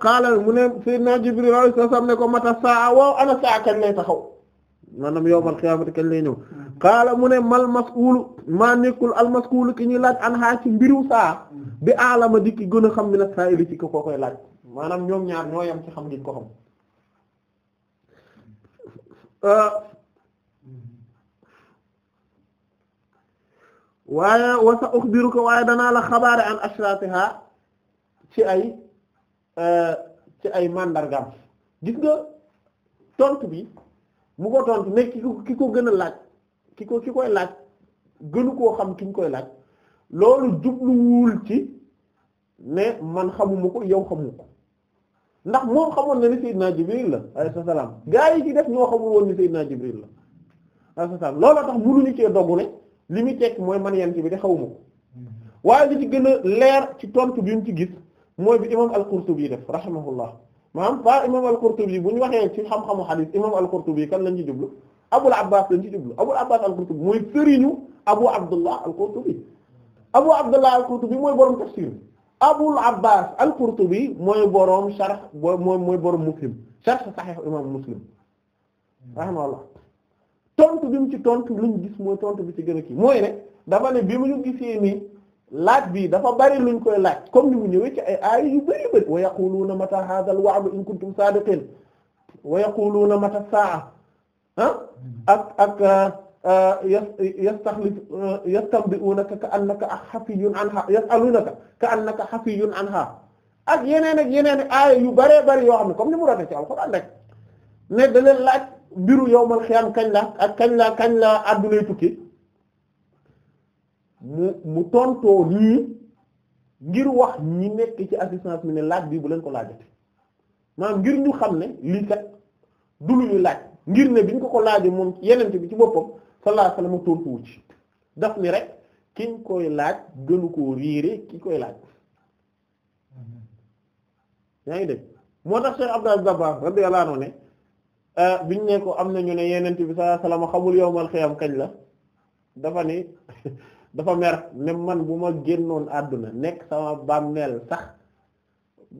xaala mu ne naa Jibril alayhi salaam ne ko mata saa waaw ana saa kañ lay taxaw maanaam yowmal xiyaamati kañ lay ñëw xaala hmm. mu ne mal mas'uulu maa nekkul ki ñuy laaj an xaa ci saa hmm. bi alama di ki gën xam ne nag saa ci ko koy laaj maanaam ñoom ñaar ñoo yam ci xam ngiñ ko xam hmm. waaye wa sa waaye danaa la xabaare an ashratiha ci ay eh, ci ay gis nga tontu bi mu ko tontu ne ki ko gën a laaj ki ko ki koy laaj gënu koo xam ki ñu koy laaj loolu jubluwul ci ne man xamuma ko yow xamu ko ndax moom xamoon na ni Seydina Jibril la alayhi salaam gaa yi ci def ñoo xamul woon ni Seydina Jibril la alayhi salaam looloo tax mënuñu cee doggu ne li muy tekk mooy man yent bi de xawuma ko waaye li ci gën a leer ci tontu bi mu ci gis mooy bi imam al-Qurtubi def rahimahullah maanaam pas imam al-Qurtubi bu ñu waxee ci xam-xamu xadiis imam al-Qurtubi kan lañ ci jublu Abul Abbas lañ ci jublu Abul Abbas al-Qurtubi mooy sëriñu Abu Abdullah al-Qurtubi Abu Abdullah al-Qurtubi mooy borom tafsir Abul Abbas al-Qurtubi mooy borom sharh mooy mooy borom Muslim sharh Sahih imam Muslim rahimahullah tontu bi mu ci tontu luñ gis mooy tontu bi ci gën a kii mooy ne dafa ne bi mu ñu gisee nii. laaj bii dafa bari luñ koy laaj comme ni mu ñëwee ci ay aay yu bari bari wa yaquluuna mata hadha al wa'du in kuntum sadiqin wa yaquluuna mata ah? ak ak ah, ah, ak yeneen ak yeneen yu baree bari yoo xam ne comme ni mu rafet ci alxuraan rek ne da leen laaj mbiru yowmal xiyaam kañ la kañ la kañ tukki mu mu tontoo lii ngir wax ñi nekk ci assistance bi ne laaj bi bu leen ko laajate maanaam ngir ñu xam ne lii kat du lu ñu laaj ngir ne biñ ko ko laajee moom yenente bi ci boppam sallallahu alayhi wasallam tontu wu ci daf ni rek kiñ koy laaj gënu ko riire ki koy laaj yaa ngi dégg moo tax Cheikh Abdou Dabba radiyallahu anhu ne eh, biñ ne ko am na ñu ne yenente bi sallallahu alayhi wasallam xamul yowmal xiyam kañ la dafa ni dafa mer ne man bu ma génnoon àdduna nekk sama bàmmeel sax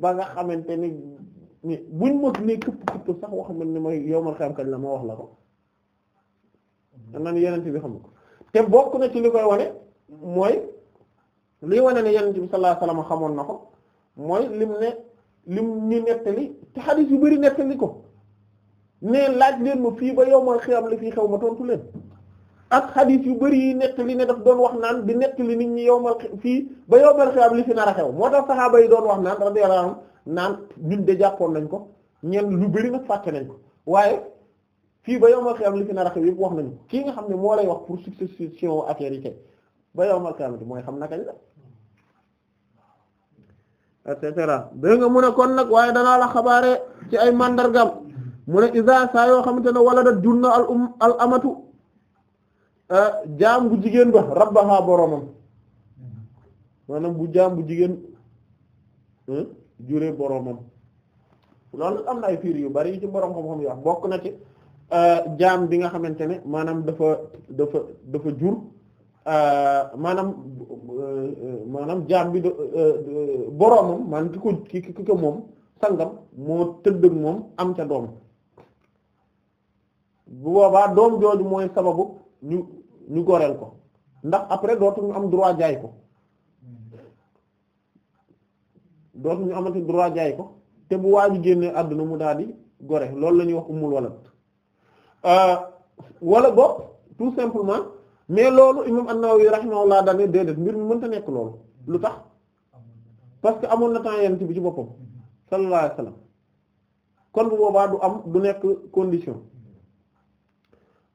ba nga xamante ni buñ ma ne këpp këpp sax wax man ne ma yow man xam kañ la ma wax la ko mm-hmm. man yeneen bi xam ko te bokk na ci li koy wane mooy li wane ne yeneen bi sallallahu xamoon na ko mooy lim ne lim ñu nettali te xadiis yu bari nettali ko ne laaj leen ma fii ba yow man xam li fii xew ma tontu leen ak xadiis yu bari yi nekk li ne daf doon wax naan di nekk li nit ñi yowmal fii ba yowmal xiyaam li fi nar a xew moo tax saxaaba yi doon wax naan radiyallahu anhum naan ñun de jàppoon nañ ko ñen lu bari nag fàtte nañ ko waaye fii ba yowmal xiyaam li fi nar a xew yëpp wax nañu kii nga xam ne moo lay wax pour succession affaire yi kay ba yowmal xiyaam mooy xam nakañ la et cetera dégg nga mu ne kon nag waaye danaa la xabaare ci ay mandargam mu ne isa saa yoo xamante ne wala da junna um-, Ah, jaam bu jigéen ba rabbaha boromam maanaam bu jaam bu jigéen ah, jure boromam loolu am na ay fiir yu bari yu ci borom xam-xam yoo bokk na ci ah, jaam bi nga xamante ne maanaam dafa dafa dafa jur maanaam maanaam jaam bi boromam maanaam ki ko ki ki ko moom sangam moo tëdd moom am ca doom bu boobaa doom jooju mooy sababu ñu ñu goreel ko ndax après dootuñu am droit jaay ko dootuñu amati droit jaay ko te bu waa ji génnee àdduna mu daal di gore loolu la ñuy wax umul walad euh, walla bopp tout simplement mais loolu imam an-Nawawi rahimahullah daal ne déedéet mbir mi mënta nekk loolu lu tax parce que amoon na temps yent bi ci boppam sallallahu alayhi wasallam du am du nekk condition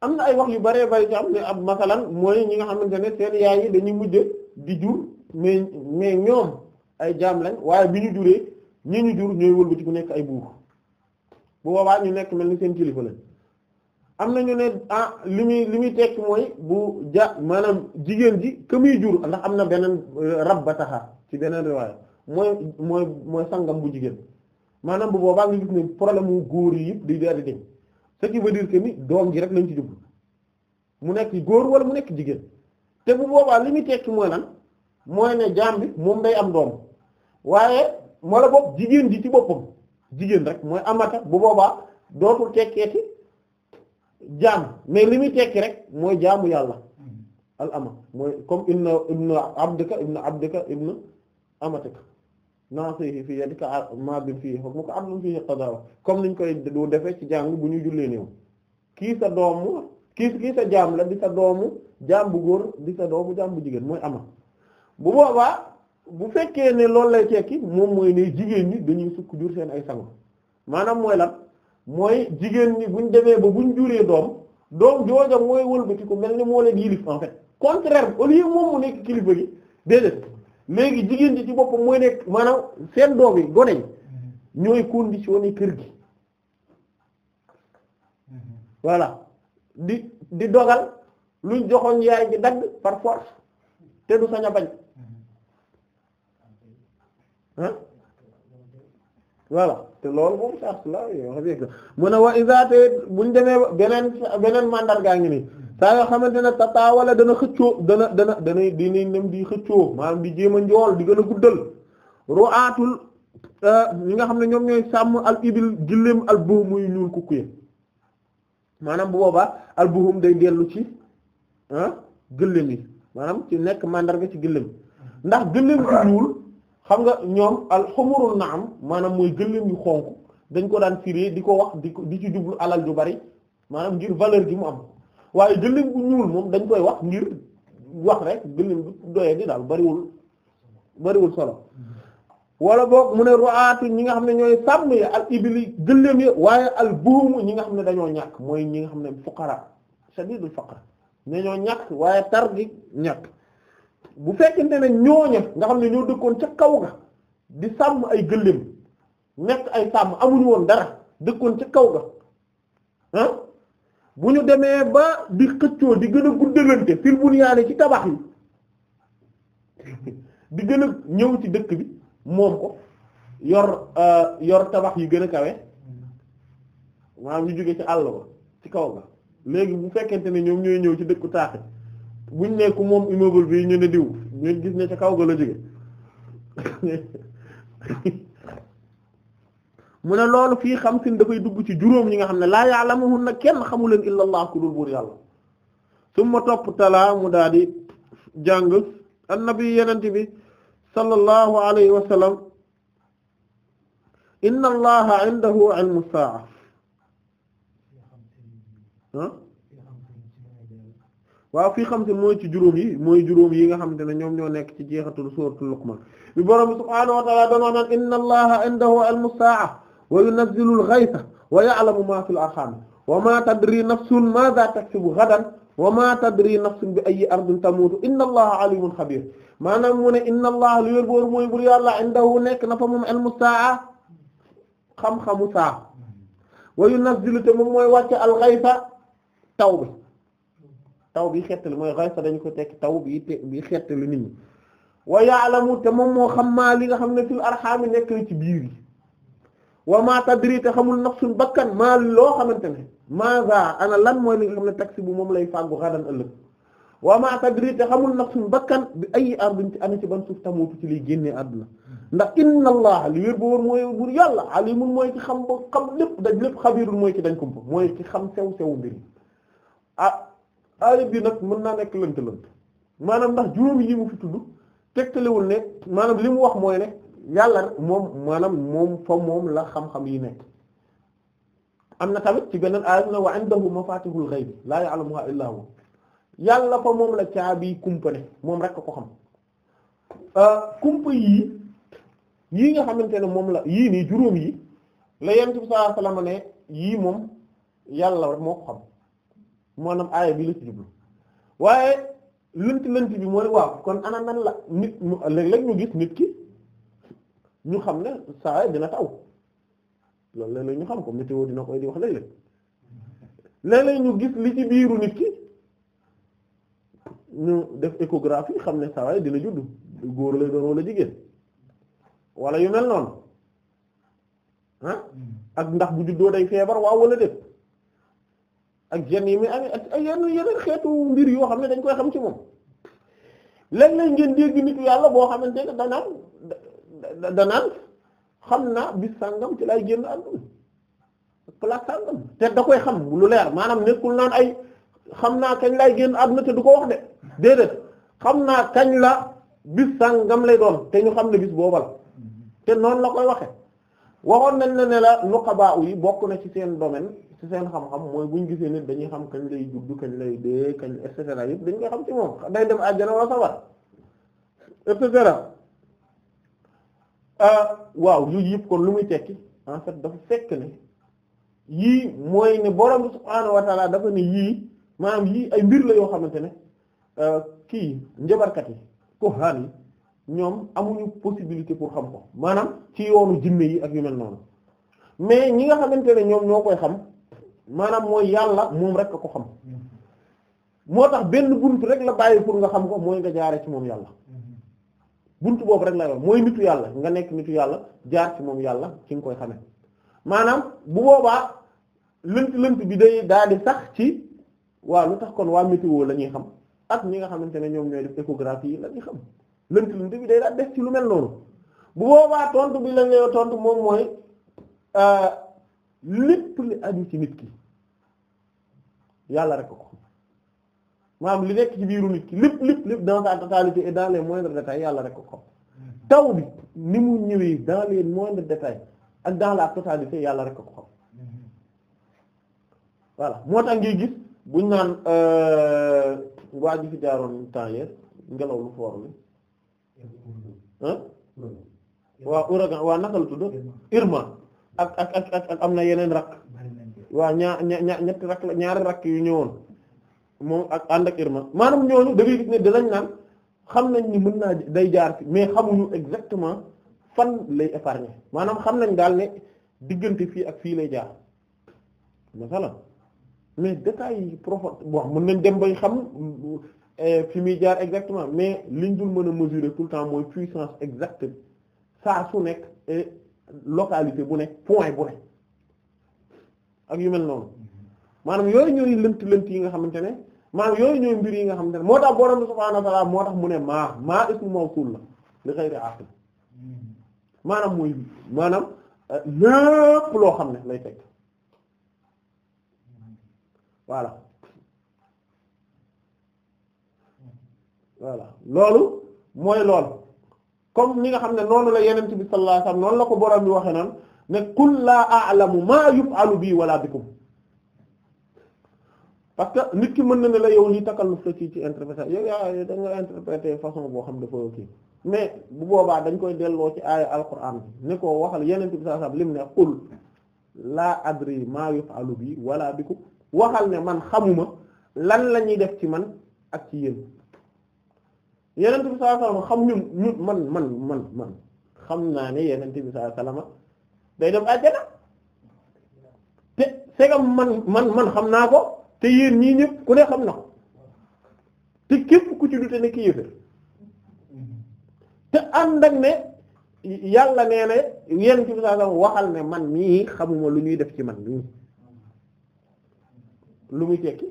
am na ay wax yu bëree bëri ci am ne ab masalan mooy ñi nga xamante ne seen yaay yi dañuy mujj di jur mais mais ñoom ay jaam bi ñu juree ñi ñu jur nekk ay buur bu boobaa ñu nekk mel ni seen na ñu ne ah, li muy li muy tekki mooy bu ja maanaam jigéen ji que muy jur ndax am na beneen euh, rab ba taxa ci beneen riwaaya mooy mooy mooy sangam bu jigéen maanaam bu boobaa nga gis ne problème mu góor yi yëpp di daal di ce qui veut dire que ni doom ji rek lañ ci jublu mu nekk góor wala mu nekk jigéen te bu boobaa li muy tekki mooy lan mooy ne jaam bi moom day am doom waaye moo la bopp jigéen ji ci boppam jigéen rek mooy amata bu boobaa dootul tekkeeti jaam mais li muy tekki rek mooy jaamu yàlla al ama mooy comme ibnu ibnu abdika ibnu abdika ibnu amatika naasihi fii yadika maadin fii hukmuka adlun fii qadaa'uka comme niñ koy do defee ci jàng bu ñu jullee néew kii sa doomu kii kii sa jaam la di sa doomu jaam bu góor di sa doomu jaam bu jigéen mooy ama bu boobaa bu fekkee ne loolu lay tekki moom mooy ne jigéen ñi dañuy sukk jur seen ay sango maanaam mooy lan mooy jigéen ñi buñ demee ba buñ juree doom doom jooja mooy wëlbati ko mel ni moo leen yilif en fait contraire au lieu moom mu nekk kilifa gi déedéet léegi jigéen ji ci boppam mooy nekk maanaam seen doom yi gone yi mhm. ñooy conditionné kër gi mhm. voilà di di dogal lu joxoon yaay ji dagg par force te du sañ a bañ ah voilà te loolu moom sax la yoo xam ne mu ne wa isa te buñ demee beneen beneen mandargaa ngi nii saa yoo xamante ne tataawala dana xëccoo dana dana danay dinay nem di xëccoo maanaam di jéem a njool di gën a guddal aatul euh, ñi nga xam ne ñoom ñooy sàmm al ibil gillem al buhum muy ñuul kukkuye maanaam bu boobaa al buhum day dellu ci ah gëllëm yi maanaam ci nekk mandarga ci gëllëm ndax gëllëm yu ñuul xam nga ñoom al xumurul na am maanaam mooy gëllëm yu xonk dañ ko daan firé di ko wax di ko di ci jublu alal ju bari maanaam ngir valeur gi mu am waaye gëléem bu ñuul moom dañ koy wax ngir wax rek gëléem bu doyee di daal bariwul bariwul solo wala boog mu ne ru'aatu ñi nga xam ne ñooy sàmm yi al ibili gëléem yi waaye al buum ñi nga xam ne dañoo ñàkk mooy ñi nga xam ne fuqara shadidul faqr ne ñoo ñàkk waaye tar gi ñàkk bu fekkente ne ñooña nga xam ne ñoo dëkkoon ca kaw ga di sàmm ay gëléem nekk ay sàmm amuñu woon dara dëkkoon ca kaw ga ah bu ñu demee ba di xëccoo di gën a guddalante fil bunyaani ci tabax yi di gën a ñëw ci dëkk bi moom ko yor euh, yor tabax yi gën a kawe maanaam ñu jóge ci àll ba ci kaw ga léegi bu fekkente ne ñoom ñooy ñëw ci dëkku taaxi buñ nekk moom immeuble bi ñu ne diw ñu gis ne ca kaw ga la jóge mu ne loolu fii xamsin dafay dugg ci juróom ñi nga xam ne laa ya'lamuhunna kenn xamu leen illa allah ku dul buur yàlla topp talaa mu daal di jàng annabi yenente bi sallallahu alayhi wa sallam inna allaha indahu ilmu saa waaw fii xam te mooy ci juróom yi mooy juróom yi nga xamante ne ñoom ñoo nekk ci jeexatul suratul luqman bi borom bi subhaanahu inna allaha indahu ilmu saa wa yunazzilul ghaytha wa ya'lamu ma fil arham wa ma tadri nafsun madha taksibu ghadan wa ma tadri nafsun bi ayyi ardin tamutu inna allaha alimun khabir maanaam mu ne inna allah li wér boor mooy bur yàlla indahu nekk na fa moom ilmu saa xam-xamu saa wa yunazzilu te moom mooy wàcce al ghaytha taw bi taw bi xettali mooy ghaytha dañu ko tekk taw bi te bi xettali nit ñi wa ya'lamu te moom moo xam maa li nga xam ne fil arham nekk ci biir yi wa maa tadri te xamul nafsun bakkan maa loo xamante ne maaza ana lan mooy li nga xam ne taxi bu moom lay fàggu xadan ëllëg wa maa tadri te xamul nafsun bakkan bi ay ardin ci ana ci ban suuf tamutu ci liy génnee àdduna ndax inna allah li wér bu wóor mooy buur yàlla alimun mooy ci xam ba xam lépp dañ lépp xabirun mooy ci dañ ko mooy ci xam sew sew mbir ah aaya bi nag mën naa nekk lënt lënt maanaam ndax juróom yi mu fi tudd tegtalewul ne maanaam li mu wax mooy ne yàlla moom maanaam moom fa moom la xam-xam yi nekk am na tamit ci beneen aaya na wa indahu mafatihul bi la mu illa hu yàlla fa moom la caabi kumpa ne moom rek ko xam euh, kumpa yii yii nga xamante ne moom la yii nii juróom yi la yent bi sallallahu ne yii moom yàlla rek moo ko xam maanaam aaya bi la ci jublu waaye lënt lënt bi mooy waaw kon ana nan la nit léeg-léeg ñu gis nit ki ñu xam ne saa dina taw loolu léeg-léeg ñu xam ko météo dina koy di wax léeg-léeg léeg-léeg ñu gis li ci biiru nit ki ñu def échographie xam ne saa dina judd góor lay doon walla jigéen wala yu mel noonu ah hmm. ak ndax bu juddoo day feebar waaw wala déet ak gene yi muy amee ak ay yenn xeetu mbir yoo xam ne dañ koy xam ci moom léeg-léeg ngeen dégg nit yàlla boo xamante ne danaan danaan xam naa bis sàngam ci lay génn àdduna place sàngam te da koy xam lu leer maanaam nekkul naan ay xam naa kañ lay génn àdduna te du ko wax de déedéet xam naa kañ la bis sàngam lay doon te ñu xam ne bis booba la te noonu la koy waxe waxoon nañ ne ne la nuqabaa yi bokk na ci seen domaine ci seen xam-xam mooy buñ gisee nit dañuy xam kañ lay juddu kañ lay dee kañ et cetera yëpp dañ koy xam ci moom day dem àjjana wala sawar et cetera Ah, waaw yooyu yëpp kon lu muy tekki en fait dafa fekk ne yii mooy ne borom bi subhaanahu dafa ne yii maanaam yii ay mbir la yoo xamante ne ah, kii njabarkat yi koxaan yi ñoom amuñu possibilité pour xam ko maanaam ci yoonu jinne yi ak yu mel noonu mais ñi nga xamante ne ñoom ñoo koy xam maanaam mooy yàlla moom rek a ko xam moo tax benn bunt rek la bàyyi pour nga xam ko mooy nga jaare ci moom yàlla bunt boobu rek la yor mooy nitu yàlla nga nekk nitu yàlla jaar ci moom yàlla ci nga koy xamee maanaam bu boobaa lënt lënt bi day daal di sax ci waa lu tax kon waa météo la ñuy xam ak ñi nga xamante ne ñoom ñooy def échographie yi la ñuy xam lënt lënt bi day daal def ci lu mel noonu bu boobaa tontu bi lañ lay tontu moom mooy euh, lépp li aju ci nit ki yàlla rek ko maanaam li nekk ci biiru nit ki lépp lépp lépp dans sa totalité et dans les moindres yàlla rek ko xam taw bi ni mu ñëwee dans les moindres détails ak dans la totalité yàlla rek ko xam voilà moo tax ngay gis buñ naan euh, waa ji fi jaaroon temps yéen ngelaw lu foor li ah waa ouragan waa naka la tudd Irma ak ak ak ak am na yeneen rakk waa ñaar ña ña ñetti ñaari rakk yu ñëwoon moom ak ànd ak irma maanaam ñooñu da ngay gis ne danañ naan xam nañ ni mën naa day jaar mais xamuñu exactement fan lay épargne maanaam xam nañ daal ne diggante fii ak fii lay jaar masala mais détails yi profond bon mën nañ dem bay xam eh, fi muy jaar exactement mais liñ dul mën a mesurer tout le temps mooy puissance exacte saa su nekk et localité bu nekk point bu nekk ak yu mel noonu mm-hmm. maanaam yooyu ñooy lënt lënt yi nga xamante ne maanaam yooyu ñooy mbir yi nga xam ne moo tax borom subhaanahu wa ta'aala moo tax mu ne maa maa ismu mawsuul la li xayri aqil maanaam mooy maanaam euh, lépp loo xam ne lay fekk voilà voilà loolu mooy lool comme ni nga xam ne noonu la yenent bi sallallahu alayhi wasallam noonu la ko borom bi waxe naan ne qul laa a'lamu maa yuf'alu bii wala bikum parce que nit ki mën na ne la yow lii takalluf la ci ci interprétation yow yaa da interprété façon boo xam dafa kii mais bu boobaa dañ koy delloo ci aaya alquran bi ne ko waxal yeneen bi sallallahu alayhi wasallam lim ne qul laa adri maa yuf'alu bi wala bikum waxal ne man xamuma lan lañuy def ci man ak ci yéen yeneen bi sallallahu alayhi xam ñun ñun man man man man xam naa ne yeneen bi sallallahu alayhi wasallam day dem àjjana te segam man man man xam naa ko te yéen ñii ñëpp ku ne xam na te képp ku ci dute ne ki yéefér te ànd ak ne yàlla nee na yéen ci bisaasa waxal ne man mii xamuma lu ñuy def ci man mii lu muy tekki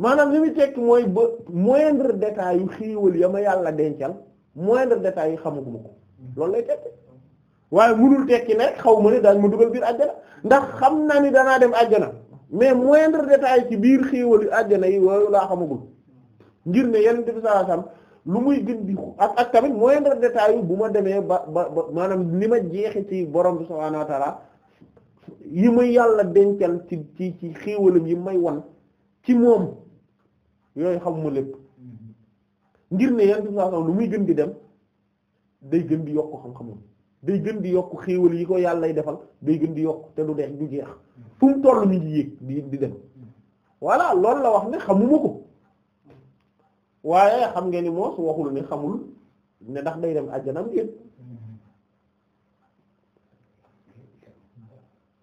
maanaam li muy tekki mooy ba moindre détail yu xiiwal ya ma yàlla dencal moindre détail yi xamaguma ko loolu lay tekki waaye mënul tekki ne xaw ma ne daañ ma dugal biir àjjana ndax xam naa ni danaa dem àjjana mais moindre détail ci biir xéewal yu àjjana yi yooyu laa xamagul ngir ne yenn bi saa lu muy gën di ak ak tamit moindre détail bu ma demee ba ba ba maanaam ni ma jeexe ci borom bi subhaanahu yi may yàlla dencal ci ci ci xéewalam yi may wan ci moom yooyu xamuma lépp mm-hmm. ngir ne yenn bi saa lu muy gën di dem day gën di yokk xam-xamam day gën di yokk xéewal yi ko yàllay defal day gën di yokk te du deex du jeex fu mu toll mi ngi yéeg di di dem voilà loolu la wax ne xamuma ko waaye xam nga ni moos waxul ni xamul ne ndax day dem àjjanam yépp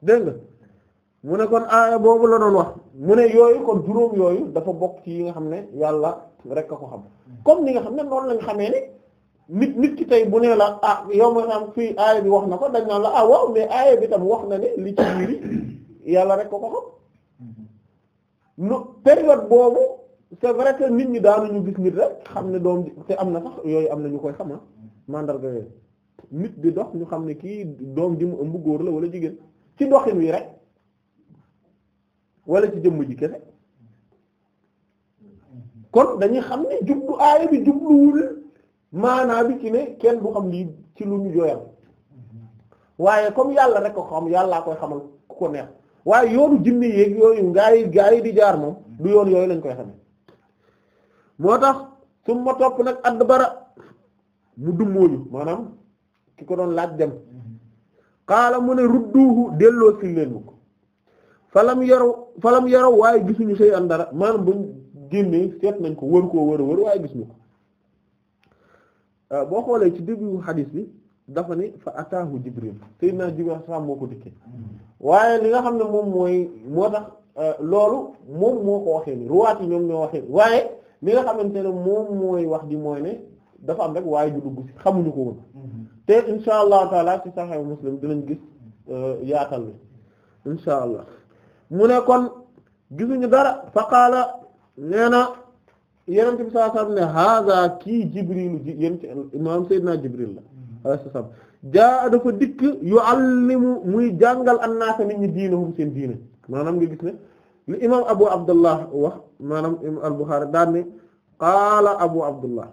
dégg nga mu ne kon aaya boobu la doon wax mu ne yooyu kon juróom yooyu dafa bokk ci yi nga xam ne yàlla rekk a ko xam comme ni nga xam ne noonu lañ xame ne nit nit ki tey bu nee la ah yow ma xam fii aaya bi wax na ko dañ naan la ah waaw mais aaya bi tam wax na ne li ci biiri yàlla rek ko ko xam lu période boobu c'est vrai que nit ñi daanuñu gis nit rek xam ne doom te am na sax yooyu am na ñu koy xama ah, mandarga yooyu nit bi dox ñu xam ne kii doom ji mu ëmb góor la walla jigéen ci doxin wi rek wala ci jëmm ji kese kon dañuy xam ne jublu aaya bi jubluwul maanaa bi ci ne kenn du xam lii ci lu ñu jooyal waaye comme yàlla rek ko xam yàllaa koy xamal ku ko neex waaye yoonu jinne yeeg yooyu ngaa yi yi di jaar moom du yoon yooyu lañ koy xamee moo tax su ma topp nag add bara mu dummóoyu maanaam ki ko doon laaj dem xaala mu ne rudduuhu delloo si leen ko falam yaraw falam yaraw waaye gisuñu say an dara maanaam bañ génnee seet nañ ko wër koo wër a wër waaye gisuñu ko Euh, boo xoolee ci début xadiis bi dafa ne fa ataahu Jibril sayyidina Jibril sax moo ko dikkee hmm. waaye li nga xam ne moom mooy moo tax euh, loolu moom moo ko waxee ni ruwaat yi ñoom ñoo waxee waaye li nga xamante ne moom mooy wax di mooy ne dafa am rek waaye ju dugg ci xamuñu ko woon hmm. te insha allahu taala ci Sahih Muslim dinañ gis euh, yaatal bi insha allah mu ne kon gisuñu dara fa qaala nee na yeneen bi saa saam ne haza kii jibrilu ji yéen ci imaam Seydina Jibril la alayhi salaam jaa dafa dikk yuallimu muy jàngal annaasa nit ñi diinahum seen diine maanaam nga gis ne li imaam Abu Abdullah wax maanaam imaam al-Bukhari daan ne qaala Abu Abdullah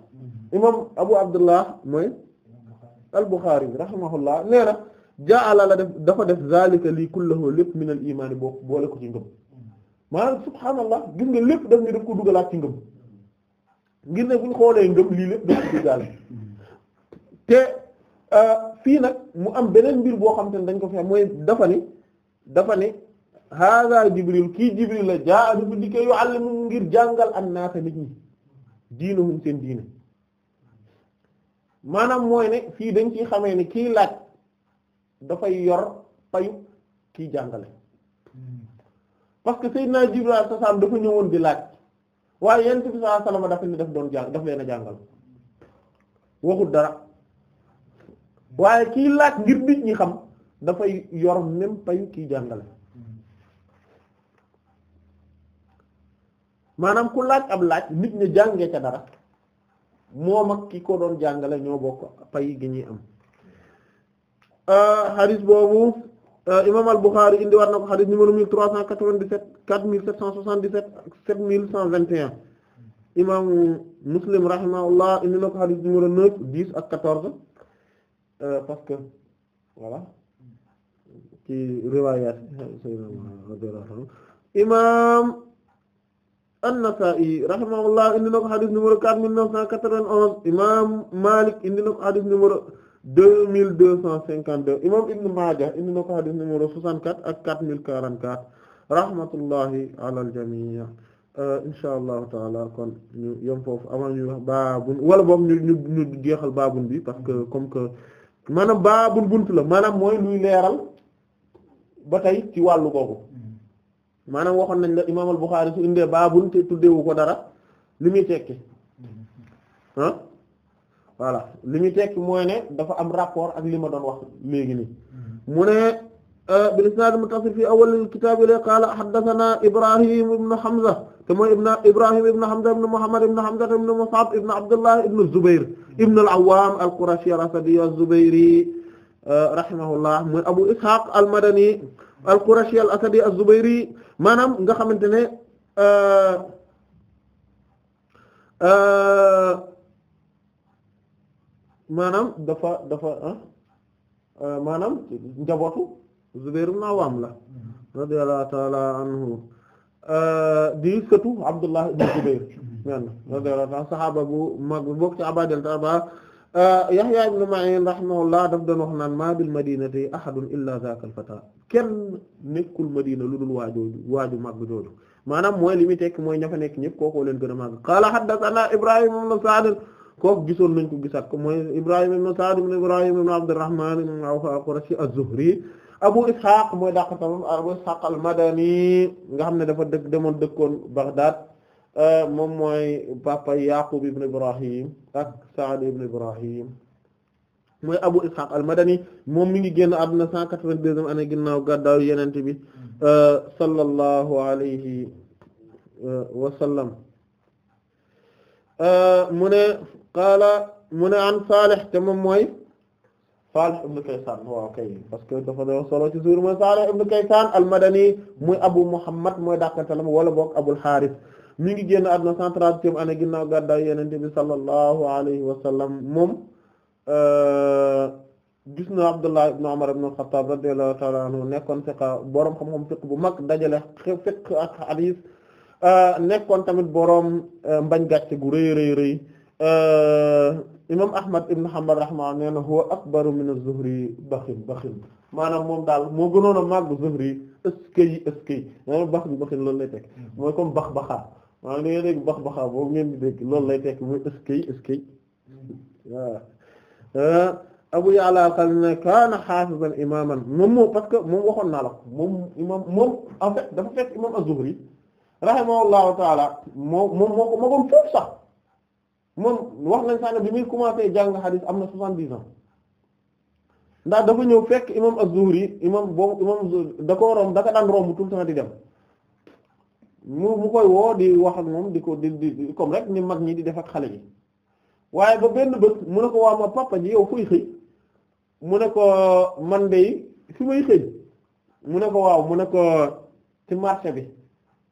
imaam Abu Abdullah mooy al-Bukhari rahimahullah nee na jaala la def dafa def zalika lii kullahu lépp min al imaani boo boole ko ci ngëm maanaam subhaanallah gis nga lépp daf ñu daf ko dugalaat ci ngëm. ngir ne buñ xoolee ngëm lii lépp dafa duggaale te euh, fii nag mu am beneen mbir boo xam te ne dañ ko fi mooy dafa ni dafa ni hada jibril kii jibril la jaa dafa dikkee yu àllimu ngir jàngal an naata nit ñi diinahum seen diina maanaam mooy ne fii dañ ciy xamee ne kii laaj dafay yor payu kii jàngale hmm. parce que Seydina Jibril sallallahu alayhi wasallam dafa ñëwoon di laaj waaye yonent bi sallallahu alayhi wasallam dafa ni daf doon jàng daf leen a jàngal waxul dara waaye kii laaj ngir nit ñi xam dafay yor même payu kii jàngale maanaam ku laaj ab laaj nit ñi jàngee ca dara moom ak ki ko doon jàngale ñoo bokk pay gi ñuy am xadis euh, boobu Euh, imam al-Bukhari indi waat na ko xadis numéro 1397 4777 ak 7121 imam Muslim rahimahullah indi na ko xadis numéro 9 10 ak 14 euh, parce que voilà ci riwayat imam An-Nasa'i rahimahullah indi na ko xadis numéro 4991 imam Malik indi na ko xadis numéro deux mille deux cent cinquante deux imam Ibn Maaja indi na ko xadis numéro soixante quatre ak quatre mille quarante quatre rahmatullahi ala jamii euh, insha allahu taala kon ñu yom foofu avant ñu wax baabun wala boog ñu ñu ñu jeexal baabun bi parce que comme que maanaam baabun bunt la maanaam mooy luy leeral ba tey ci wàllu kooku maanaam waxoon nañ la imaam al Buxaari su indee baabun te tuddeewu ko dara li muy tekki voilà li muy tekki mooy ne dafa am rapport ak li ma doon wax léegi nii mm-hmm. mu ne a euh, isnaad muttasil fi awwal kitaab ila qaala haddathana Ibrahim ibn Hamza te mooy ibn Ibrahim ibn Hamza ibn Muhammad ibn Hamza ibn Mus'ab ibn Abdullah ibn Zubair ibn al-Awwam al-Qurashi al-Asadi euh, Abu Ishaq al-Madani al-Qurashi al maanaam nga xamante ne euh, maanaam dafa dafa ah, euh, maanaam njabootu Zubair ibn Awam la radiyallahu ta'ala anhu euh, di sëtu Abdullah ibn Zubair men radiyallahu ta'ala saxaaba bu mag bu bokk ci abadel taba euh, Yahya ibn Ma'in rahimahullah daf doon wax naan ma bil madinati ahadun illa zaaka al fata kenn nekkul madina lu dul waajooju waaju mag jooju maanaam mooy li muy tekk mooy ña fa nekk ñëpp kookoo leen gën a mag qaala haddathana Ibrahim ibn Sa'd kooku gisoon nañ ko gisaat ko mooy Ibrahim ibn Sa'd ibn Ibrahim ibn Abdurrahman ibn Awf al-Qurashi az-Zuhri Abu Ishaq mooy dàq tamam Abu Ishaq al-Madani nga xam ne dafa dëkk demoon dëkkoon Baghdad euh, moom mooy papa Yaqub ibn Ibrahim ak Sa'd ibn Ibrahim mooy Abu Ishaq al-Madani moom mi ngi génn àdduna 182e année ginnaaw gàddaaw Yonent bi euh, sallallahu alayhi euh, wa sallam mu qaala mu ne an Salih te moom mooy Salih ibn Kaysan waaw kay parce que dafa doon solo ci suur mooy Salih ibn Kaysan al-Madani muy Abu Muhammad mooy dàqantalam wala boog Abul Harith mi ngi génn àdduna 130e année ginnaaw gàddaay Yonent bi sallallahu alayhi wa sallam moom euh, gis na Abdullah ibn Umar ibn al-Khattab radiyallahu ta'ala anhu nekkoon fiqa boroom xam-xam fiq bu mag dajale fiq ak hadith euh, nekkoon tamit boroom euh, mbañ gàcce gu rëy rëy rëy Euh, imam ahmad ibn hanbal rahma nee na huwa akbaru min az-zuhri baxin baxin maanaam moom daal moo gënoon a màgg zuhri ëskey ëskey maanaam baxin baxin loolu lay teg mm-hmm. mooy comme bax baxaa maanaam da ngay dégg bax baxaa boobu ngeen di dégg loolu lay teg mooy ëskey ëskey mm-hmm. waaw euh, Abu Ya'la ne kaana haafizan imaaman moom moom parce que moom waxoon naa la ko moom imaam moom en fait dafa fekk imaam az-Zuhri rahimahullahu ta'ala moo moom moo ko magoon foofu sax moom wax nañ sax ne bi commencé jàng am na soixante-dix ans ndax dafa ñëw fekk imam az-Zuhri imam boobu imam da ko romb da ko daan romb tout le temps di dem mu mu koy woo di wax moom di ko di di comme rek ni mag ñi di def xale yi waaye ba benn bés mu ne ko waa ma papa ji yow koy xëy mu ne ko man de fi may xëy mu ne ko waaw mu ne ko ci marché bi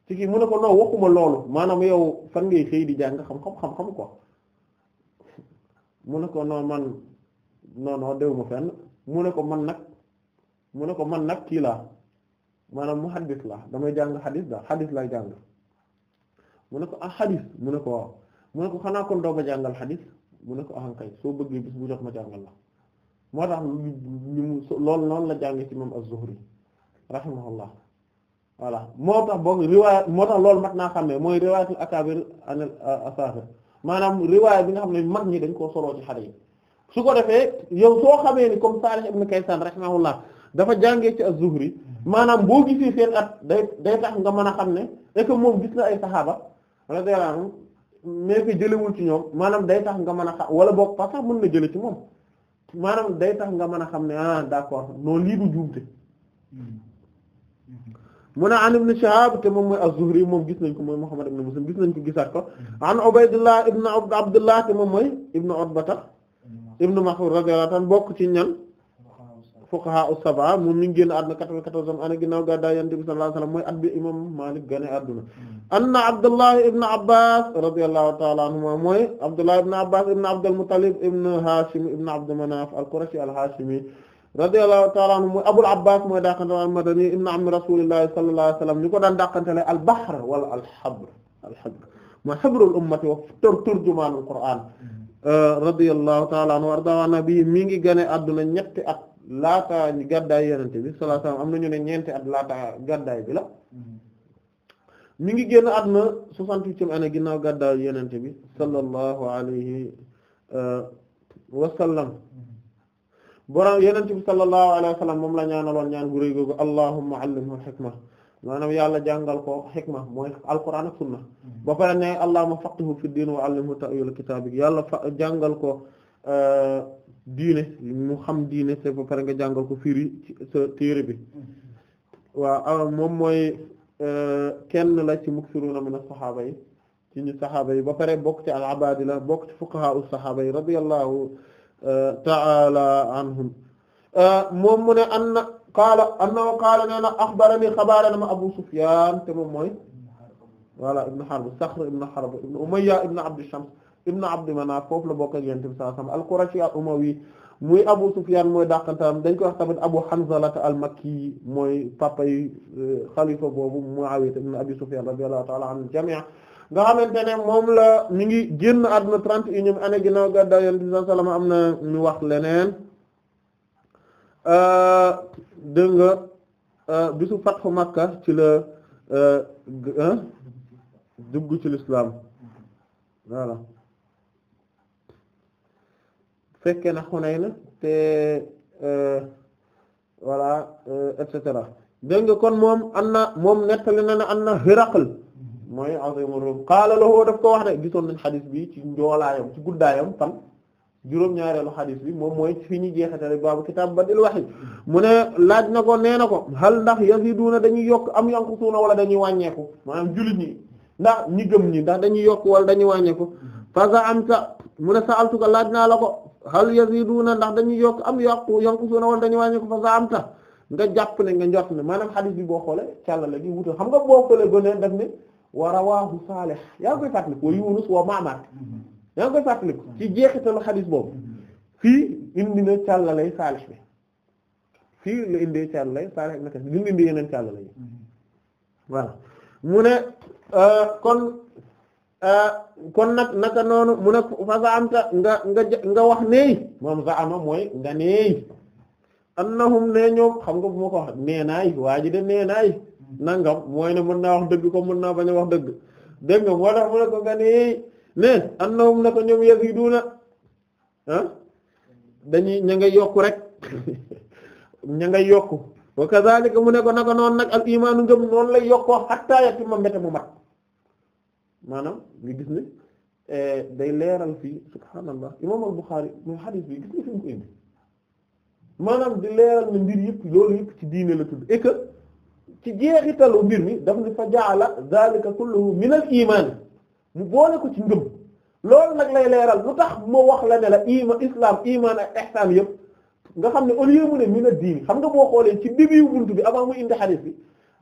ci kii mu ne ko non waxuma loolu maanaam yow fan ngay xëy di jàng xam-xam xam-xam quoi mu ne ko non man non non dew ma mu ne ko man nag mu ne ko man nag kii laa maanaam mu xadis la damay jàng xadis daal xadis lay jàng mu ne ko a ah, xadis mu ne ko waaw mu ne ko xanaa kon doo jàngal xadis mu ne ko ahankay soo bëggee bis bu jox ma jàngal la moo tax ñu mu lool noonu la jàng ci moom a zuhri rahimahullah voilà moo tax boog riwaayat moo tax loolu mat naa xàmmee mooy riwaayatul akaabir anil asaafir maanaam riwaaya bi nga xam ne mag ñi dañ koo soloo ci xale yi su ko defee yow soo xamee ni comme Salih rek Kaysan rahimahullah dafa jàngee ci az-Zuhri maanaam boo gisee at day day tax nga mën a xam ne et moom gis na ay saxaaba radiyallahu anhum mais que jëlewul ci ñoom maanaam day tax nga mën a xam wala boog parce que mën na ci moom maanaam day tax nga mën a xam ne ah d'accord non lii du juumte hmm. mu ne an ibn Shihab te moom mooy az-Zuhri moom gis nañ ko mooy Muhammad ibn Muslim gis nañ ko gisaat ko mm-hmm. an Ubaydullah ibn Abdullah te moom mooy ibn Utbata mm-hmm. ibn Mas'ud radiyallahu anhu bokk ci ñan fuqaha as-sab'a moom ñu ngi génn àdduna 94 ana ginnaaw gàddaay Yonent bi sallallahu alayhi wasallam mooy at bi imam Malik gane àdduna mm-hmm. anna Abdullah ibn Abbas radiyallahu ta'ala anhuma mooy Abdullah ibn Abbas ibn Abdul Muttalib ibn Hashim ibn Abd Manaf al-Qurashi al-Hashimi radiyallahu ta'ala anhu mooy Abul Abbas mooy dàqanteel al-Madani ibn ammi rasulillahi sallallahu alayhi wa ko daan dàqantelee al-bahr wala al-habr al-habr mooy habrul ummati wa turjumaanul Qur'an euh, radiyallahu ta'ala anhu mi ngi gane adduna ñetti at laata gàddaay Yonent bi sallallahu alayhi wa sallam am nañu ne ñeenti at laata gàddaay bi la. mi ngi génn àdduna soixante-huitième année ginnaaw gàddaay yenen bi sallallahu alayhi euh, wa sallam borom yenente bi sallallahu alayhi wa moom la ñaanaloon ñaan gu rëy googu allahumma allimhu hikma maanaam yàlla jàngal ko hikma mooy alquran ak sunna ba pare ne allahumma faqihu fi diin wa allimhu ta'wil kitaabik yàlla fa jàngal ko uh, diine mu xam diine te ba pare nga jàngal ko firi sa téere bi waaw uh, moom mooy uh, kenn la ci muksuruna min as-sahaaba yi ci ñu yi ba pare bokk ci al abadila bokk ci fuqaha us yi radiyallahu ta'ala anhum moom mu ne anna qaala annahu qaala nee na axbarani xabaara na ma Abu Sufyaan te moom mooy voilà ibn Harb Saxr ibn Harb ibn Umayya ibn Abd Shams ibn Abd Manaf foofu la bokk ak Yonent bi sallallahu alayhi wasallam al-Qurashi al-Umawi muy Abu Sufyan mooy dàqantaam dañ koy wax tamit Abu Hanzala al-Makki mooy papa yi xalifa boobu Muawiya ibn Abi Sufyan radiyallahu ta'ala anhu jami' nga xamante ne moom la mi ngi génn àdduna trente et unième année ginnaaw gàddaay yonent bi sallallahu alayhi wasallam am na ñu wax leneen euh, dégg nga euh, bisu fatxu Makka ci la euh, dugg ci l'islam voilà fekke na Xunayn te voilà et cetera dégg nga kon moom am na moom nettali na ne am na Hiraql mooy azimur rum qaala lahu daf ko wax de gisoon nañ xadis bi ci njoolaayam ci guddaayam fan juróom-ñaareelu xadis bi moom mooy fi ñu jeexatale baabu kitaab badil wahyi mu ne laaj na ko nee na ko hal ndax na dañuy yokk am yanqusuuna wala dañuy wàññeeku maanaam jullit ñi ndax ñi gëm ñi ndax dañuy yokk wala dañuy wàññeeku fa za'amta mu ne sa'altuka laaj naa la ko hal yaziduuna ndax dañuy yokk am yokku yanqusuuna wala dañuy wàññeeku fa za'amta nga jàpp ne nga njort ne maanaam xadis bi boo xoolee càlla la gi wutal xam nga boo xoolee gone def ne wa rawahu Salih yaa ngi koy fàttaliku wa Yunus wa Ma'mar mm-hmm. yaa ngi koy fàttaliku ci jeexitalu xadis boobu mm-hmm. fii indi na càllalay Salih bi fii la indee càllalay Salih ibn Kasir mm-hmm. ne euh, kon euh, kon nag naka noonu mu ne fa zaamta nga nga nga wax neey moom zaama mooy nga neey annahum ne ñoom xam nga bu ma ko wax neenaay waa de neenaay nangam mooy ne mën na wax dëgg comme mën na bañ a wax dëgg dégg nga moo mu ne ko nga nii ne annahum na ko ñoom yaziduna ah dañuy ña ngay yokku rek ña ngay yokku wa kadhalika mu ne ko naka noonu nag al imaanu ngëm noonu lay yokkoo hatta yatima mbete mu mat maanaam nga gis ne eh, day leeral fii subhaanallah imaam al Buxaari mu xadiis bi gis nga fi mu ko maanaam di leeral na mbir yëpp loolu yëpp ci diine la tudd ci jeexitalu mbir mi daf ni fa jaala zalika kulluhu min al iman mu boole ko ci ngëm loolu nag lay leeral lu tax moo wax la ne la ima islam iman ak yëpp nga xam ne au lieu mu ne min ad diin xam nga boo xoolee ci début buntu bi avant muy indi hadith bi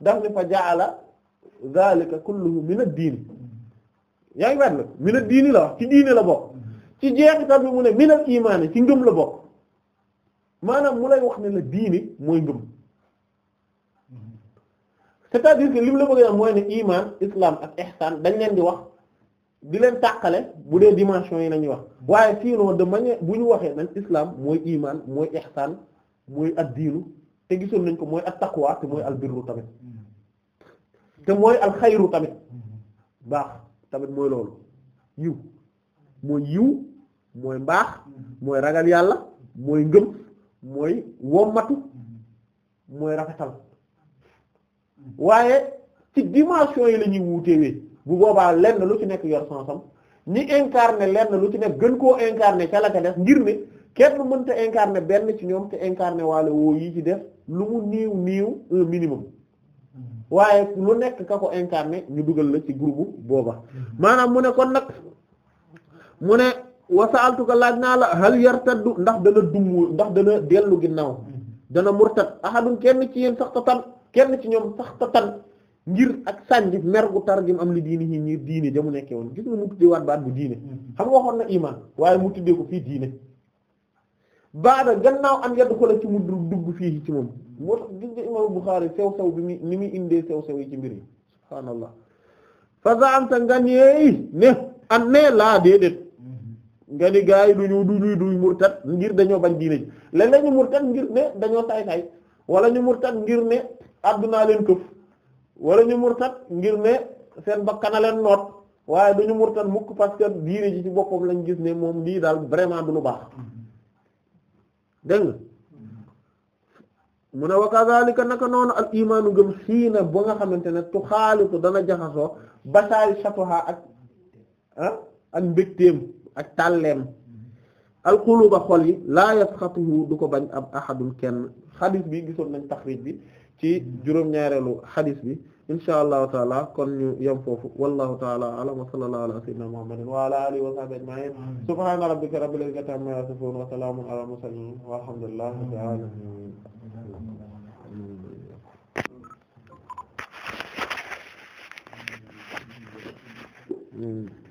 daf ni fa jaala zalika kulluhu min ad diin yaa ngi wet la min ad diini la wax ci diine la bokk ci jeexital bi mu ne min al iman ci ngëm la bokk maanaam mu lay wax ne la diine mooy ngëm c'est-à-dire que li la bëgg a mooy ne imaan islaam ak ihsan dañ leen di wax di leen tàqale bu dee dimension yi nañuy wax waaye sinon de manière bu ñu waxee nañ islaam mooy iman mooy ihsan mooy ad-diinu te gisoon nañ ko mooy at-taqwa te mooy al-birru tamit te mooy al-xayru tamit baax tamit mooy loolu yiw mooy yiw mooy mbaax mooy ragal yàlla mooy ngëm mooy wommatu mooy rafetal waaye ci dimension yi la ñuy wuutewee bu boobaa lenn lu ci nekk yor sansam ñi incarné lenn lu ci nekk gën koo incarné ca la ca def ngir ne kenn mënta incarné benn ci ñoom te incarné waalo woo yi ci def lu mu niiw niiw un minimum waaye lu nekk ka ko incarné ñu dugal la ci groupe booba maanaam mu ne kon nag mu ne wasaaltuka laaj naa la hal yartaddu ndax dana dumm ndax dana dellu ginnaaw dana murtad ahadun kenn ci yéen sax ta tan yenn ci ñoom sax tatan ngir ak sànni mer gu am li diini yi ngir diine ja mu woon gis nga mu tuddee waat baat bu diine xam na iman waaye mu tuddee ko fii diine baada gannaaw am yaddu ko la ci mu dugg fii ci moom moo tax gis nga imam Bukhari sew yi ci mbir yi subhaanallah fa zaamta nga eh, ne yi duñu duñuy duy murtad ngir dañoo bañ diine ji léeg-léeg ñu murtad ngir ne dañoo saay saay wala ñu murtad ngir ne àddunaa leen këf wala ñu murtat ngir ne seen bakkana leen noot waaye dañu murtat mukk parce que ci boppam lañ gis ne moom lii daal vraiment du lu baax dégg nga mu ne wa kazalika naka noonu al imaanu gëm xiina ba nga xamante ne tu xaalitu dana jaxasoo basaay satuha ak ah ak mbégteem ak tàlleem al quluba xol yi laa yasxatuhu du ko bañ ab ahadun kenn xadis bi gisoon nañ taxriij bi ci juróom-ñaareelu xadis bi insha allahu taala kon ñu yem foofu wallahu taala alam wa sallallahu ala sayyidina muhammadin wa ala alihi wa sahbihi ajma'in subhana rabbika rabbil izzati amma yasifun wa salamun ala mursalin walhamdulillahi rabbil alamin Mm.